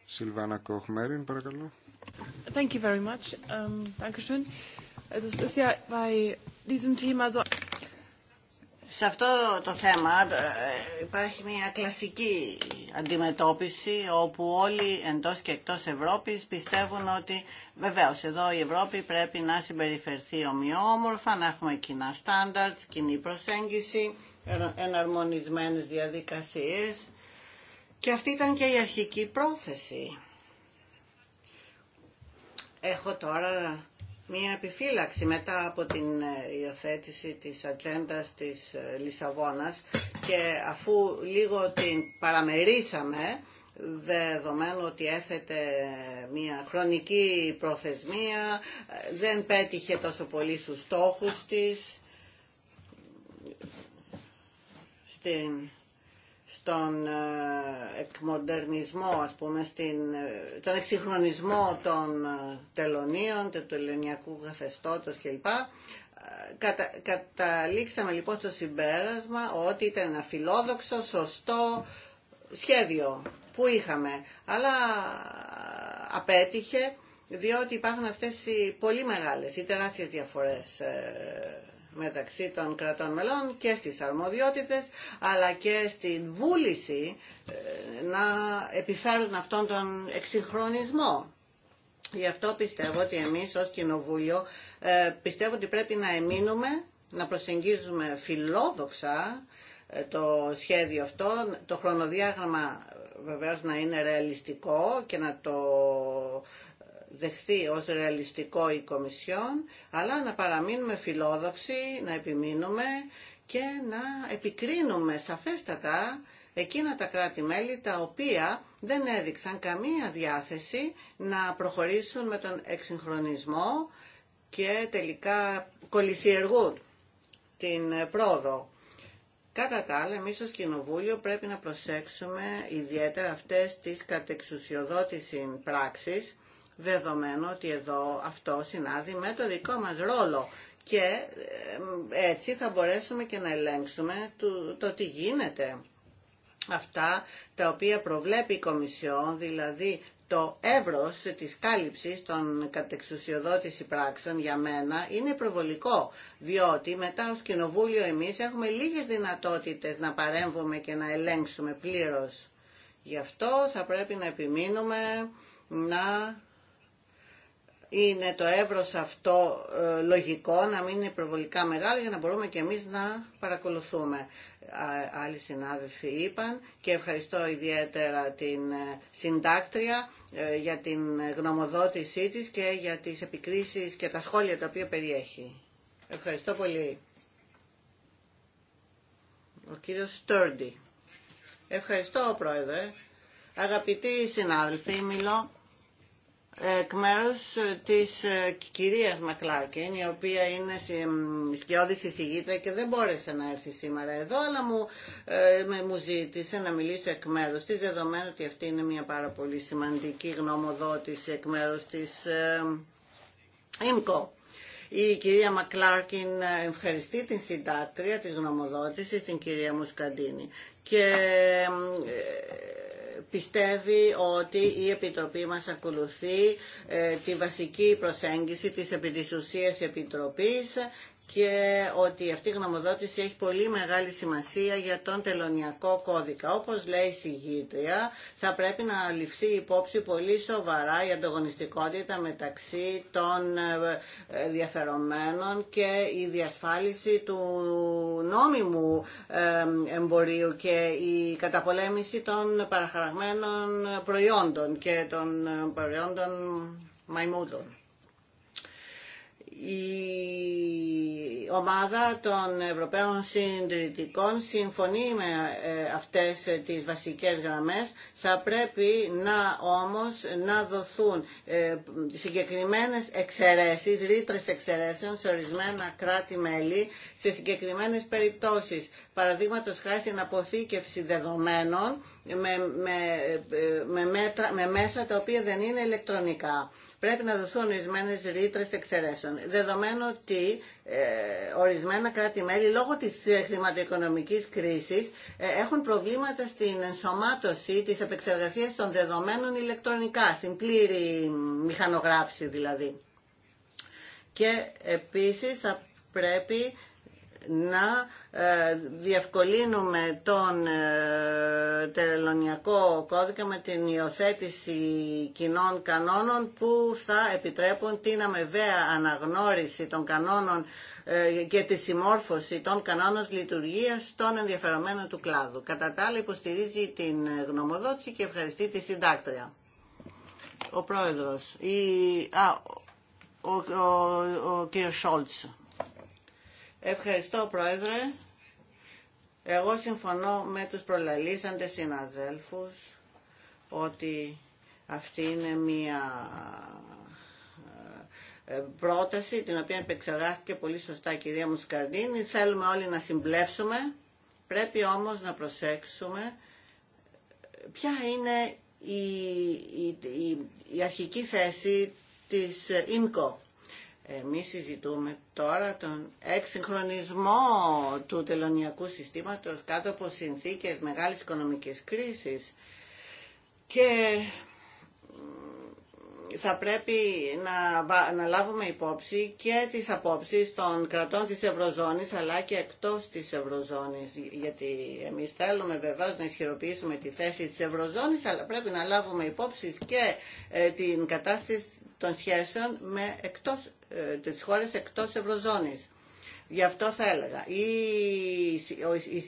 Σιλβάνα Κοχμέριν, παρακαλώ. Thank you very much. Um, äh, σε αυτό το θέμα ε, υπάρχει μια κλασική αντιμετώπιση όπου όλοι εντός και εκτός Ευρώπης πιστεύουν ότι βεβαίως εδώ η Ευρώπη πρέπει να συμπεριφερθεί ομοιόμορφα, να έχουμε κοινά στάνταρτς, κοινή προσέγγιση, εναρμονισμένες διαδικασίες και αυτή ήταν και η αρχική πρόθεση. Έχω τώρα μία επιφύλαξη μετά από την ε, υιοθέτηση της ατζέντα της ε, Λισαβόνας και αφού λίγο την παραμερίσαμε, δεδομένου ότι έθετε μια χρονική προθεσμία, ε, δεν πέτυχε τόσο πολύ στους στόχους της στην τον ε, εκμοντερνισμό, ας πούμε, στην, ε, τον εξυγχρονισμό των ε, τελωνίων, του τελωνιακού καθεστώτος κλπ. καταλήξαμε λοιπόν στο συμπέρασμα ότι ήταν ένα φιλόδοξο, σωστό σχέδιο που είχαμε, αλλά απέτυχε διότι υπάρχουν αυτές οι πολύ μεγάλες ή τεράστιες διαφορές μεταξύ των κρατών μελών και στις αρμοδιότητες αλλά και στην βούληση ε, να επιφέρουν αυτόν τον εξυγχρονισμό. Γι' αυτό πιστεύω ότι εμείς ως Κοινοβούλιο ε, πιστεύω ότι πρέπει να εμείνουμε, να προσεγγίζουμε φιλόδοξα ε, το σχέδιο αυτό, το χρονοδιάγραμμα βεβαίως να είναι ρεαλιστικό και να το δεχθεί ως ρεαλιστικό η Κομισιόν, αλλά να παραμείνουμε φιλόδοξοι, να επιμείνουμε και να επικρίνουμε σαφέστατα εκείνα τα κράτη-μέλη τα οποία δεν έδειξαν καμία διάθεση να προχωρήσουν με τον εξυγχρονισμό και τελικά κολυσιεργούν την πρόοδο. Κατά τα άλλα, εμείς ως Κοινοβούλιο πρέπει να προσέξουμε ιδιαίτερα αυτές τις κατεξουσιοδότηση πράξεις δεδομένου ότι εδώ αυτό συνάδει με το δικό μας ρόλο και ε, έτσι θα μπορέσουμε και να ελέγξουμε το τι γίνεται. Αυτά τα οποία προβλέπει η Κομισιόν, δηλαδή το εύρος της κάλυψης των κατεξουσιοδότηση πράξεων για μένα είναι προβολικό, διότι μετά ως Κοινοβούλιο εμείς έχουμε λίγες δυνατότητες να παρέμβουμε και να ελέγξουμε πλήρως. Γι' αυτό θα πρέπει να επιμείνουμε να είναι το εύρος αυτό ε, λογικό, να μην είναι υπερβολικά μεγάλο για να μπορούμε και εμείς να παρακολουθούμε. Άλλοι συνάδελφοι είπαν και ευχαριστώ ιδιαίτερα την ε, συντάκτρια ε, για την γνωμοδότησή της και για τις επικρίσεις και τα σχόλια τα οποία περιέχει. Ευχαριστώ πολύ. Ο κύριος Στέρντι. Ευχαριστώ, Πρόεδρε. Αγαπητοί συνάδελφοι, μιλώ εκ μέρους της ε, κυρίας Μακλάρκιν, η οποία είναι σκιώδης εισηγήτρια και δεν μπόρεσε να έρθει σήμερα εδώ, αλλά μου, ε, μου ζήτησε να μιλήσω εκ μέρους της, δεδομένου ότι αυτή είναι μια πάρα πολύ σημαντική γνωμοδότηση εκ μέρους της ε, ΙΜΚΟ. Η κυρία Μακλάρκιν ε, ευχαριστεί την συντάκτρια της γνωμοδότησης, την κυρία Μουσκαντίνη. Και πιστεύει ότι η Επιτροπή μας ακολουθεί ε, τη βασική προσέγγιση της επί Επιτροπής και ότι αυτή η γνωμοδότηση έχει πολύ μεγάλη σημασία για τον τελωνιακό κώδικα. Όπως λέει η συγγήτρια, θα πρέπει να ληφθεί υπόψη πολύ σοβαρά η ανταγωνιστικότητα μεταξύ των ε, διαφερομένων και η διασφάλιση του νόμιμου ε, εμπορίου και η καταπολέμηση των παραχαραγμένων προϊόντων και των ε, προϊόντων μαϊμούδων η ομάδα των Ευρωπαίων Συντηρητικών συμφωνεί με ε, αυτές τις βασικές γραμμές. Θα πρέπει να όμως να δοθούν ε, συγκεκριμένες εξαιρέσεις, ρήτρες εξαιρέσεων σε ορισμένα κράτη-μέλη σε συγκεκριμένες περιπτώσεις. Παραδείγματος χάρη στην αποθήκευση δεδομένων με, με, μέσα τα οποία δεν είναι ηλεκτρονικά. Πρέπει να δοθούν ορισμένε ρήτρε εξαιρέσεων. Δεδομένου ότι ε, ορισμένα κράτη-μέλη λόγω τη ε, χρηματοοικονομική κρίση ε, έχουν προβλήματα στην ενσωμάτωση τη επεξεργασία των δεδομένων ηλεκτρονικά, στην πλήρη μηχανογράφηση δηλαδή. Και επίση θα πρέπει να ε, διευκολύνουμε τον ε, τελωνιακό κώδικα με την υιοθέτηση κοινών κανόνων που θα επιτρέπουν την αμεβαία αναγνώριση των κανόνων ε, και τη συμμόρφωση των κανόνων λειτουργίας των ενδιαφερομένων του κλάδου. Κατά τα άλλα υποστηρίζει την γνωμοδότηση και ευχαριστεί τη συντάκτρια. Ο πρόεδρος, ο, ο, ο, Ευχαριστώ Πρόεδρε. Εγώ συμφωνώ με τους προλαλήσαντες συναδέλφους ότι αυτή είναι μία ε, πρόταση την οποία επεξεργάστηκε πολύ σωστά η κυρία Μουσκαρδίνη. Θέλουμε όλοι να συμπλέψουμε, πρέπει όμως να προσέξουμε ποια είναι η, η, η, αρχική θέση της ΙΜΚΟ εμείς συζητούμε τώρα τον εξυγχρονισμό του τελωνιακού συστήματος κάτω από συνθήκες μεγάλης οικονομικής κρίσης και θα πρέπει να, να λάβουμε υπόψη και τις απόψεις των κρατών της Ευρωζώνης αλλά και εκτός της Ευρωζώνης γιατί εμείς θέλουμε βεβαίως να ισχυροποιήσουμε τη θέση της Ευρωζώνης αλλά πρέπει να λάβουμε υπόψη και ε, την κατάσταση των σχέσεων με εκτός, ε, τις χώρες εκτός Ευρωζώνης. Γι' αυτό θα έλεγα, η,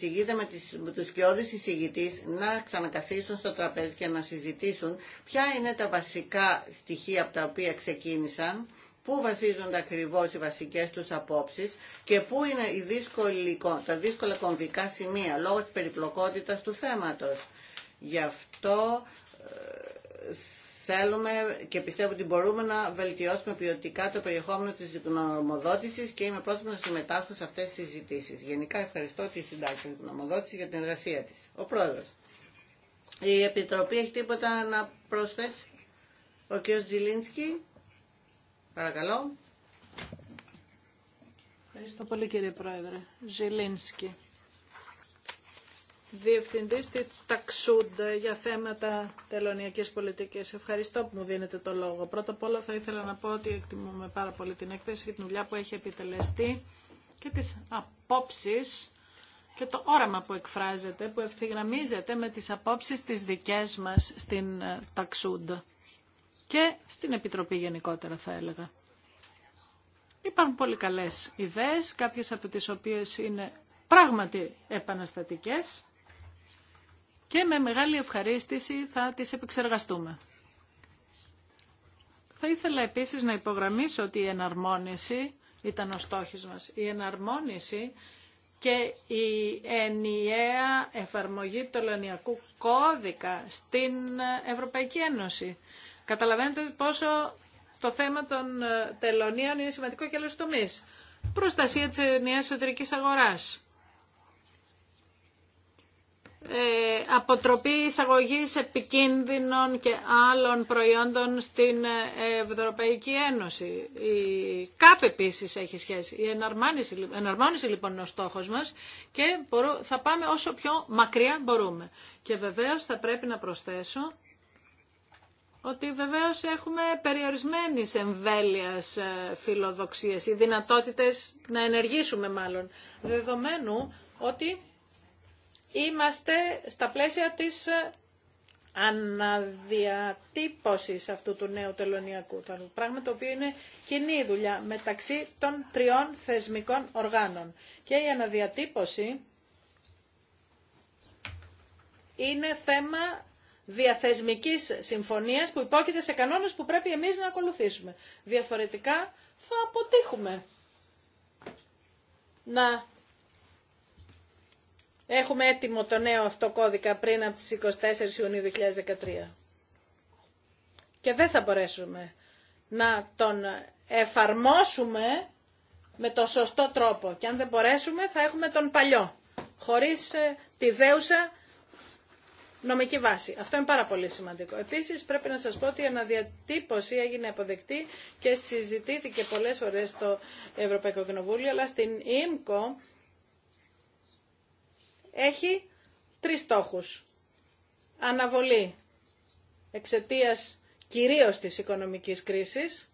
η με τις, τους σκιώδεις εισηγητής να ξανακαθίσουν στο τραπέζι και να συζητήσουν ποια είναι τα βασικά στοιχεία από τα οποία ξεκίνησαν, πού βασίζονται ακριβώς οι βασικές τους απόψεις και πού είναι οι τα δύσκολα κομβικά σημεία λόγω της περιπλοκότητας του θέματος. Γι' αυτό ε, θέλουμε και πιστεύω ότι μπορούμε να βελτιώσουμε ποιοτικά το περιεχόμενο της γνωμοδότησης και είμαι πρόσφυγος να συμμετάσχω σε αυτές τις συζητήσεις. Γενικά ευχαριστώ τη συντάκτη γνωμοδότηση για την εργασία της. Ο Πρόεδρος. Η Επιτροπή έχει τίποτα να προσθέσει. Ο κ. Τζιλίνσκι. Παρακαλώ. Ευχαριστώ πολύ κύριε Πρόεδρε. Ζηλίνσκι. Διευθυντής τη Ταξούντ για θέματα τελωνιακής πολιτικής. Ευχαριστώ που μου δίνετε το λόγο. Πρώτα απ' όλα θα ήθελα να πω ότι εκτιμούμε πάρα πολύ την έκθεση και την δουλειά που έχει επιτελεστεί και τις απόψεις και το όραμα που εκφράζεται, που ευθυγραμμίζεται με τις απόψεις τι δικές μας στην ε, Ταξούντ και στην Επιτροπή γενικότερα θα έλεγα. Υπάρχουν πολύ καλές ιδέες, κάποιες από τις οποίες είναι πράγματι επαναστατικές και με μεγάλη ευχαρίστηση θα τις επεξεργαστούμε. Θα ήθελα επίσης να υπογραμμίσω ότι η εναρμόνιση ήταν ο στόχος μας. Η εναρμόνιση και η ενιαία εφαρμογή του ελληνιακού Κώδικα στην Ευρωπαϊκή Ένωση. Καταλαβαίνετε πόσο το θέμα των ε, τελωνίων είναι σημαντικό και άλλους τομείς. Προστασία της ενιαίας εσωτερικής αγοράς. Ε, αποτροπή εισαγωγής επικίνδυνων και άλλων προϊόντων στην Ευρωπαϊκή Ένωση. Η ΚΑΠ επίσης έχει σχέση. Η εναρμόνιση, εναρμόνιση λοιπόν είναι ο στόχος μας και θα πάμε όσο πιο μακριά μπορούμε. Και βεβαίως θα πρέπει να προσθέσω ότι βεβαίως έχουμε περιορισμένες εμβέλειας ε, φιλοδοξίες ή δυνατότητες να ενεργήσουμε μάλλον, δεδομένου ότι είμαστε στα πλαίσια της ε, αναδιατύπωσης αυτού του νέου τελωνιακού πράγμα το οποίο είναι κοινή δουλειά μεταξύ των τριών θεσμικών οργάνων. Και η αναδιατύπωση είναι θέμα διαθεσμικής συμφωνίας που υπόκειται σε κανόνες που πρέπει εμείς να ακολουθήσουμε. Διαφορετικά θα αποτύχουμε να Έχουμε έτοιμο το νέο αυτό κώδικα πριν από τις 24 Ιουνίου 2013. Και δεν θα μπορέσουμε να τον εφαρμόσουμε με το σωστό τρόπο. Και αν δεν μπορέσουμε θα έχουμε τον παλιό, χωρίς ε, τη δέουσα νομική βάση. Αυτό είναι πάρα πολύ σημαντικό. Επίσης πρέπει να σας πω ότι η αναδιατύπωση έγινε αποδεκτή και συζητήθηκε πολλές φορές στο Ευρωπαϊκό Κοινοβούλιο, αλλά στην ΙΜΚΟ έχει τρεις στόχους. Αναβολή εξαιτίας κυρίως της οικονομικής κρίσης,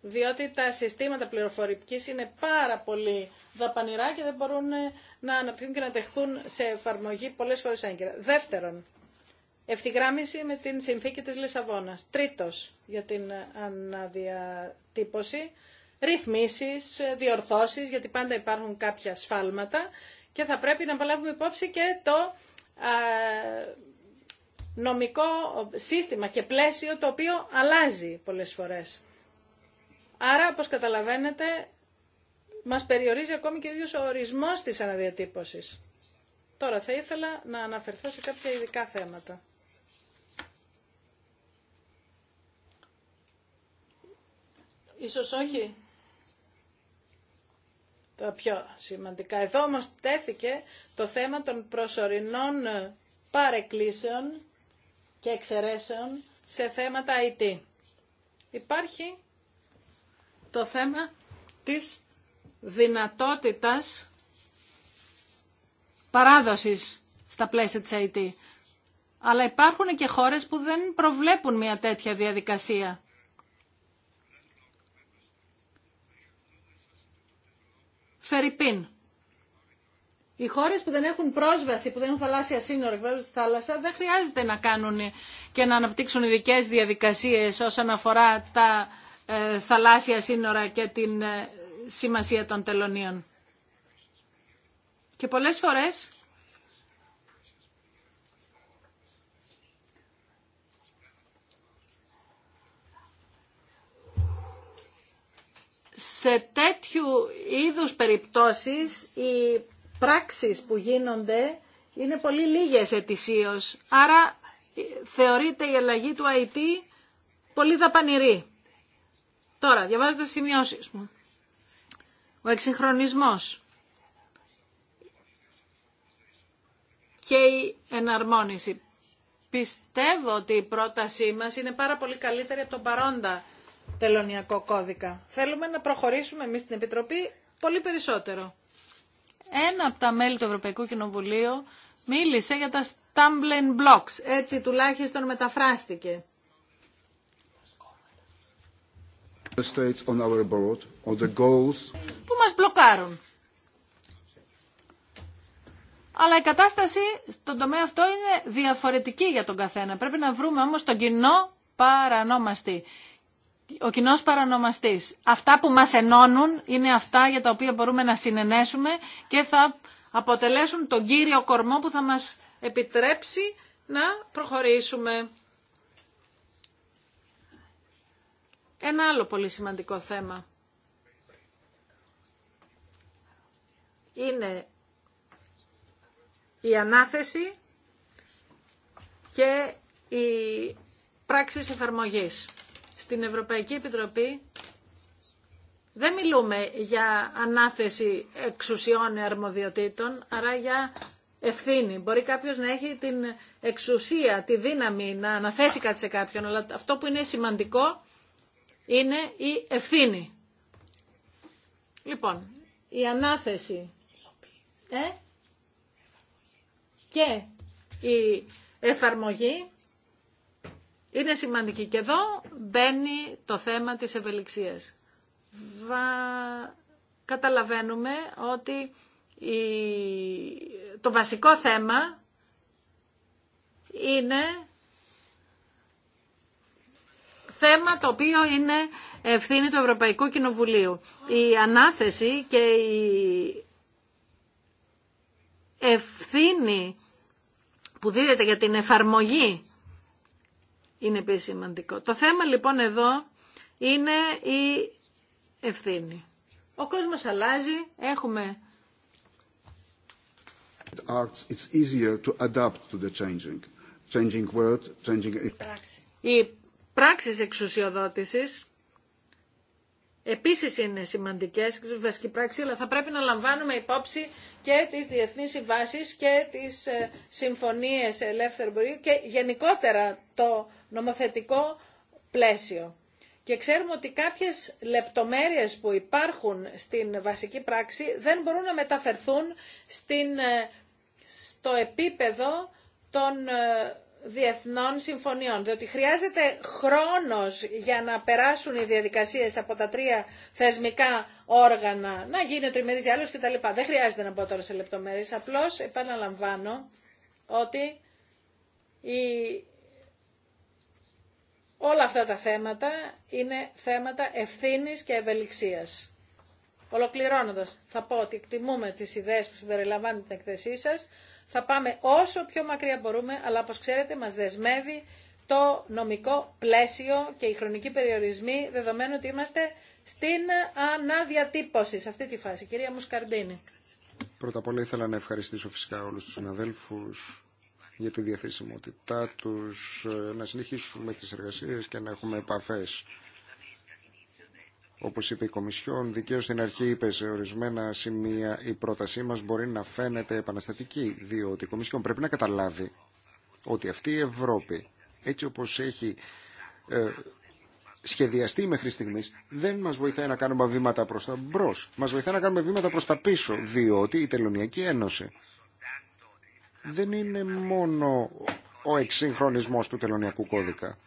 διότι τα συστήματα πληροφορικής είναι πάρα πολύ δαπανηρά και δεν μπορούν να αναπτυχθούν και να τεχθούν σε εφαρμογή πολλές φορές έγκαιρα. Δεύτερον, ευθυγράμμιση με την συνθήκη της Λισαβόνας. Τρίτος, για την αναδιατύπωση, ρυθμίσεις, διορθώσεις, γιατί πάντα υπάρχουν κάποια σφάλματα και θα πρέπει να βάλουμε υπόψη και το ε, νομικό σύστημα και πλαίσιο το οποίο αλλάζει πολλές φορές. Άρα, όπως καταλαβαίνετε, μας περιορίζει ακόμη και ίδιος ο ορισμός της αναδιατύπωσης. Τώρα θα ήθελα να αναφερθώ σε κάποια ειδικά θέματα. Ίσως όχι πιο σημαντικά. Εδώ όμως τέθηκε το θέμα των προσωρινών ε, παρεκκλήσεων και εξαιρέσεων σε θέματα IT. Υπάρχει το θέμα της δυνατότητας παράδοσης στα πλαίσια της IT. Αλλά υπάρχουν και χώρες που δεν προβλέπουν μια τέτοια διαδικασία. Φερρυπίν. Οι χώρε που δεν έχουν πρόσβαση, που δεν έχουν θαλάσσια σύνορα, πρόσβαση στη θάλασσα, δεν χρειάζεται να κάνουν και να αναπτύξουν ειδικέ διαδικασίε όσον αφορά τα ε, θαλάσσια σύνορα και την ε, σημασία των τελωνίων. Και πολλές φορές σε τέτοιου είδους περιπτώσεις οι πράξεις που γίνονται είναι πολύ λίγες ετησίως. Άρα ε, θεωρείται η αλλαγή του IT πολύ δαπανηρή. Τώρα, διαβάζω τις σημειώσεις μου. Ο εξυγχρονισμός και η εναρμόνιση. Πιστεύω ότι η πρότασή μας είναι πάρα πολύ καλύτερη από τον παρόντα τελωνιακό κώδικα. Θέλουμε να προχωρήσουμε εμείς στην Επιτροπή πολύ περισσότερο. Ένα από τα μέλη του Ευρωπαϊκού Κοινοβουλίου μίλησε για τα stumbling blocks. Έτσι τουλάχιστον μεταφράστηκε. Που μας μπλοκάρουν. Αλλά η κατάσταση στον τομέα αυτό είναι διαφορετική για τον καθένα. Πρέπει να βρούμε όμως τον κοινό παρανόμαστη ο κοινό παρανομαστή. Αυτά που μας ενώνουν είναι αυτά για τα οποία μπορούμε να συνενέσουμε και θα αποτελέσουν τον κύριο κορμό που θα μας επιτρέψει να προχωρήσουμε. Ένα άλλο πολύ σημαντικό θέμα είναι η ανάθεση και οι πράξεις εφαρμογής στην Ευρωπαϊκή Επιτροπή δεν μιλούμε για ανάθεση εξουσιών αρμοδιοτήτων, αλλά για ευθύνη. Μπορεί κάποιος να έχει την εξουσία, τη δύναμη να αναθέσει κάτι σε κάποιον, αλλά αυτό που είναι σημαντικό είναι η ευθύνη. Λοιπόν, η ανάθεση ε? και η εφαρμογή είναι σημαντική. Και εδώ μπαίνει το θέμα της ευελιξίας. Βα... Καταλαβαίνουμε ότι το βασικό θέμα είναι θέμα το οποίο είναι ευθύνη του Ευρωπαϊκού Κοινοβουλίου. Η ανάθεση και η ευθύνη που δίδεται για την εφαρμογή είναι επίσης σημαντικό. Το θέμα λοιπόν εδώ είναι η ευθύνη. Ο κόσμος αλλάζει, έχουμε... It's easier Οι πράξεις εξουσιοδότησης επίσης είναι σημαντικές η βασική πράξη, αλλά θα πρέπει να λαμβάνουμε υπόψη και τις διεθνείς συμβάσεις και τις ε, συμφωνίες ελεύθερου Μπορείου και γενικότερα το νομοθετικό πλαίσιο. Και ξέρουμε ότι κάποιες λεπτομέρειες που υπάρχουν στην βασική πράξη δεν μπορούν να μεταφερθούν στην, ε, στο επίπεδο των ε, διεθνών συμφωνιών, διότι χρειάζεται χρόνος για να περάσουν οι διαδικασίες από τα τρία θεσμικά όργανα, να γίνει ο τριμερής διάλογος κτλ. Δεν χρειάζεται να μπω τώρα σε λεπτομέρειες, απλώς επαναλαμβάνω ότι η... όλα αυτά τα θέματα είναι θέματα ευθύνης και ευελιξίας. Ολοκληρώνοντας, θα πω ότι εκτιμούμε τις ιδέες που συμπεριλαμβάνει την εκθεσή σας, θα πάμε όσο πιο μακριά μπορούμε, αλλά όπως ξέρετε μας δεσμεύει το νομικό πλαίσιο και οι χρονικοί περιορισμοί, δεδομένου ότι είμαστε στην αναδιατύπωση σε αυτή τη φάση. Κυρία Μουσκαρντίνη. Πρώτα απ' όλα ήθελα να ευχαριστήσω φυσικά όλους τους συναδέλφους για τη διαθέσιμότητά τους, ε, να συνεχίσουμε τις εργασίες και να έχουμε επαφές όπως είπε η Κομισιόν, δικαίως στην αρχή είπε σε ορισμένα σημεία η πρότασή μας μπορεί να φαίνεται επαναστατική, διότι η Κομισιόν πρέπει να καταλάβει ότι αυτή η Ευρώπη, έτσι όπως έχει ε, σχεδιαστεί μέχρι στιγμή, δεν μα βοηθάει να κάνουμε βήματα προ τα μπρο. Μα βοηθάει να κάνουμε βήματα προ τα πίσω, διότι η Τελωνιακή Ένωση δεν είναι μόνο ο εξυγχρονισμό του Τελωνιακού Κώδικα.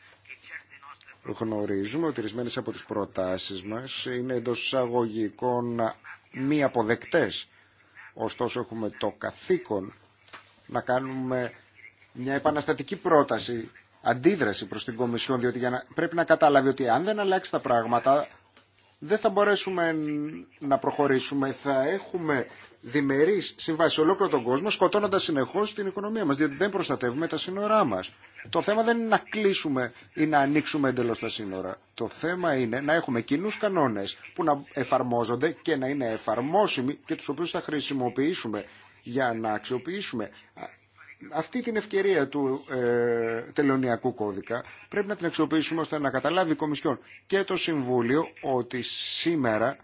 Γνωρίζουμε ότι ορισμένε από τις προτάσει μας είναι εντό εισαγωγικών μη αποδεκτές. Ωστόσο έχουμε το καθήκον να κάνουμε μια επαναστατική πρόταση, αντίδραση προς την Κομισιόν, διότι για να... πρέπει να καταλάβει ότι αν δεν αλλάξει τα πράγματα δεν θα μπορέσουμε να προχωρήσουμε. Θα έχουμε διμερεί συμβάσει σε ολόκληρο τον κόσμο, σκοτώνοντας συνεχώ την οικονομία μα. διότι δεν προστατεύουμε τα σύνορά μα. Το θέμα δεν είναι να κλείσουμε ή να ανοίξουμε εντελώ τα σύνορα. Το θέμα είναι να έχουμε κοινού κανόνε που να εφαρμόζονται και να είναι εφαρμόσιμοι και του οποίου θα χρησιμοποιήσουμε για να αξιοποιήσουμε αυτή την ευκαιρία του ε, τελωνιακού κώδικα πρέπει να την αξιοποιήσουμε ώστε να καταλάβει η Κομισιόν και το Συμβούλιο ότι σήμερα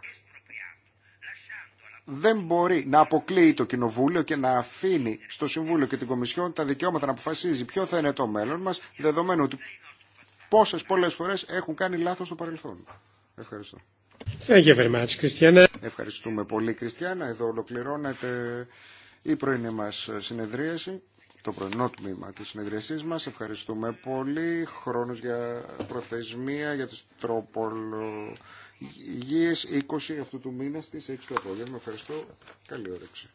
δεν μπορεί να αποκλείει το Κοινοβούλιο και να αφήνει στο Συμβούλιο και την Κομισιόν τα δικαιώματα να αποφασίζει ποιο θα είναι το μέλλον μας, δεδομένου ότι πόσες πολλές φορές έχουν κάνει λάθος στο παρελθόν. Ευχαριστώ. Ευχαριστούμε πολύ, Κριστιανά. Εδώ ολοκληρώνεται η πρωινή μας συνεδρίαση, το πρωινό τμήμα της συνεδρίασής μας. Ευχαριστούμε πολύ. Χρόνος για προθεσμία, για τις τρόπολο ΓΥε 20 αυτού του μήνα στις 6 το απόγευμα. Ευχαριστώ. Καλή όρεξη.